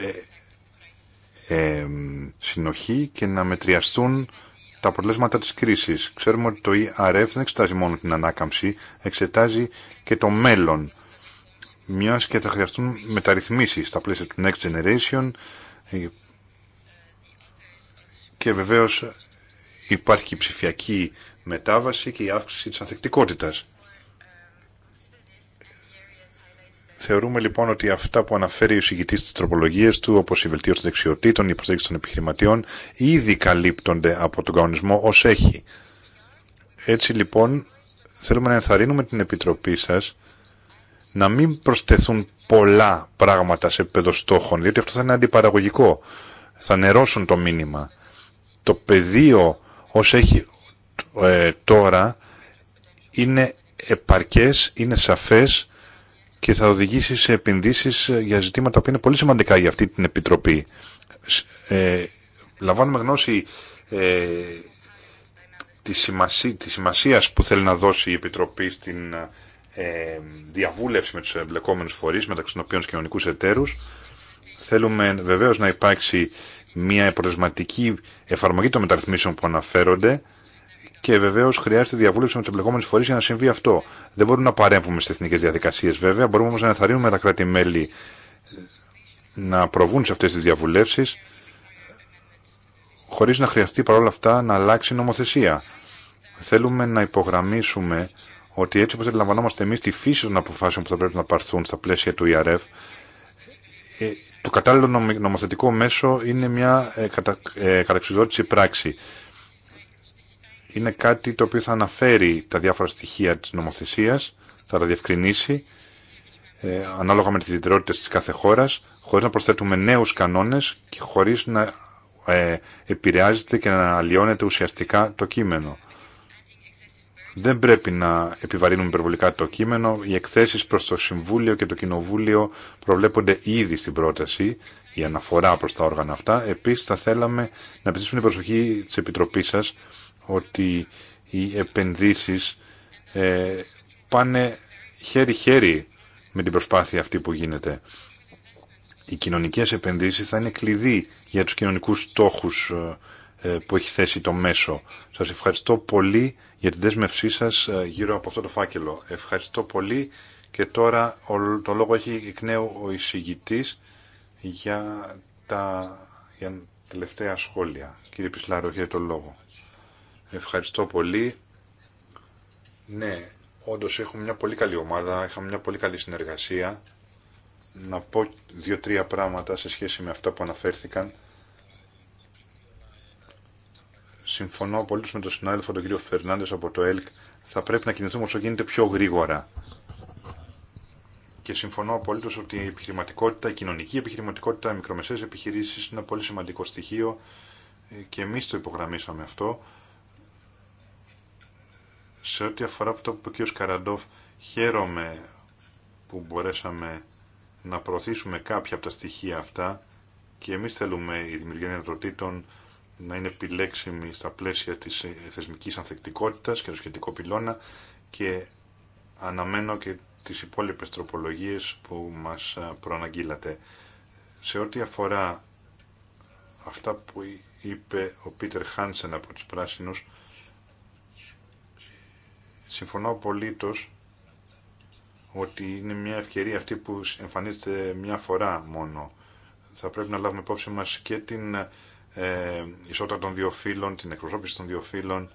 ε, συνοχή και να μετριαστούν τα αποτελέσματα της κρίσης. Ξέρουμε ότι το ERF δεν εξετάζει μόνο την ανάκαμψη, εξετάζει και το μέλλον, μιας και θα χρειαστούν μεταρρυθμίσεις στα πλαίσια του Next Generation ε, και βεβαίως υπάρχει η ψηφιακή μετάβαση και η αύξηση της ανθεκτικότητας. Θεωρούμε λοιπόν ότι αυτά που αναφέρει ο συγκητή στι τροπολογίε του, όπω η βελτίωση των δεξιοτήτων, η προσέγγιση των επιχειρηματιών, ήδη καλύπτονται από τον κανονισμό ω έχει. Έτσι λοιπόν, θέλουμε να ενθαρρύνουμε την Επιτροπή σα να μην προσθεθούν πολλά πράγματα σε επίπεδο στόχων, διότι αυτό θα είναι αντιπαραγωγικό. Θα νερώσουν το μήνυμα. Το πεδίο ως έχει ε, τώρα είναι επαρκέ, είναι σαφέ και θα οδηγήσει σε επενδύσεις ε, για ζητήματα που είναι πολύ σημαντικά για αυτή την Επιτροπή. Ε, λαμβάνουμε γνώση ε, της, σημασίας που θέλει να δώσει η Επιτροπή στην ε, διαβούλευση με τους εμπλεκόμενους φορείς, μεταξύ των οποίων κοινωνικού εταίρους. Θέλουμε βεβαίως να υπάρξει μια προτεσματική εφαρμογή των μεταρρυθμίσεων που αναφέρονται και βεβαίω χρειάζεται διαβούλευση με τι εμπλεκόμενου φορεί για να συμβεί αυτό. Δεν μπορούμε να παρέμβουμε στι εθνικέ διαδικασίε βέβαια, μπορούμε όμω να ενθαρρύνουμε τα κράτη-μέλη να προβούν σε αυτέ τι διαβουλεύσει, χωρί να χρειαστεί παρόλα αυτά να αλλάξει η νομοθεσία. Θέλουμε να υπογραμμίσουμε ότι έτσι όπω αντιλαμβανόμαστε εμεί τη φύση των αποφάσεων που θα πρέπει να πάρθουν στα πλαίσια του ERF, ε, το κατάλληλο νομοθετικό μέσο είναι μια ε, ε, καταξιδότηση πράξη είναι κάτι το οποίο θα αναφέρει τα διάφορα στοιχεία της νομοθεσίας, θα τα διευκρινίσει ε, ανάλογα με τις ιδιαιτερότητες της κάθε χώρας, χωρίς να προσθέτουμε νέους κανόνες και χωρίς να ε, επηρεάζεται και να αλλοιώνεται ουσιαστικά το κείμενο. Δεν πρέπει να επιβαρύνουμε υπερβολικά το κείμενο. Οι εκθέσεις προς το Συμβούλιο και το Κοινοβούλιο προβλέπονται ήδη στην πρόταση, η αναφορά προς τα όργανα αυτά. Επίσης θα θέλαμε να επιστήσουμε την προσοχή της Επιτροπής σας ότι οι επενδύσεις ε, πάνε χέρι-χέρι με την προσπάθεια αυτή που γίνεται. Οι κοινωνικές επενδύσεις θα είναι κλειδί για τους κοινωνικούς στόχους ε, ε, που έχει θέσει το μέσο. Σας ευχαριστώ πολύ για την δέσμευσή σας γύρω από αυτό το φάκελο. Ευχαριστώ πολύ και τώρα το λόγο έχει εκ νέου ο εισηγητής για τα για τελευταία σχόλια. Κύριε Πισλάρο, έχετε το λόγο. Ευχαριστώ πολύ. Ναι, όντως έχουμε μια πολύ καλή ομάδα, είχαμε μια πολύ καλή συνεργασία. Να πω δύο-τρία πράγματα σε σχέση με αυτά που αναφέρθηκαν. Συμφωνώ πολύ με τον συνάδελφο τον κύριο Φερνάντες από το ΕΛΚ. Θα πρέπει να κινηθούμε όσο γίνεται πιο γρήγορα. Και συμφωνώ απολύτω ότι η επιχειρηματικότητα, η κοινωνική επιχειρηματικότητα, οι μικρομεσαίε επιχειρήσεις είναι ένα πολύ σημαντικό στοιχείο ε, και εμεί το υπογραμμίσαμε αυτό. Σε ό,τι αφορά αυτό που είπε ο κ. Καραντόφ, χαίρομαι που μπορέσαμε να προωθήσουμε κάποια από τα στοιχεία αυτά και εμείς θέλουμε η δημιουργία δυνατοτήτων να είναι επιλέξιμη στα πλαίσια της θεσμικής ανθεκτικότητας και του σχετικό πυλώνα και αναμένω και τις υπόλοιπες τροπολογίες που μας προαναγγείλατε. Σε ό,τι αφορά αυτά που είπε ο Πίτερ Χάνσεν από τις Πράσινους, Συμφωνώ απολύτως ότι είναι μια ευκαιρία αυτή που εμφανίζεται μια φορά μόνο. Θα πρέπει να λάβουμε υπόψη μας και την ε, ισότητα των δύο φύλων, την εκπροσώπηση των δύο φύλων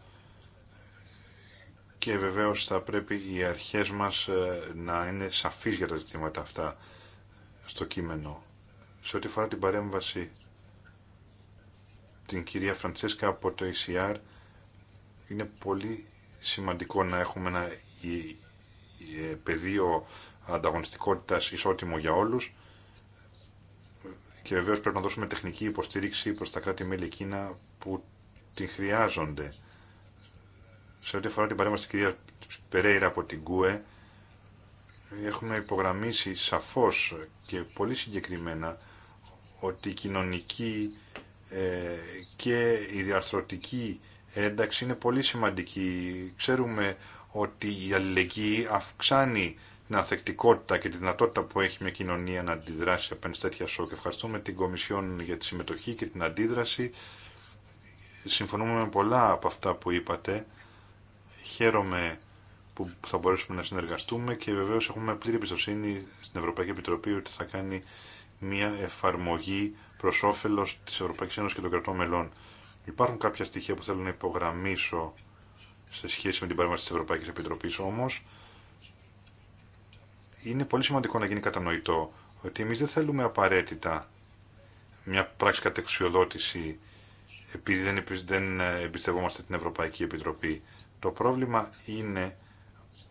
και βεβαίως θα πρέπει οι αρχές μας ε, να είναι σαφείς για τα ζητήματα αυτά στο κείμενο. Σε ό,τι φορά την παρέμβαση την κυρία Φραντσέσκα από το ECR είναι πολύ σημαντικό να έχουμε ένα ε, πεδίο ανταγωνιστικότητας ισότιμο για όλους και βεβαίως πρέπει να δώσουμε τεχνική υποστήριξη προς τα κράτη-μέλη εκείνα που την χρειάζονται. Σε ό,τι αφορά την παρέμβαση της κυρία Περέιρα από την ΚΟΕ, έχουμε υπογραμμίσει σαφώς και πολύ συγκεκριμένα ότι η κοινωνική ε, και η διαρθρωτική Εντάξει, είναι πολύ σημαντική. Ξέρουμε ότι η αλληλεγγύη αυξάνει την ανθεκτικότητα και τη δυνατότητα που έχει μια κοινωνία να αντιδράσει απέναντι σε τέτοια σοκ. Ευχαριστούμε την Κομισιόν για τη συμμετοχή και την αντίδραση. Συμφωνούμε με πολλά από αυτά που είπατε. Χαίρομαι που θα μπορέσουμε να συνεργαστούμε και βεβαίως έχουμε πλήρη εμπιστοσύνη στην Ευρωπαϊκή Επιτροπή ότι θα κάνει μια εφαρμογή προς όφελος της Ευρωπαϊκής Ένωσης και των κρατών μελών. Υπάρχουν κάποια στοιχεία που θέλω να υπογραμμίσω σε σχέση με την παρέμβαση της Ευρωπαϊκής Επιτροπής όμως. Είναι πολύ σημαντικό να γίνει κατανοητό ότι εμείς δεν θέλουμε απαραίτητα μια πράξη κατεξιοδότηση επειδή δεν, δεν ε, εμπιστευόμαστε την Ευρωπαϊκή Επιτροπή. Το πρόβλημα είναι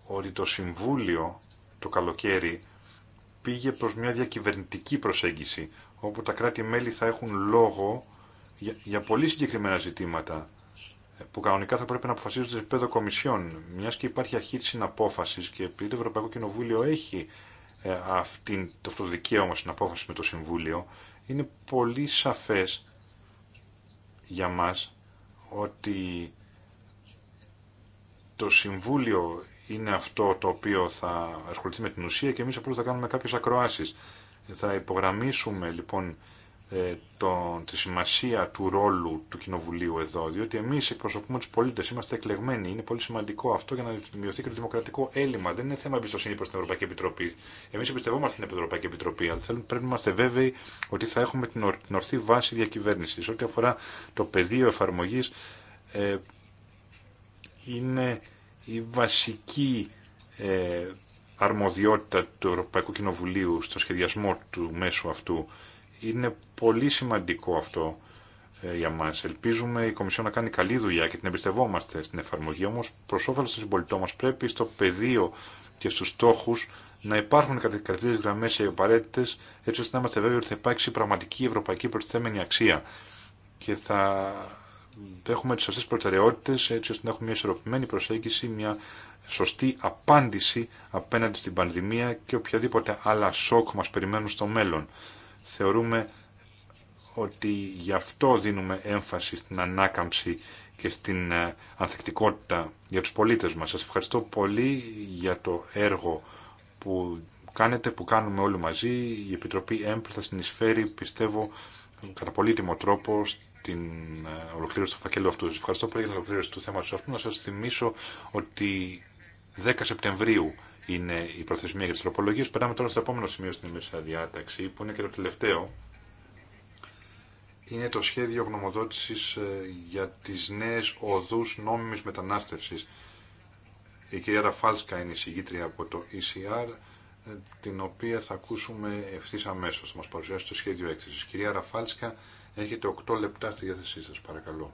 ότι το Συμβούλιο το καλοκαίρι πήγε προς μια διακυβερνητική προσέγγιση όπου τα κράτη-μέλη θα έχουν λόγο για, για πολύ συγκεκριμένα ζητήματα ε, που κανονικά θα πρέπει να αποφασίζονται σε επίπεδο κομισιών. Μια και υπάρχει αρχή τη συναπόφαση και επειδή το Ευρωπαϊκό Κοινοβούλιο έχει ε, αυτή, το, αυτό το δικαίωμα στην απόφαση με το Συμβούλιο, είναι πολύ σαφέ για μα ότι το Συμβούλιο είναι αυτό το οποίο θα ασχοληθεί με την ουσία και εμείς απλώς θα κάνουμε κάποιες ακροάσεις. Θα υπογραμμίσουμε λοιπόν ε, το, τη σημασία του ρόλου του Κοινοβουλίου εδώ, διότι εμείς εκπροσωπούμε τους πολίτες, είμαστε εκλεγμένοι, είναι πολύ σημαντικό αυτό για να μειωθεί και το δημοκρατικό έλλειμμα. Δεν είναι θέμα εμπιστοσύνη προς την Ευρωπαϊκή Επιτροπή. Εμείς εμπιστευόμαστε την Ευρωπαϊκή Επιτροπή, αλλά πρέπει να είμαστε βέβαιοι ότι θα έχουμε την, ορ, την ορθή βάση διακυβέρνησης. Ό,τι αφορά το πεδίο εφαρμογής, ε, είναι η βασική ε, αρμοδιότητα του Ευρωπαϊκού Κοινοβουλίου στο σχεδιασμό του μέσου αυτού. Είναι πολύ σημαντικό αυτό ε, για μα. Ελπίζουμε η Κομισιόν να κάνει καλή δουλειά και την εμπιστευόμαστε στην εφαρμογή. Όμω, προ όφελο των συμπολιτών μα, πρέπει στο πεδίο και στου στόχου να υπάρχουν κατευθυντικέ γραμμέ οι απαραίτητε, έτσι ώστε να είμαστε βέβαιοι ότι θα υπάρξει πραγματική ευρωπαϊκή προστιθέμενη αξία. Και θα έχουμε τι σωστέ προτεραιότητε, έτσι ώστε να έχουμε μια ισορροπημένη προσέγγιση, μια σωστή απάντηση απέναντι στην πανδημία και οποιαδήποτε άλλα σοκ μα περιμένουν στο μέλλον. Θεωρούμε ότι γι' αυτό δίνουμε έμφαση στην ανάκαμψη και στην ε, ανθεκτικότητα για τους πολίτες μας. Σας ευχαριστώ πολύ για το έργο που κάνετε, που κάνουμε όλοι μαζί. Η Επιτροπή ΕΜΠΛ θα συνεισφέρει, πιστεύω, κατά πολύτιμο τρόπο στην ε, ολοκλήρωση του φακέλου αυτού. Σας ευχαριστώ πολύ για την ολοκλήρωση του θέματος αυτού. Να σας θυμίσω ότι 10 Σεπτεμβρίου είναι η προθεσμία για τι τροπολογίε. Περνάμε τώρα στο επόμενο σημείο στην ημερήσια διάταξη, που είναι και το τελευταίο. Είναι το σχέδιο γνωμοδότηση ε, για τι νέε οδού νόμιμη μετανάστευση. Η κυρία Ραφάλσκα είναι η συγγήτρια από το ECR, ε, την οποία θα ακούσουμε ευθύ αμέσω. Θα μα παρουσιάσει το σχέδιο έκθεση. Κυρία Ραφάλσκα, έχετε 8 λεπτά στη διάθεσή σα, παρακαλώ.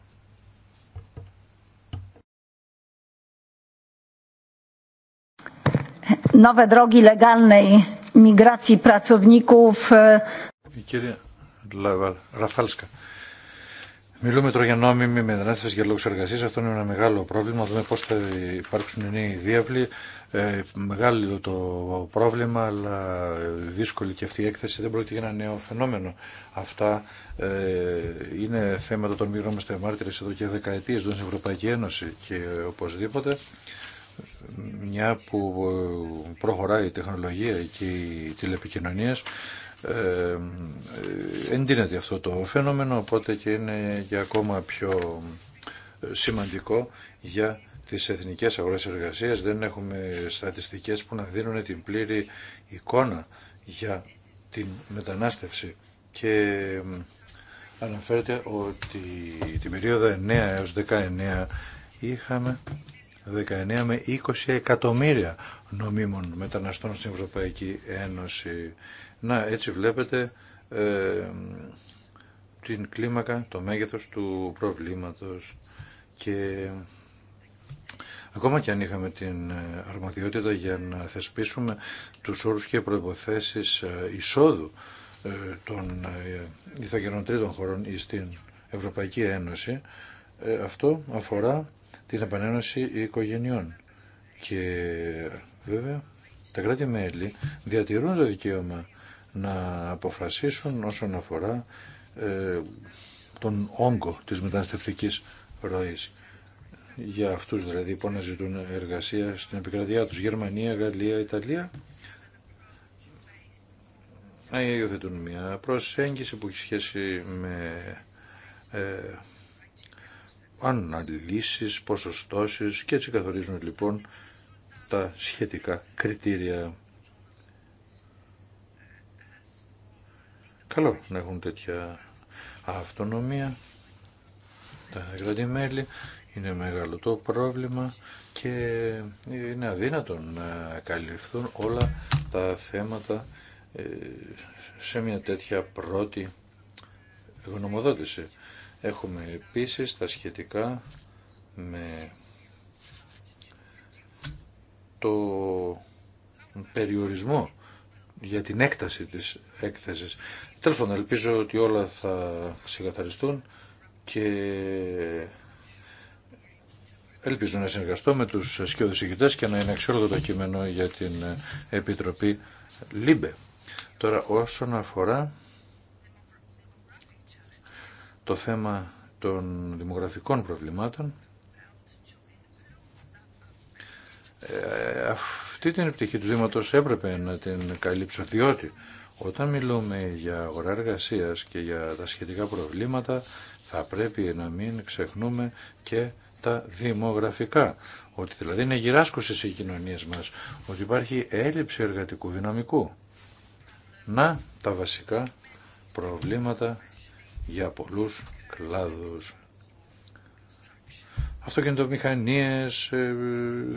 nowe drogi legalnej migracji pracowników. E, η κυρία Ραφάλσκα. Μιλούμε τώρα για νόμιμη μετανάστευση για λόγου εργασία. Αυτό είναι ένα μεγάλο πρόβλημα. Δούμε πώ θα υπάρξουν νέοι διάβλοι. Ε, μεγάλο το πρόβλημα, αλλά δύσκολη και αυτή η έκθεση. Δεν πρόκειται για ένα νέο φαινόμενο. Αυτά ε, είναι θέματα των Τα μάρτυρε εδώ και δεκαετίε εδώ στην Ευρωπαϊκή Ένωση και οπωσδήποτε μια που ε, προχωράει η τεχνολογία και οι τηλεπικοινωνίες ε, ε, εντείνεται αυτό το φαινόμενο οπότε και είναι και ακόμα πιο ε, σημαντικό για τις εθνικές αγορές εργασίας δεν έχουμε στατιστικές που να δίνουν την πλήρη εικόνα για την μετανάστευση και αναφέρεται ότι την περίοδο 9 έως 19 είχαμε 19 με 20 εκατομμύρια νομίμων μεταναστών στην Ευρωπαϊκή Ένωση. Να, έτσι βλέπετε ε, την κλίμακα, το μέγεθος του προβλήματος και ακόμα και αν είχαμε την ε, αρμοδιότητα για να θεσπίσουμε τους όρους και προϋποθέσεις ε, εισόδου των ηθαγενών τρίτων χωρών στην Ευρωπαϊκή Ένωση, αυτό αφορά την επανένωση οικογενειών. Και βέβαια τα κράτη-μέλη διατηρούν το δικαίωμα να αποφασίσουν όσον αφορά ε, τον όγκο της μεταναστευτικής ροής. Για αυτούς δηλαδή που αναζητούν εργασία στην επικρατεία τους, Γερμανία, Γαλλία, Ιταλία, να ε, υιοθετούν μια προσέγγιση που έχει σχέση με ε, αναλύσεις, ποσοστώσεις και έτσι καθορίζουν λοιπόν τα σχετικά κριτήρια. Καλό να έχουν τέτοια αυτονομία τα κρατημέλη, είναι μεγάλο το πρόβλημα και είναι αδύνατο να καλυφθούν όλα τα θέματα ε, σε μια τέτοια πρώτη γνωμοδότηση. Έχουμε επίσης τα σχετικά με το περιορισμό για την έκταση της έκθεσης. Τέλος πάντων, ελπίζω ότι όλα θα ξεκαθαριστούν και ελπίζω να συνεργαστώ με τους σκιώδους ηγητές και να είναι αξιόλογο το κείμενο για την Επιτροπή ΛΥΜΠΕ. Τώρα όσον αφορά το θέμα των δημογραφικών προβλημάτων. Ε, αυτή την επιτυχία του Δήματος έπρεπε να την καλύψω, διότι όταν μιλούμε για αγορά εργασία και για τα σχετικά προβλήματα, θα πρέπει να μην ξεχνούμε και τα δημογραφικά. Ότι δηλαδή είναι γυράσκωσες οι κοινωνίες μας, ότι υπάρχει έλλειψη εργατικού δυναμικού. Να τα βασικά προβλήματα για πολλούς κλάδους. Αυτοκινητομηχανίες, ε,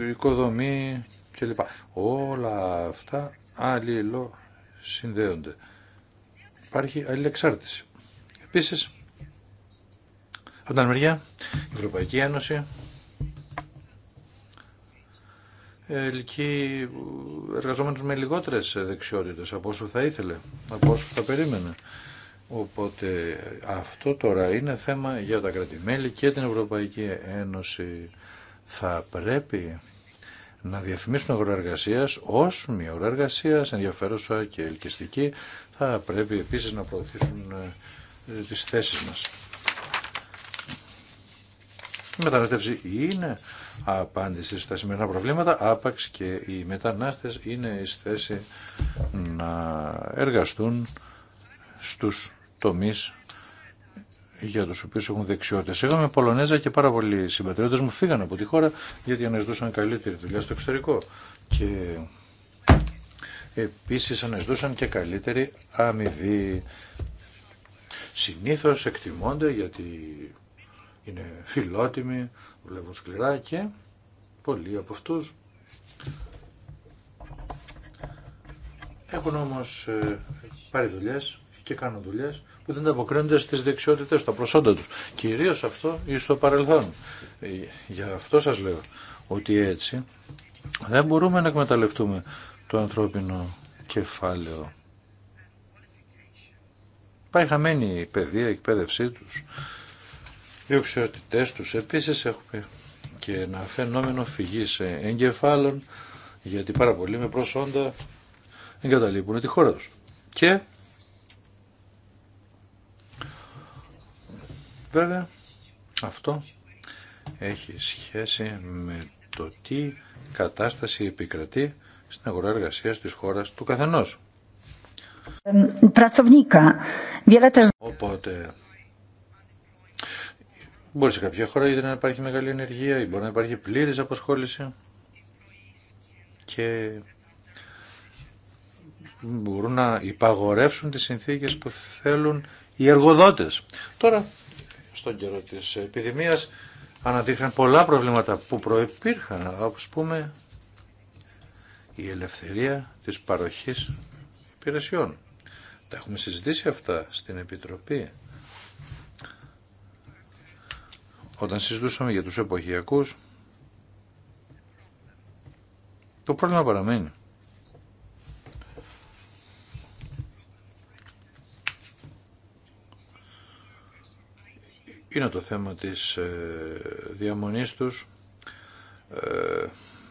οικοδομή κλπ. Όλα αυτά αλληλό συνδέονται. Υπάρχει αλληλεξάρτηση. Επίσης, από την μεριά, η Ευρωπαϊκή Ένωση ελκύει εργαζόμενους με λιγότερες δεξιότητες από όσο θα ήθελε, από όσο θα περίμενε. Οπότε αυτό τώρα είναι θέμα για τα κρατημέλη και την Ευρωπαϊκή Ένωση. Θα πρέπει να διαφημίσουν αγροεργασία ω μια εργασία ενδιαφέρουσα και ελκυστική. Θα πρέπει επίση να προωθήσουν ε, τι θέσει μα. Η μετανάστευση είναι απάντηση στα σημερινά προβλήματα, άπαξ και οι μετανάστες είναι στη θέση να εργαστούν στους τομεί για του οποίου έχουν δεξιότητες. Εγώ είμαι Πολωνέζα και πάρα πολλοί συμπατριώτες μου φύγαν από τη χώρα γιατί αναζητούσαν καλύτερη δουλειά στο εξωτερικό. Και επίσης αναζητούσαν και καλύτερη αμοιβή. συνήθω εκτιμώνται γιατί είναι φιλότιμοι, δουλεύουν σκληρά και πολλοί από αυτούς έχουν όμως ε, πάρει δουλειές και κάνουν δουλειέ που δεν αποκρίνονται στι δεξιότητε, στα προσόντα του. Κυρίω αυτό ή στο παρελθόν. Ε, γι' αυτό σα λέω ότι έτσι δεν μπορούμε να εκμεταλλευτούμε το ανθρώπινο κεφάλαιο. Πάει χαμένη η παιδεία, η εκπαίδευσή τους, οι οξιότητές τους. Επίσης έχουμε και ένα φαινόμενο φυγής εγκεφάλων, γιατί πάρα πολλοί με προσόντα εγκαταλείπουν τη χώρα τους. Και Βέβαια, αυτό έχει σχέση με το τι κατάσταση επικρατεί στην αγορά εργασίας της χώρας του καθενός. Οπότε, μπορεί σε κάποια χώρα ήδη να υπάρχει μεγάλη ενεργεία ή μπορεί να υπάρχει πλήρης αποσχόληση και μπορούν να υπαγορεύσουν τις συνθήκες που θέλουν οι εργοδότες. Τώρα στον καιρό τη επιδημία αναδείχαν πολλά προβλήματα που προπήρχαν, όπως πούμε η ελευθερία της παροχής υπηρεσιών. Τα έχουμε συζητήσει αυτά στην Επιτροπή. Όταν συζητούσαμε για τους εποχιακούς, το πρόβλημα παραμένει. είναι το θέμα της ε, διαμονής τους ε,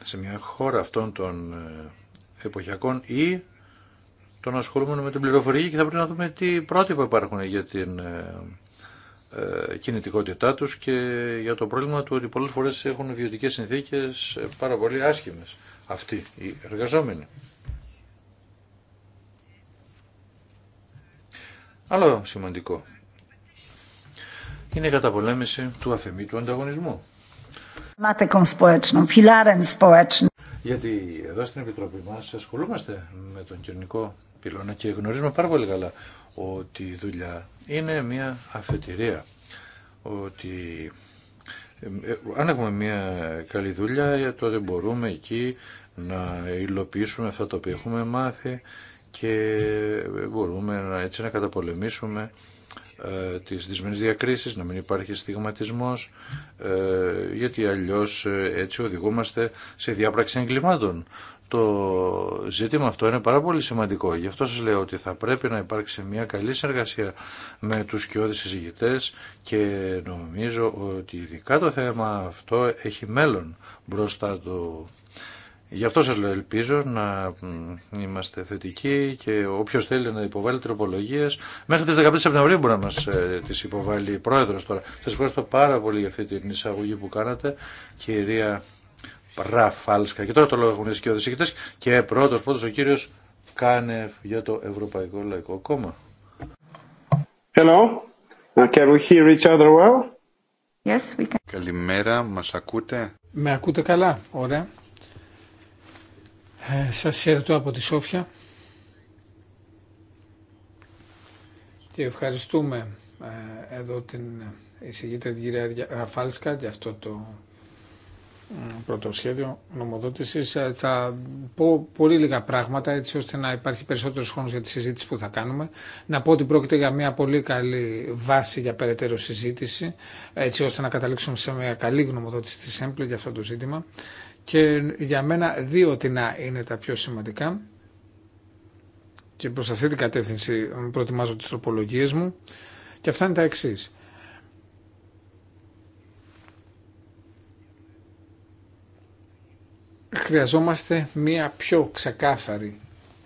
σε μια χώρα αυτών των ε, εποχιακών ή τον ασχολούμενο με την πληροφορική και θα πρέπει να δούμε τι πρότυπα υπάρχουν για την κινητικότητά τους και για το πρόβλημα του ότι πολλές φορές έχουν βιωτικές συνθήκες πάρα πολύ άσχημες αυτοί οι εργαζόμενοι. Άλλο σημαντικό είναι η καταπολέμηση του του ανταγωνισμού. Γιατί εδώ στην Επιτροπή μας ασχολούμαστε με τον κοινωνικό πυλώνα και γνωρίζουμε πάρα πολύ καλά ότι η δουλειά είναι μια αφετηρία. Ότι ε, ε, αν έχουμε μια καλή δουλειά τότε μπορούμε εκεί να υλοποιήσουμε αυτά τα οποία έχουμε μάθει και μπορούμε να, έτσι να καταπολεμήσουμε ε, της δυσμενής διακρίσης, να μην υπάρχει στιγματισμός, ε, γιατί αλλιώς ε, έτσι οδηγούμαστε σε διάπραξη εγκλημάτων. Το ζήτημα αυτό είναι πάρα πολύ σημαντικό. Γι' αυτό σας λέω ότι θα πρέπει να υπάρξει μια καλή συνεργασία με τους κοιόδης συζητητές και νομίζω ότι ειδικά το θέμα αυτό έχει μέλλον μπροστά του. Γι' αυτό σας λέω, ελπίζω να είμαστε θετικοί και όποιος θέλει να υποβάλει τροπολογίες, μέχρι τις 15 Σεπτεμβρίου μπορεί να μας ε, τις υποβάλει η Πρόεδρος τώρα. Σας ευχαριστώ πάρα πολύ για αυτή την εισαγωγή που κάνατε, κυρία Πραφάλσκα. Και τώρα το λόγο έχουν οι σκιώδες και πρώτος πρώτος ο κύριος Κάνεφ για το Ευρωπαϊκό Λαϊκό Κόμμα. can we hear each other well? Yes, we can. Καλημέρα, μας ακούτε? Με ακούτε καλά, ωραία. Ε, σας χαιρετώ από τη Σόφια και ευχαριστούμε ε, εδώ την εισηγήτρια την κυρία Ραφάλσκα για αυτό το πρώτο σχέδιο νομοδότησης. Ε, θα πω πολύ λίγα πράγματα έτσι ώστε να υπάρχει περισσότερος χρόνος για τη συζήτηση που θα κάνουμε. Να πω ότι πρόκειται για μια πολύ καλή βάση για περαιτέρω συζήτηση έτσι ώστε να καταλήξουμε σε μια καλή γνωμοδότηση της ΕΜΠΛΕ για αυτό το ζήτημα. Και για μένα δύο τεινά είναι τα πιο σημαντικά και προς αυτή την κατεύθυνση προετοιμάζω τις τροπολογίες μου και αυτά είναι τα εξή. Χρειαζόμαστε μία πιο ξεκάθαρη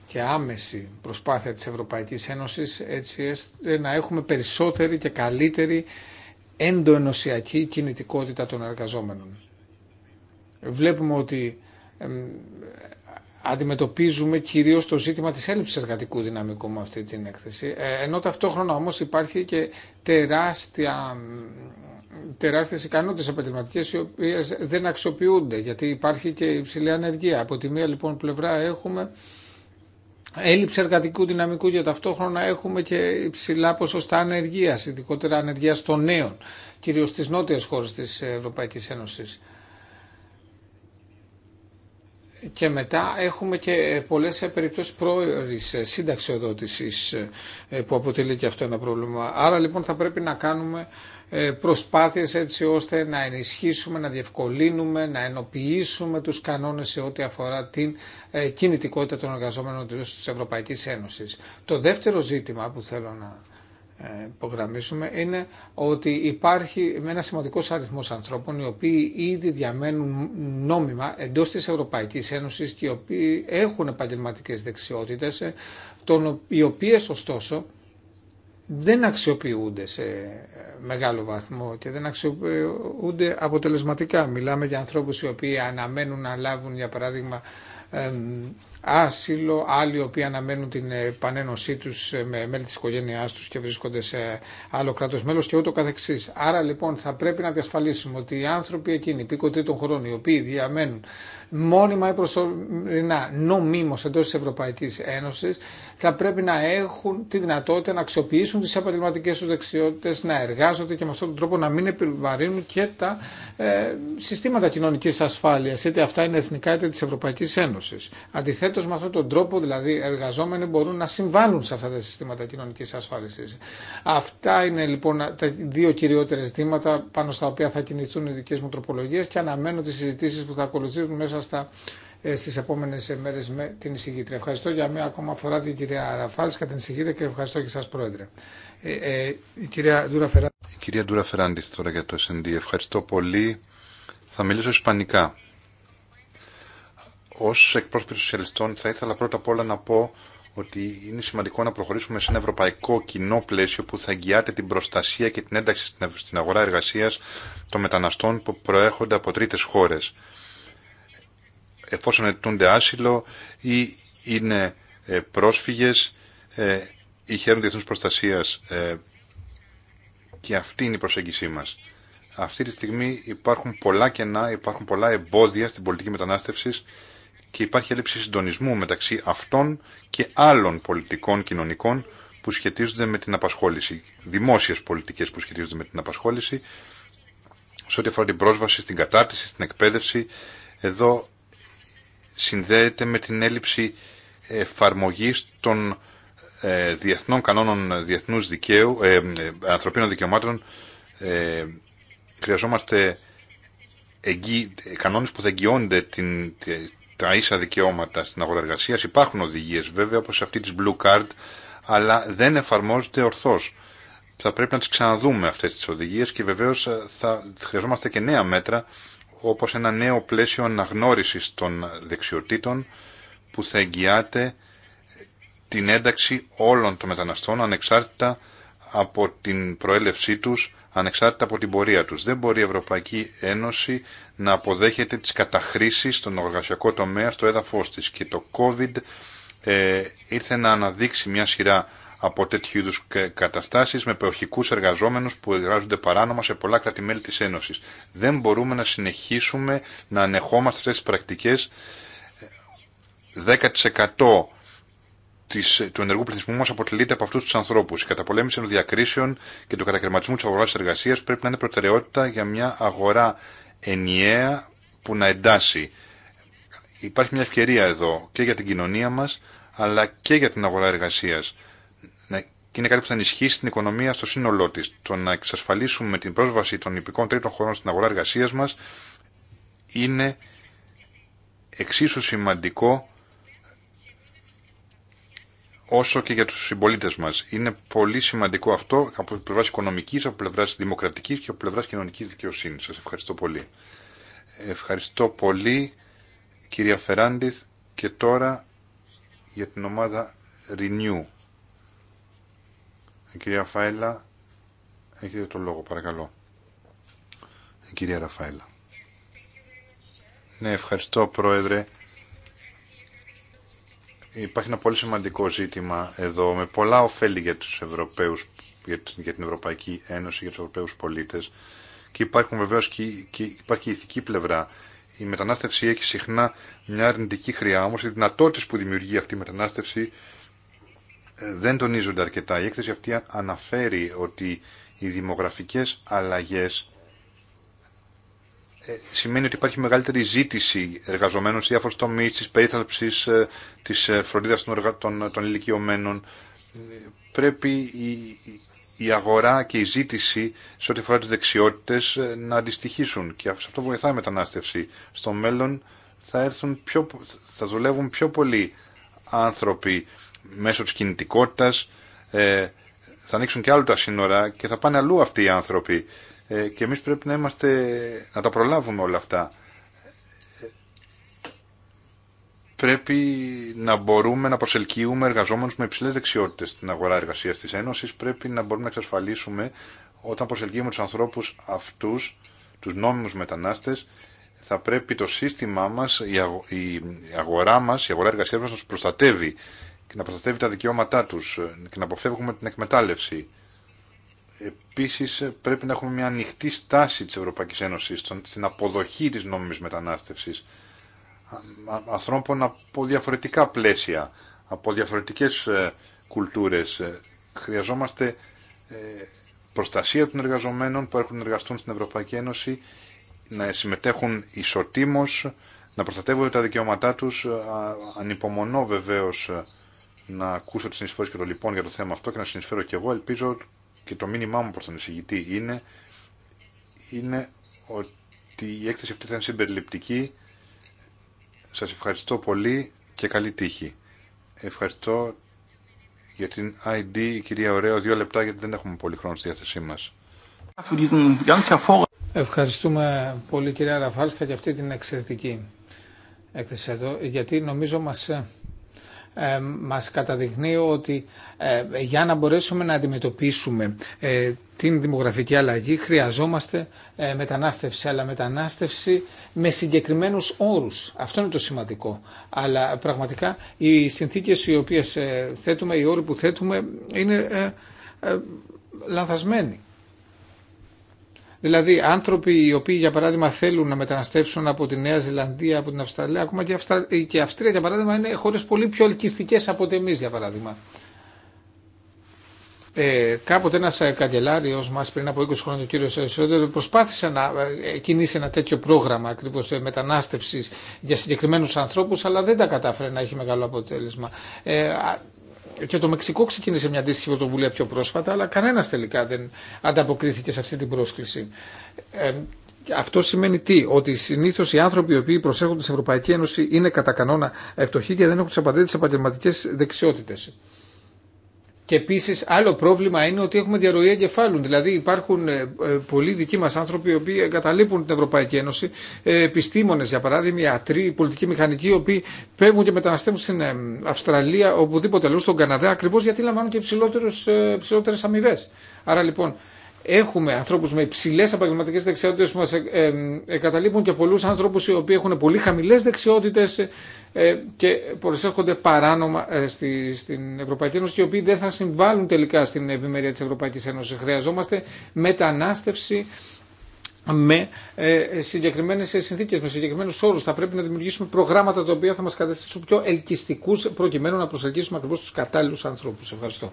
και άμεση προσπάθεια της Ευρωπαϊκής Ένωσης έτσι να έχουμε περισσότερη και καλύτερη εντοενωσιακή κινητικότητα των εργαζόμενων βλέπουμε ότι αντιμετωπίζουμε κυρίως το ζήτημα της έλλειψης εργατικού δυναμικού με αυτή την έκθεση. Ε, ενώ ταυτόχρονα όμως υπάρχει και τεράστια τεράστιε ικανότητε επαγγελματικέ οι οποίε δεν αξιοποιούνται γιατί υπάρχει και υψηλή ανεργία. Από τη μία λοιπόν πλευρά έχουμε έλλειψη εργατικού δυναμικού και ταυτόχρονα έχουμε και υψηλά ποσοστά ανεργία, ειδικότερα ανεργία των νέων, κυρίω στι νότιε χώρε τη Ευρωπαϊκή Ένωση. Και μετά έχουμε και ε, πολλές ε, περιπτώσεις ε, σύνταξη συνταξιοδότηση που αποτελεί και αυτό ένα πρόβλημα. Άρα λοιπόν θα πρέπει να κάνουμε προσπάθειες έτσι ώστε να ενισχύσουμε, να διευκολύνουμε, να ενοποιήσουμε τους κανόνες σε ό,τι αφορά την κινητικότητα των εργαζόμενων της Ευρωπαϊκής Ένωσης. Το δεύτερο ζήτημα που θέλω να ε, υπογραμμίσουμε είναι ότι υπάρχει με ένα σημαντικό αριθμό ανθρώπων οι οποίοι ήδη διαμένουν νόμιμα εντό τη Ευρωπαϊκή Ένωση και οι οποίοι έχουν επαγγελματικέ δεξιότητε, ε, οι οποίε ωστόσο δεν αξιοποιούνται σε ε, μεγάλο βαθμό και δεν αξιοποιούνται αποτελεσματικά. Μιλάμε για ανθρώπους οι οποίοι αναμένουν να λάβουν, για παράδειγμα, άσυλο, άλλοι οι οποίοι αναμένουν την ε, επανένωσή του ε, με μέλη τη οικογένεια του και βρίσκονται σε άλλο κράτος μέλος και ούτω καθεξής. Άρα λοιπόν θα πρέπει να διασφαλίσουμε ότι οι άνθρωποι εκείνοι, πήκο των χωρών, οι οποίοι διαμένουν μόνιμα ή προσωρινά νομίμω εντό τη Ευρωπαϊκή Ένωσης θα πρέπει να έχουν τη δυνατότητα να αξιοποιήσουν τι επαγγελματικέ του δεξιότητε, να εργάζονται και με αυτόν τον τρόπο να μην επιβαρύνουν και τα ε, συστήματα κοινωνικής ασφάλειας, είτε αυτά είναι εθνικά είτε τη Ευρωπαϊκή Ένωση. Αντιθέτω, με αυτόν τον τρόπο δηλαδή εργαζόμενοι μπορούν να συμβάλλουν σε αυτά τα συστήματα κοινωνική ασφάλιση. Αυτά είναι λοιπόν τα δύο κυριότερα ζητήματα πάνω στα οποία θα κινηθούν οι δικέ μου τροπολογίε και αναμένω τι συζητήσει που θα ακολουθήσουν μέσα Στι στι μέρε μέρε με την εισηγήτρια. Ευχαριστώ για μία ακόμα φορά την κυρία Αραφάλης και την εισηγήτρια και ευχαριστώ και εσά, πρόεδρε. Ε, ε, η κυρία Ντούρα Φεράντη. Η κυρία Ντούρα Φεράντη τώρα για το S&D. Ευχαριστώ πολύ. Θα μιλήσω ισπανικά. Ω εκπρόσωπη των σοσιαλιστών θα ήθελα πρώτα απ' όλα να πω ότι είναι σημαντικό να προχωρήσουμε σε ένα ευρωπαϊκό κοινό πλαίσιο που θα εγγυάται την προστασία και την ένταξη στην αγορά εργασία των μεταναστών που προέρχονται από τρίτε χώρε εφόσον ετούνται άσυλο ή είναι ε, πρόσφυγες ή ε, χαίρουν διεθνούς προστασίας ε, και αυτή είναι η προσέγγισή μας. Αυτή τη στιγμή υπάρχουν πολλά κενά, υπάρχουν πολλά εμπόδια στην πολιτική μετανάστευση και υπάρχει έλλειψη συντονισμού μεταξύ αυτών και άλλων πολιτικών κοινωνικών που σχετίζονται με την απασχόληση, δημόσιες πολιτικές που σχετίζονται με την απασχόληση, σε ό,τι αφορά την πρόσβαση στην κατάρτιση, στην εκπαίδευση. Εδώ συνδέεται με την έλλειψη εφαρμογής των ε, διεθνών κανόνων διεθνούς δικαίου, ε, ε, ανθρωπίνων δικαιωμάτων. χρειαζόμαστε εγγύ, κανόνες που θα εγγυώνται την, τα ίσα δικαιώματα στην αγορά Υπάρχουν οδηγίες βέβαια όπως αυτή της Blue Card, αλλά δεν εφαρμόζεται ορθώς. Θα πρέπει να τις ξαναδούμε αυτές τις οδηγίες και βεβαίως θα χρειαζόμαστε και νέα μέτρα όπως ένα νέο πλαίσιο αναγνώρισης των δεξιοτήτων που θα εγγυάται την ένταξη όλων των μεταναστών ανεξάρτητα από την προέλευσή τους, ανεξάρτητα από την πορεία τους. Δεν μπορεί η Ευρωπαϊκή Ένωση να αποδέχεται τις καταχρήσεις στον εργασιακό τομέα στο έδαφος της. Και το COVID ε, ήρθε να αναδείξει μια σειρά από τέτοιου είδου καταστάσει με περιοχικού εργαζόμενου που εργάζονται παράνομα σε πολλά κράτη-μέλη τη Ένωση. Δεν μπορούμε να συνεχίσουμε να ανεχόμαστε αυτέ τι πρακτικέ. 10% του ενεργού πληθυσμού μα αποτελείται από αυτού του ανθρώπου. Η καταπολέμηση των διακρίσεων και του κατακαιρματισμού τη αγορά εργασία πρέπει να είναι προτεραιότητα για μια αγορά ενιαία που να εντάσσει. Υπάρχει μια ευκαιρία εδώ και για την κοινωνία μα αλλά και για την αγορά εργασίας και είναι κάτι που θα ενισχύσει την οικονομία στο σύνολό τη. Το να εξασφαλίσουμε την πρόσβαση των υπηκών τρίτων χωρών στην αγορά εργασία μα είναι εξίσου σημαντικό όσο και για τους συμπολίτε μας. Είναι πολύ σημαντικό αυτό από πλευρά οικονομικής, από πλευρά δημοκρατικής και από πλευρά κοινωνική δικαιοσύνη. Σα ευχαριστώ πολύ. Ευχαριστώ πολύ κυρία Φεράντιθ και τώρα για την ομάδα Renew Κυρία Φάιλα, έχετε το λόγο, παρακαλώ. Κυρία Ραφάιλα. Ναι, ευχαριστώ, Πρόεδρε. Υπάρχει ένα πολύ σημαντικό ζήτημα εδώ, με πολλά ωφέλη για τους Ευρωπαίους, για την Ευρωπαϊκή Ένωση, για τους Ευρωπαίους πολίτες. Και υπάρχουν βεβαίως και, υπάρχει η ηθική πλευρά. Η μετανάστευση έχει συχνά μια αρνητική χρειά, όμως οι δυνατότητες που δημιουργεί αυτή η μετανάστευση ε, δεν τονίζονται αρκετά. Η έκθεση αυτή αναφέρει ότι οι δημογραφικές αλλαγές ε, σημαίνει ότι υπάρχει μεγαλύτερη ζήτηση εργαζομένων σε διάφορους τομείς της περίθαλψης, ε, της φροντίδας των, των, των ηλικιωμένων. Πρέπει η, αγορά και η ζήτηση σε ό,τι αφορά τις δεξιότητες να αντιστοιχίσουν και σε αυτό βοηθάει η μετανάστευση. Στο μέλλον θα, έρθουν πιο, θα δουλεύουν πιο πολλοί άνθρωποι μέσω της κινητικότητας ε, θα ανοίξουν και άλλο τα σύνορα και θα πάνε αλλού αυτοί οι άνθρωποι ε, και εμείς πρέπει να είμαστε να τα προλάβουμε όλα αυτά πρέπει να μπορούμε να προσελκύουμε εργαζόμενους με υψηλές δεξιότητες στην αγορά εργασίας της Ένωσης πρέπει να μπορούμε να εξασφαλίσουμε όταν προσελκύουμε τους ανθρώπους αυτούς τους νόμιμους μετανάστες θα πρέπει το σύστημά μας, η αγορά μας, η αγορά εργασίας μας να τους προστατεύει και να προστατεύει τα δικαιώματά τους και να αποφεύγουμε την εκμετάλλευση. Επίσης πρέπει να έχουμε μια ανοιχτή στάση της Ευρωπαϊκής Ένωσης στην αποδοχή της νόμιμης μετανάστευσης ανθρώπων από διαφορετικά πλαίσια, από διαφορετικές ε, κουλτούρες. Ε, χρειαζόμαστε ε, προστασία των εργαζομένων που έχουν εργαστούν στην Ευρωπαϊκή Ένωση, να συμμετέχουν ισοτήμως, να προστατεύονται τα δικαιώματά τους. Ανυπομονώ βεβαίως να ακούσω τι συνεισφορές και το λοιπόν για το θέμα αυτό και να συνεισφέρω και εγώ. Ελπίζω και το μήνυμά μου προ τον εισηγητή είναι, είναι ότι η έκθεση αυτή θα είναι συμπεριληπτική. Σας ευχαριστώ πολύ και καλή τύχη. Ευχαριστώ για την ID, κυρία Ωραίο, δύο λεπτά γιατί δεν έχουμε πολύ χρόνο στη διάθεσή μα. Ευχαριστούμε πολύ κυρία Ραφάλσκα για αυτή την εξαιρετική έκθεση εδώ, γιατί νομίζω μας ε, ε, μας καταδεικνύει ότι ε, για να μπορέσουμε να αντιμετωπίσουμε ε, την δημογραφική αλλαγή χρειαζόμαστε μετανάστευση, αλλά μετανάστευση με συγκεκριμένους όρους. Αυτό είναι το σημαντικό. Αλλά πραγματικά οι συνθήκες οι οποίες θέτουμε, οι όροι που θέτουμε είναι λανθασμένοι. Δηλαδή άνθρωποι οι οποίοι για παράδειγμα θέλουν να μεταναστεύσουν από τη Νέα Ζηλανδία, από την Αυστραλία, ακόμα και, η ε, Αυστρία για παράδειγμα είναι χώρε πολύ πιο ελκυστικέ από ότι εμεί, για παράδειγμα. Ε, κάποτε ένας ε, καγκελάριο μας πριν από 20 χρόνια, ο κύριος ε, Σιρόντερ, προσπάθησε να κινήσει ένα τέτοιο πρόγραμμα ακριβώ μετανάστευση για συγκεκριμένου ανθρώπου, αλλά δεν τα κατάφερε να έχει μεγάλο αποτέλεσμα. Ε, και το Μεξικό ξεκίνησε μια αντίστοιχη πρωτοβουλία πιο πρόσφατα, αλλά κανένας τελικά δεν ανταποκρίθηκε σε αυτή την πρόσκληση. Ε, αυτό σημαίνει τι, ότι συνήθω οι άνθρωποι οι οποίοι προσέχονται στην Ευρωπαϊκή Ένωση είναι κατά κανόνα ευτοχοί και δεν έχουν τι απαραίτητε επαγγελματικέ δεξιότητε. Και επίση άλλο πρόβλημα είναι ότι έχουμε διαρροή εγκεφάλων. Δηλαδή υπάρχουν ε, ε, πολλοί δικοί μα άνθρωποι οι οποίοι εγκαταλείπουν την Ευρωπαϊκή Ένωση, ε, επιστήμονε για παράδειγμα, ιατροί, πολιτικοί μηχανικοί, οι οποίοι παίρνουν και μεταναστεύουν στην Αυστραλία, οπουδήποτε αλλού, στον Καναδά, ακριβώ γιατί λαμβάνουν και ψηλότερε αμοιβέ. Άρα λοιπόν έχουμε ανθρώπου με υψηλέ επαγγελματικέ δεξιότητε που μα ε, ε, ε, εγκαταλείπουν και πολλού ανθρώπου οι οποίοι έχουν πολύ χαμηλέ δεξιότητε και προσέρχονται παράνομα στην Ευρωπαϊκή Ένωση και οι οποίοι δεν θα συμβάλλουν τελικά στην ευημερία τη Ευρωπαϊκή Ένωση. Χρειαζόμαστε μετανάστευση με ε, συγκεκριμένε συνθήκε, με συγκεκριμένου όρου. Θα πρέπει να δημιουργήσουμε προγράμματα τα οποία θα μα καταστήσουν πιο ελκυστικού προκειμένου να προσελκύσουμε ακριβώ του κατάλληλου ανθρώπου. Ευχαριστώ.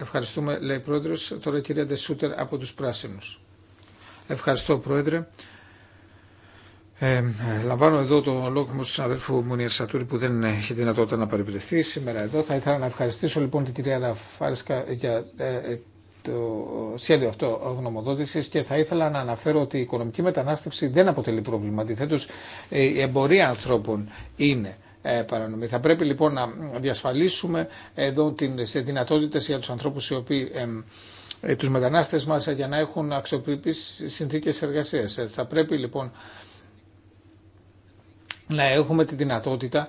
Ευχαριστούμε, λέει πρόεδρος. Τώρα η κυρία Ντεσούτερ από του πράσινου. Ευχαριστώ, πρόεδρε. Ε, λαμβάνω εδώ το λόγο μου του συναδέλφου Μουνιέρ Σατούρη που δεν έχει δυνατότητα να παρευρεθεί σήμερα εδώ. Θα ήθελα να ευχαριστήσω λοιπόν την κυρία Ραφάρισκα για ε, ε, το σχέδιο αυτό γνωμοδότηση και θα ήθελα να αναφέρω ότι η οικονομική μετανάστευση δεν αποτελεί πρόβλημα. Αντιθέτω, η εμπορία ανθρώπων είναι ε, θα πρέπει λοιπόν να διασφαλίσουμε εδώ σε δυνατότητες για τους ανθρώπους οι οποίοι ε, τους μετανάστες μας ε, για να έχουν αξιοπρεπείς συνθήκες εργασίας. Θα πρέπει λοιπόν να έχουμε τη δυνατότητα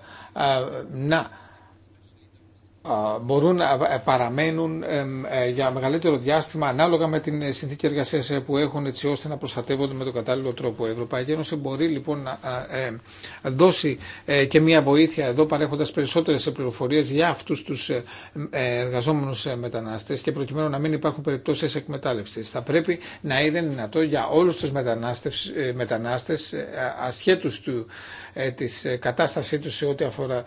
να μπορούν να ε, παραμένουν ε, για μεγαλύτερο διάστημα ανάλογα με την ε, συνθήκη εργασία που έχουν έτσι ώστε να προστατεύονται με τον κατάλληλο τρόπο. Η Ευρωπαϊκή Ένωση μπορεί λοιπόν να δώσει και μια βοήθεια εδώ παρέχοντα περισσότερε πληροφορίε για αυτού του εργαζόμενου μετανάστε και προκειμένου να μην υπάρχουν περιπτώσει εκμετάλλευση. Θα πρέπει να είναι δυνατό για όλου του μετανάστε ασχέτω ασχέτους της κατάστασή του σε ό,τι αφορά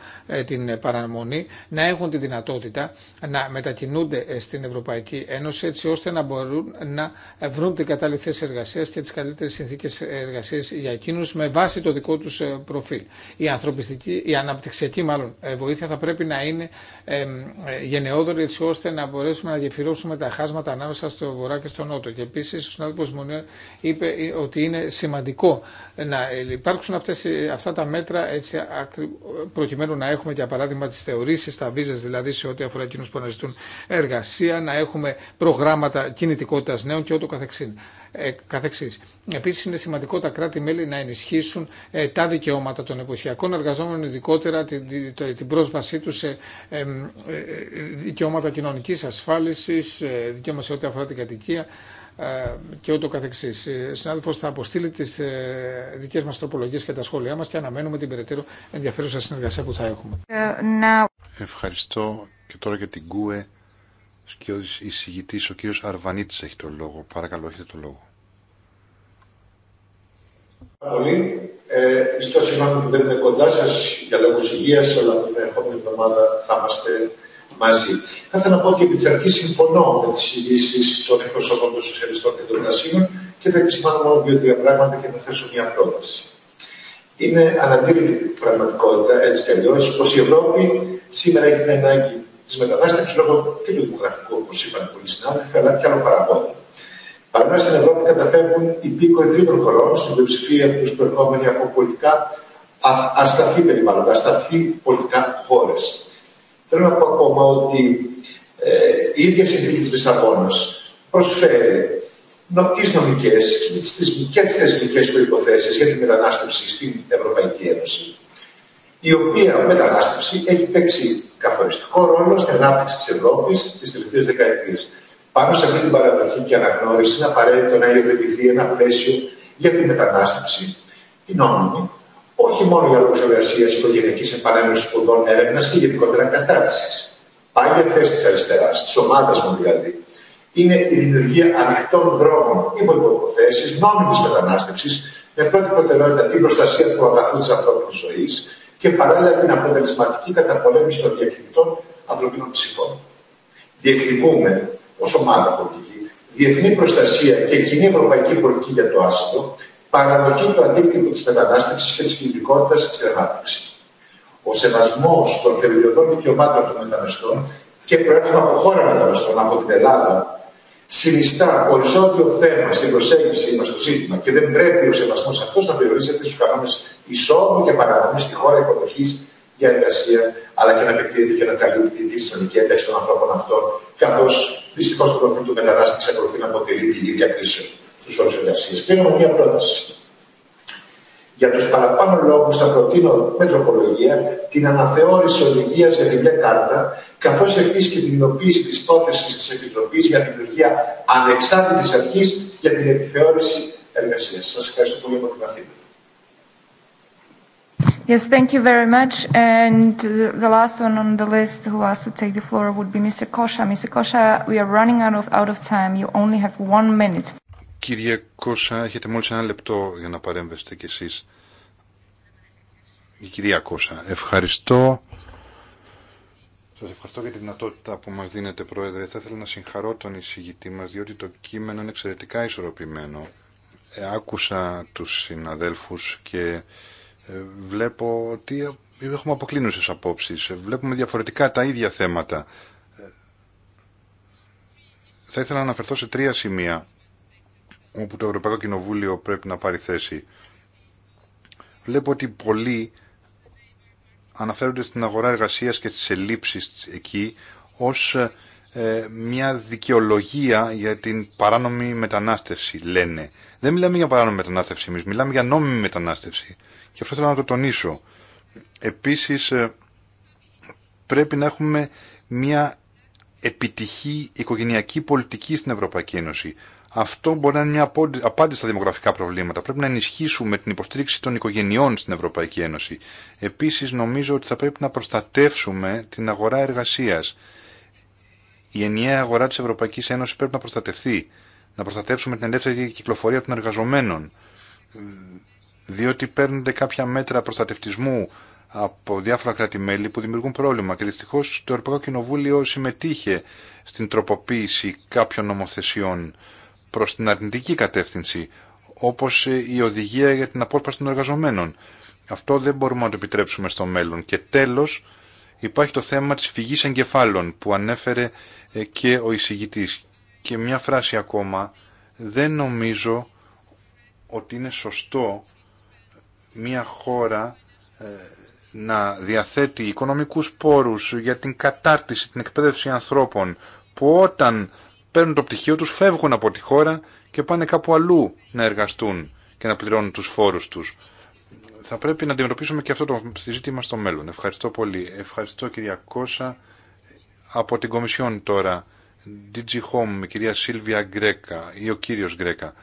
την παραμονή να έχουν τη δυνατότητα να μετακινούνται ε, στην Ευρωπαϊκή Ένωση έτσι ώστε να μπορούν να βρουν την κατάλληλη θέση εργασία και τι καλύτερε συνθήκε εργασία για εκείνου με βάση το δικό του ε, προφίλ. Η, ανθρωπιστική, η αναπτυξιακή μάλλον ε, βοήθεια θα πρέπει να είναι γενναιόδορη έτσι ώστε να μπορέσουμε να γεφυρώσουμε τα χάσματα ανάμεσα στο βορρά και στο νότο. Και επίση ο συνάδελφο Μονέα είπε ότι είναι σημαντικό να υπάρξουν αυτές, αυτά τα μέτρα έτσι, προκειμένου να έχουμε για παράδειγμα τι θεωρήσει, τα βίζε δηλαδή δηλαδή σε ό,τι αφορά εκείνου που αναζητούν εργασία, να έχουμε προγράμματα κινητικότητα νέων και ό,τι καθεξήν. Ε, καθεξής. Επίσης είναι σημαντικό τα κράτη-μέλη να ενισχύσουν ε, τα δικαιώματα των εποχιακών εργαζόμενων, ειδικότερα την, την, την πρόσβασή τους σε ε, ε, δικαιώματα κοινωνικής ασφάλισης, ε, δικαιώματα σε ό,τι αφορά την κατοικία ε, και ούτω καθεξής. Ε, συνάδελφος θα αποστείλει τις ε, δικές μας τροπολογίες και τα σχόλιά μας και αναμένουμε την περαιτέρω ενδιαφέρουσα συνεργασία που θα έχουμε. Ευχαριστώ και τώρα για την ΚΟΕ και ο εισηγητής ο κύριος Αρβανίτης έχει το λόγο. Παρακαλώ έχετε το λόγο. Πολύ. Ε, στο συγγνώμη που δεν είμαι κοντά σας για λόγους υγείας, αλλά την επόμενη εβδομάδα θα είμαστε μαζί. Θα ήθελα να πω ότι επί τη αρχή συμφωνώ με τι ειδήσει των εκπροσώπων των Σοσιαλιστών και των Πρασίνων και θα επισημάνω μόνο δύο-τρία πράγματα και θα θέσω μια πρόταση. Είναι αναντήρητη πραγματικότητα, έτσι κι αλλιώ, πω η Ευρώπη σήμερα έχει την ανάγκη τη μετανάστευση λόγω του δημογραφικού, όπω είπαν πολλοί συνάδελφοι, αλλά και άλλων παραγόντων. Παρά στην Ευρώπη καταφεύγουν οι πίκοοι τρίτων χωρών, στην πλειοψηφία του προερχόμενοι από πολιτικά ασταθή περιβάλλοντα, ασταθή πολιτικά χώρε. Θέλω να πω ακόμα ότι ε, η ίδια συνθήκη τη Λισαβόνα προσφέρει τι νομικέ και τι θεσμικέ προποθέσει για τη μετανάστευση στην Ευρωπαϊκή Ένωση, η οποία μετανάστευση έχει παίξει καθοριστικό ρόλο στην ανάπτυξη τη Ευρώπη τι τελευταίε δεκαετίε. Πάνω σε αυτή την παραδοχή και αναγνώριση είναι απαραίτητο να υιοθετηθεί ένα πλαίσιο για τη μετανάστευση, την νόμιμη, όχι μόνο για λόγου εργασία, οικογενειακή επανένωση σπουδών, έρευνα και γενικότερα κατάρτιση. Πάγια θέση τη αριστερά, τη ομάδα μου δηλαδή, είναι η δημιουργία ανοιχτών δρόμων υπό υποποθέσει νόμιμη μετανάστευση, με πρώτη προτεραιότητα την προστασία του αγαθού τη ανθρώπινη ζωή και παράλληλα την αποτελεσματική καταπολέμηση των διακινητών ανθρωπίνων ψυχών. Διεκδικούμε ω ομάδα πολιτική διεθνή προστασία και κοινή ευρωπαϊκή πολιτική για το άσυλο, παραδοχή του αντίκτυπου τη μετανάστευση και τη κινητικότητας της ανάπτυξη. Ο σεβασμό των θεμελιωδών δικαιωμάτων των μεταναστών και προέρχομαι από χώρα μεταναστών, από την Ελλάδα, συνιστά οριζόντιο θέμα στην προσέγγιση μα στο ζήτημα και δεν πρέπει ο σεβασμό αυτό να περιορίζεται στου κανόνε εισόδου και παραμονή στη χώρα υποδοχή για εργασία, αλλά και να επεκτείνεται και να καλύπτει τη συνολική ένταξη των ανθρώπων αυτών, καθώ δυστυχώ το προφίλ του μετανάστευση ακολουθεί να αποτελεί πηγή διακρίσεων στους όρους εργασίας. Πήραμε μια πρόταση. Για τους παραπάνω λόγους θα προτείνω με τροπολογία την αναθεώρηση οδηγίας για την μια κάρτα, καθώς επίσης και την υλοποίηση της πρόθεσης της Επιτροπής για την δημιουργία ανεξάρτητης αρχής για την επιθεώρηση εργασίας. Σας ευχαριστώ πολύ από την Αθήνα. Yes, thank you very much. And the last one on the list who has to take the floor would be Mr. Kosha. Mr. Kosha, we are running out of, out of time. You only have one minute. Κύριε Κώσα, έχετε μόλις ένα λεπτό για να παρέμβεστε κι εσείς. Η κυρία Κώσα, ευχαριστώ. Σας ευχαριστώ για τη δυνατότητα που μας δίνετε, Πρόεδρε. Θα ήθελα να συγχαρώ τον εισηγητή μας, διότι το κείμενο είναι εξαιρετικά ισορροπημένο. Ε, άκουσα τους συναδέλφους και ε, βλέπω ότι έχουμε αποκλίνουσες απόψεις. Ε, βλέπουμε διαφορετικά τα ίδια θέματα. Θα ήθελα να αναφερθώ σε τρία σημεία όπου το Ευρωπαϊκό Κοινοβούλιο πρέπει να πάρει θέση. Βλέπω ότι πολλοί αναφέρονται στην αγορά εργασίας και στις ελλείψεις εκεί ως ε, μια δικαιολογία για την παράνομη μετανάστευση, λένε. Δεν μιλάμε για παράνομη μετανάστευση εμείς, μιλάμε για νόμιμη μετανάστευση. Και αυτό θέλω να το τονίσω. Επίσης, ε, πρέπει να έχουμε μια επιτυχή οικογενειακή πολιτική στην Ευρωπαϊκή Ένωση. Αυτό μπορεί να είναι μια απάντηση στα δημογραφικά προβλήματα. Πρέπει να ενισχύσουμε την υποστήριξη των οικογενειών στην Ευρωπαϊκή Ένωση. Επίση, νομίζω ότι θα πρέπει να προστατεύσουμε την αγορά εργασία. Η ενιαία αγορά τη Ευρωπαϊκή Ένωση πρέπει να προστατευτεί. Να προστατεύσουμε την ελεύθερη κυκλοφορία των εργαζομένων. Διότι παίρνονται κάποια μέτρα προστατευτισμού από διάφορα κράτη-μέλη που δημιουργούν πρόβλημα. Και δυστυχώ το Ευρωπαϊκό Κοινοβούλιο συμμετείχε στην τροποποίηση κάποιων νομοθεσιών προς την αρνητική κατεύθυνση, όπως η οδηγία για την απόσπαση των εργαζομένων. Αυτό δεν μπορούμε να το επιτρέψουμε στο μέλλον. Και τέλος, υπάρχει το θέμα της φυγής εγκεφάλων που ανέφερε ε, και ο εισηγητής. Και μια φράση ακόμα, δεν νομίζω ότι είναι σωστό μια χώρα ε, να διαθέτει οικονομικούς πόρους για την κατάρτιση, την εκπαίδευση ανθρώπων που όταν παίρνουν το πτυχίο τους, φεύγουν από τη χώρα και πάνε κάπου αλλού να εργαστούν και να πληρώνουν τους φόρους τους. Θα πρέπει να αντιμετωπίσουμε και αυτό το συζήτημα στο μέλλον. Ευχαριστώ πολύ. Ευχαριστώ κυρία Κώσα. Από την Κομισιόν τώρα, DG Home, η κυρία Σίλβια Γκρέκα ή ο κύριος Γκρέκα.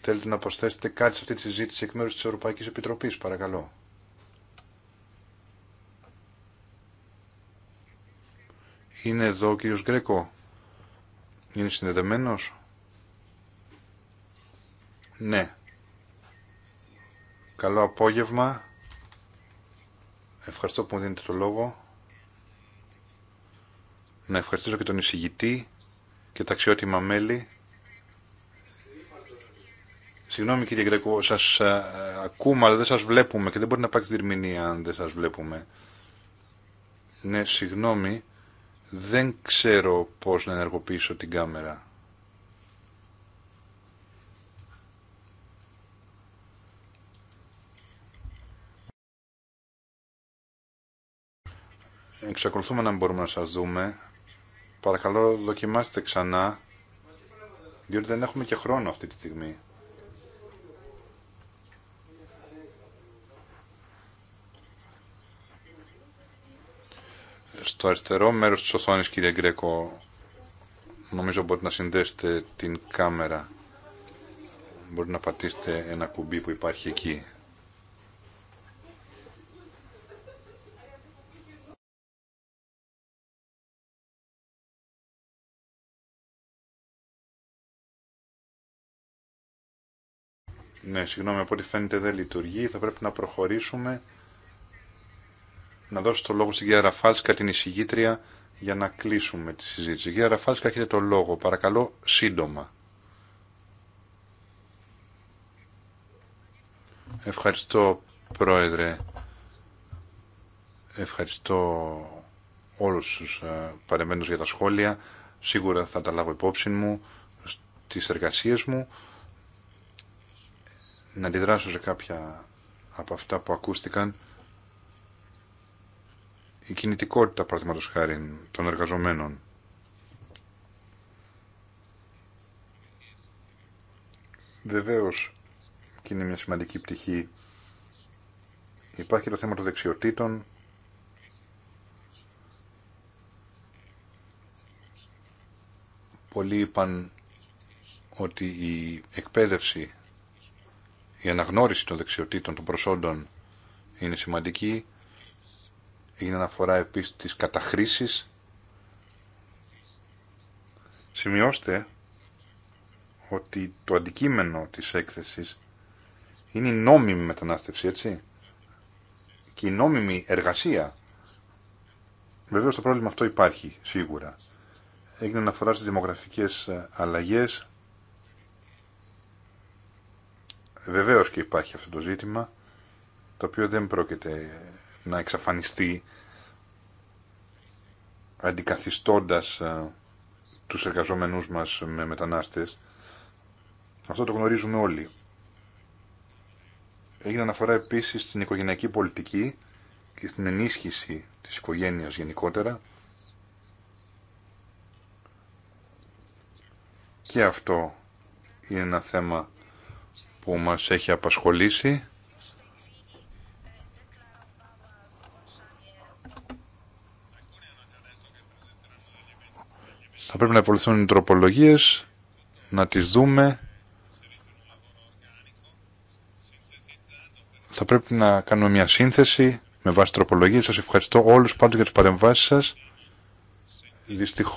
Θέλετε να προσθέσετε κάτι σε αυτή τη συζήτηση εκ μέρους της Ευρωπαϊκής Επιτροπής, παρακαλώ. Είναι εδώ ο κύριος Γκρέκο. Είναι συνδεδεμένος. Ναι. Καλό απόγευμα. Ευχαριστώ που μου δίνετε το λόγο. Να ευχαριστήσω και τον εισηγητή και τα αξιότιμα μέλη. Συγγνώμη κύριε Γκρέκο, σας ε, ακούμε αλλά δεν σας βλέπουμε και δεν μπορεί να υπάρξει διερμηνία αν δεν σας βλέπουμε. Ναι, συγγνώμη. Δεν ξέρω πώς να ενεργοποιήσω την κάμερα. Εξακολουθούμε να μπορούμε να σας δούμε. Παρακαλώ δοκιμάστε ξανά, διότι δεν έχουμε και χρόνο αυτή τη στιγμή. Στο αριστερό μέρος της οθόνης, κύριε Γκρέκο, νομίζω μπορείτε να συνδέσετε την κάμερα. Μπορείτε να πατήσετε ένα κουμπί που υπάρχει εκεί. Ναι, συγγνώμη, από ό,τι φαίνεται δεν λειτουργεί. Θα πρέπει να προχωρήσουμε να δώσω το λόγο στην κυρία Ραφάλσκα, την εισηγήτρια, για να κλείσουμε τη συζήτηση. Κυρία Ραφάλσκα, έχετε το λόγο. Παρακαλώ, σύντομα. Ευχαριστώ, Πρόεδρε. Ευχαριστώ όλους τους ε, παρεμένους για τα σχόλια. Σίγουρα θα τα λάβω υπόψη μου στις εργασίες μου. Να αντιδράσω σε κάποια από αυτά που ακούστηκαν η κινητικότητα, παραδείγματος χάρη, των εργαζομένων. Βεβαίως, και είναι μια σημαντική πτυχή, υπάρχει το θέμα των δεξιοτήτων, Πολλοί είπαν ότι η εκπαίδευση, η αναγνώριση των δεξιοτήτων, των προσόντων είναι σημαντική. Έγινε αναφορά επίσης της καταχρήσης. Σημειώστε ότι το αντικείμενο της έκθεσης είναι η νόμιμη μετανάστευση, έτσι, και η νόμιμη εργασία. Βεβαίως το πρόβλημα αυτό υπάρχει, σίγουρα. Έγινε αναφορά στις δημογραφικές ε, αλλαγές. Βεβαίως και υπάρχει αυτό το ζήτημα, το οποίο δεν πρόκειται ε, να εξαφανιστεί αντικαθιστώντας ε, τους εργαζόμενούς μας με μετανάστες. Αυτό το γνωρίζουμε όλοι. Έγινε αναφορά επίσης στην οικογενειακή πολιτική και στην ενίσχυση της οικογένειας γενικότερα. Και αυτό είναι ένα θέμα που μας έχει απασχολήσει. Θα πρέπει να ακολουθούν οι τροπολογίες, να τις δούμε. Θα πρέπει να κάνουμε μια σύνθεση με βάση τροπολογίες. Σας ευχαριστώ όλους πάντως για τις παρεμβάσεις σας.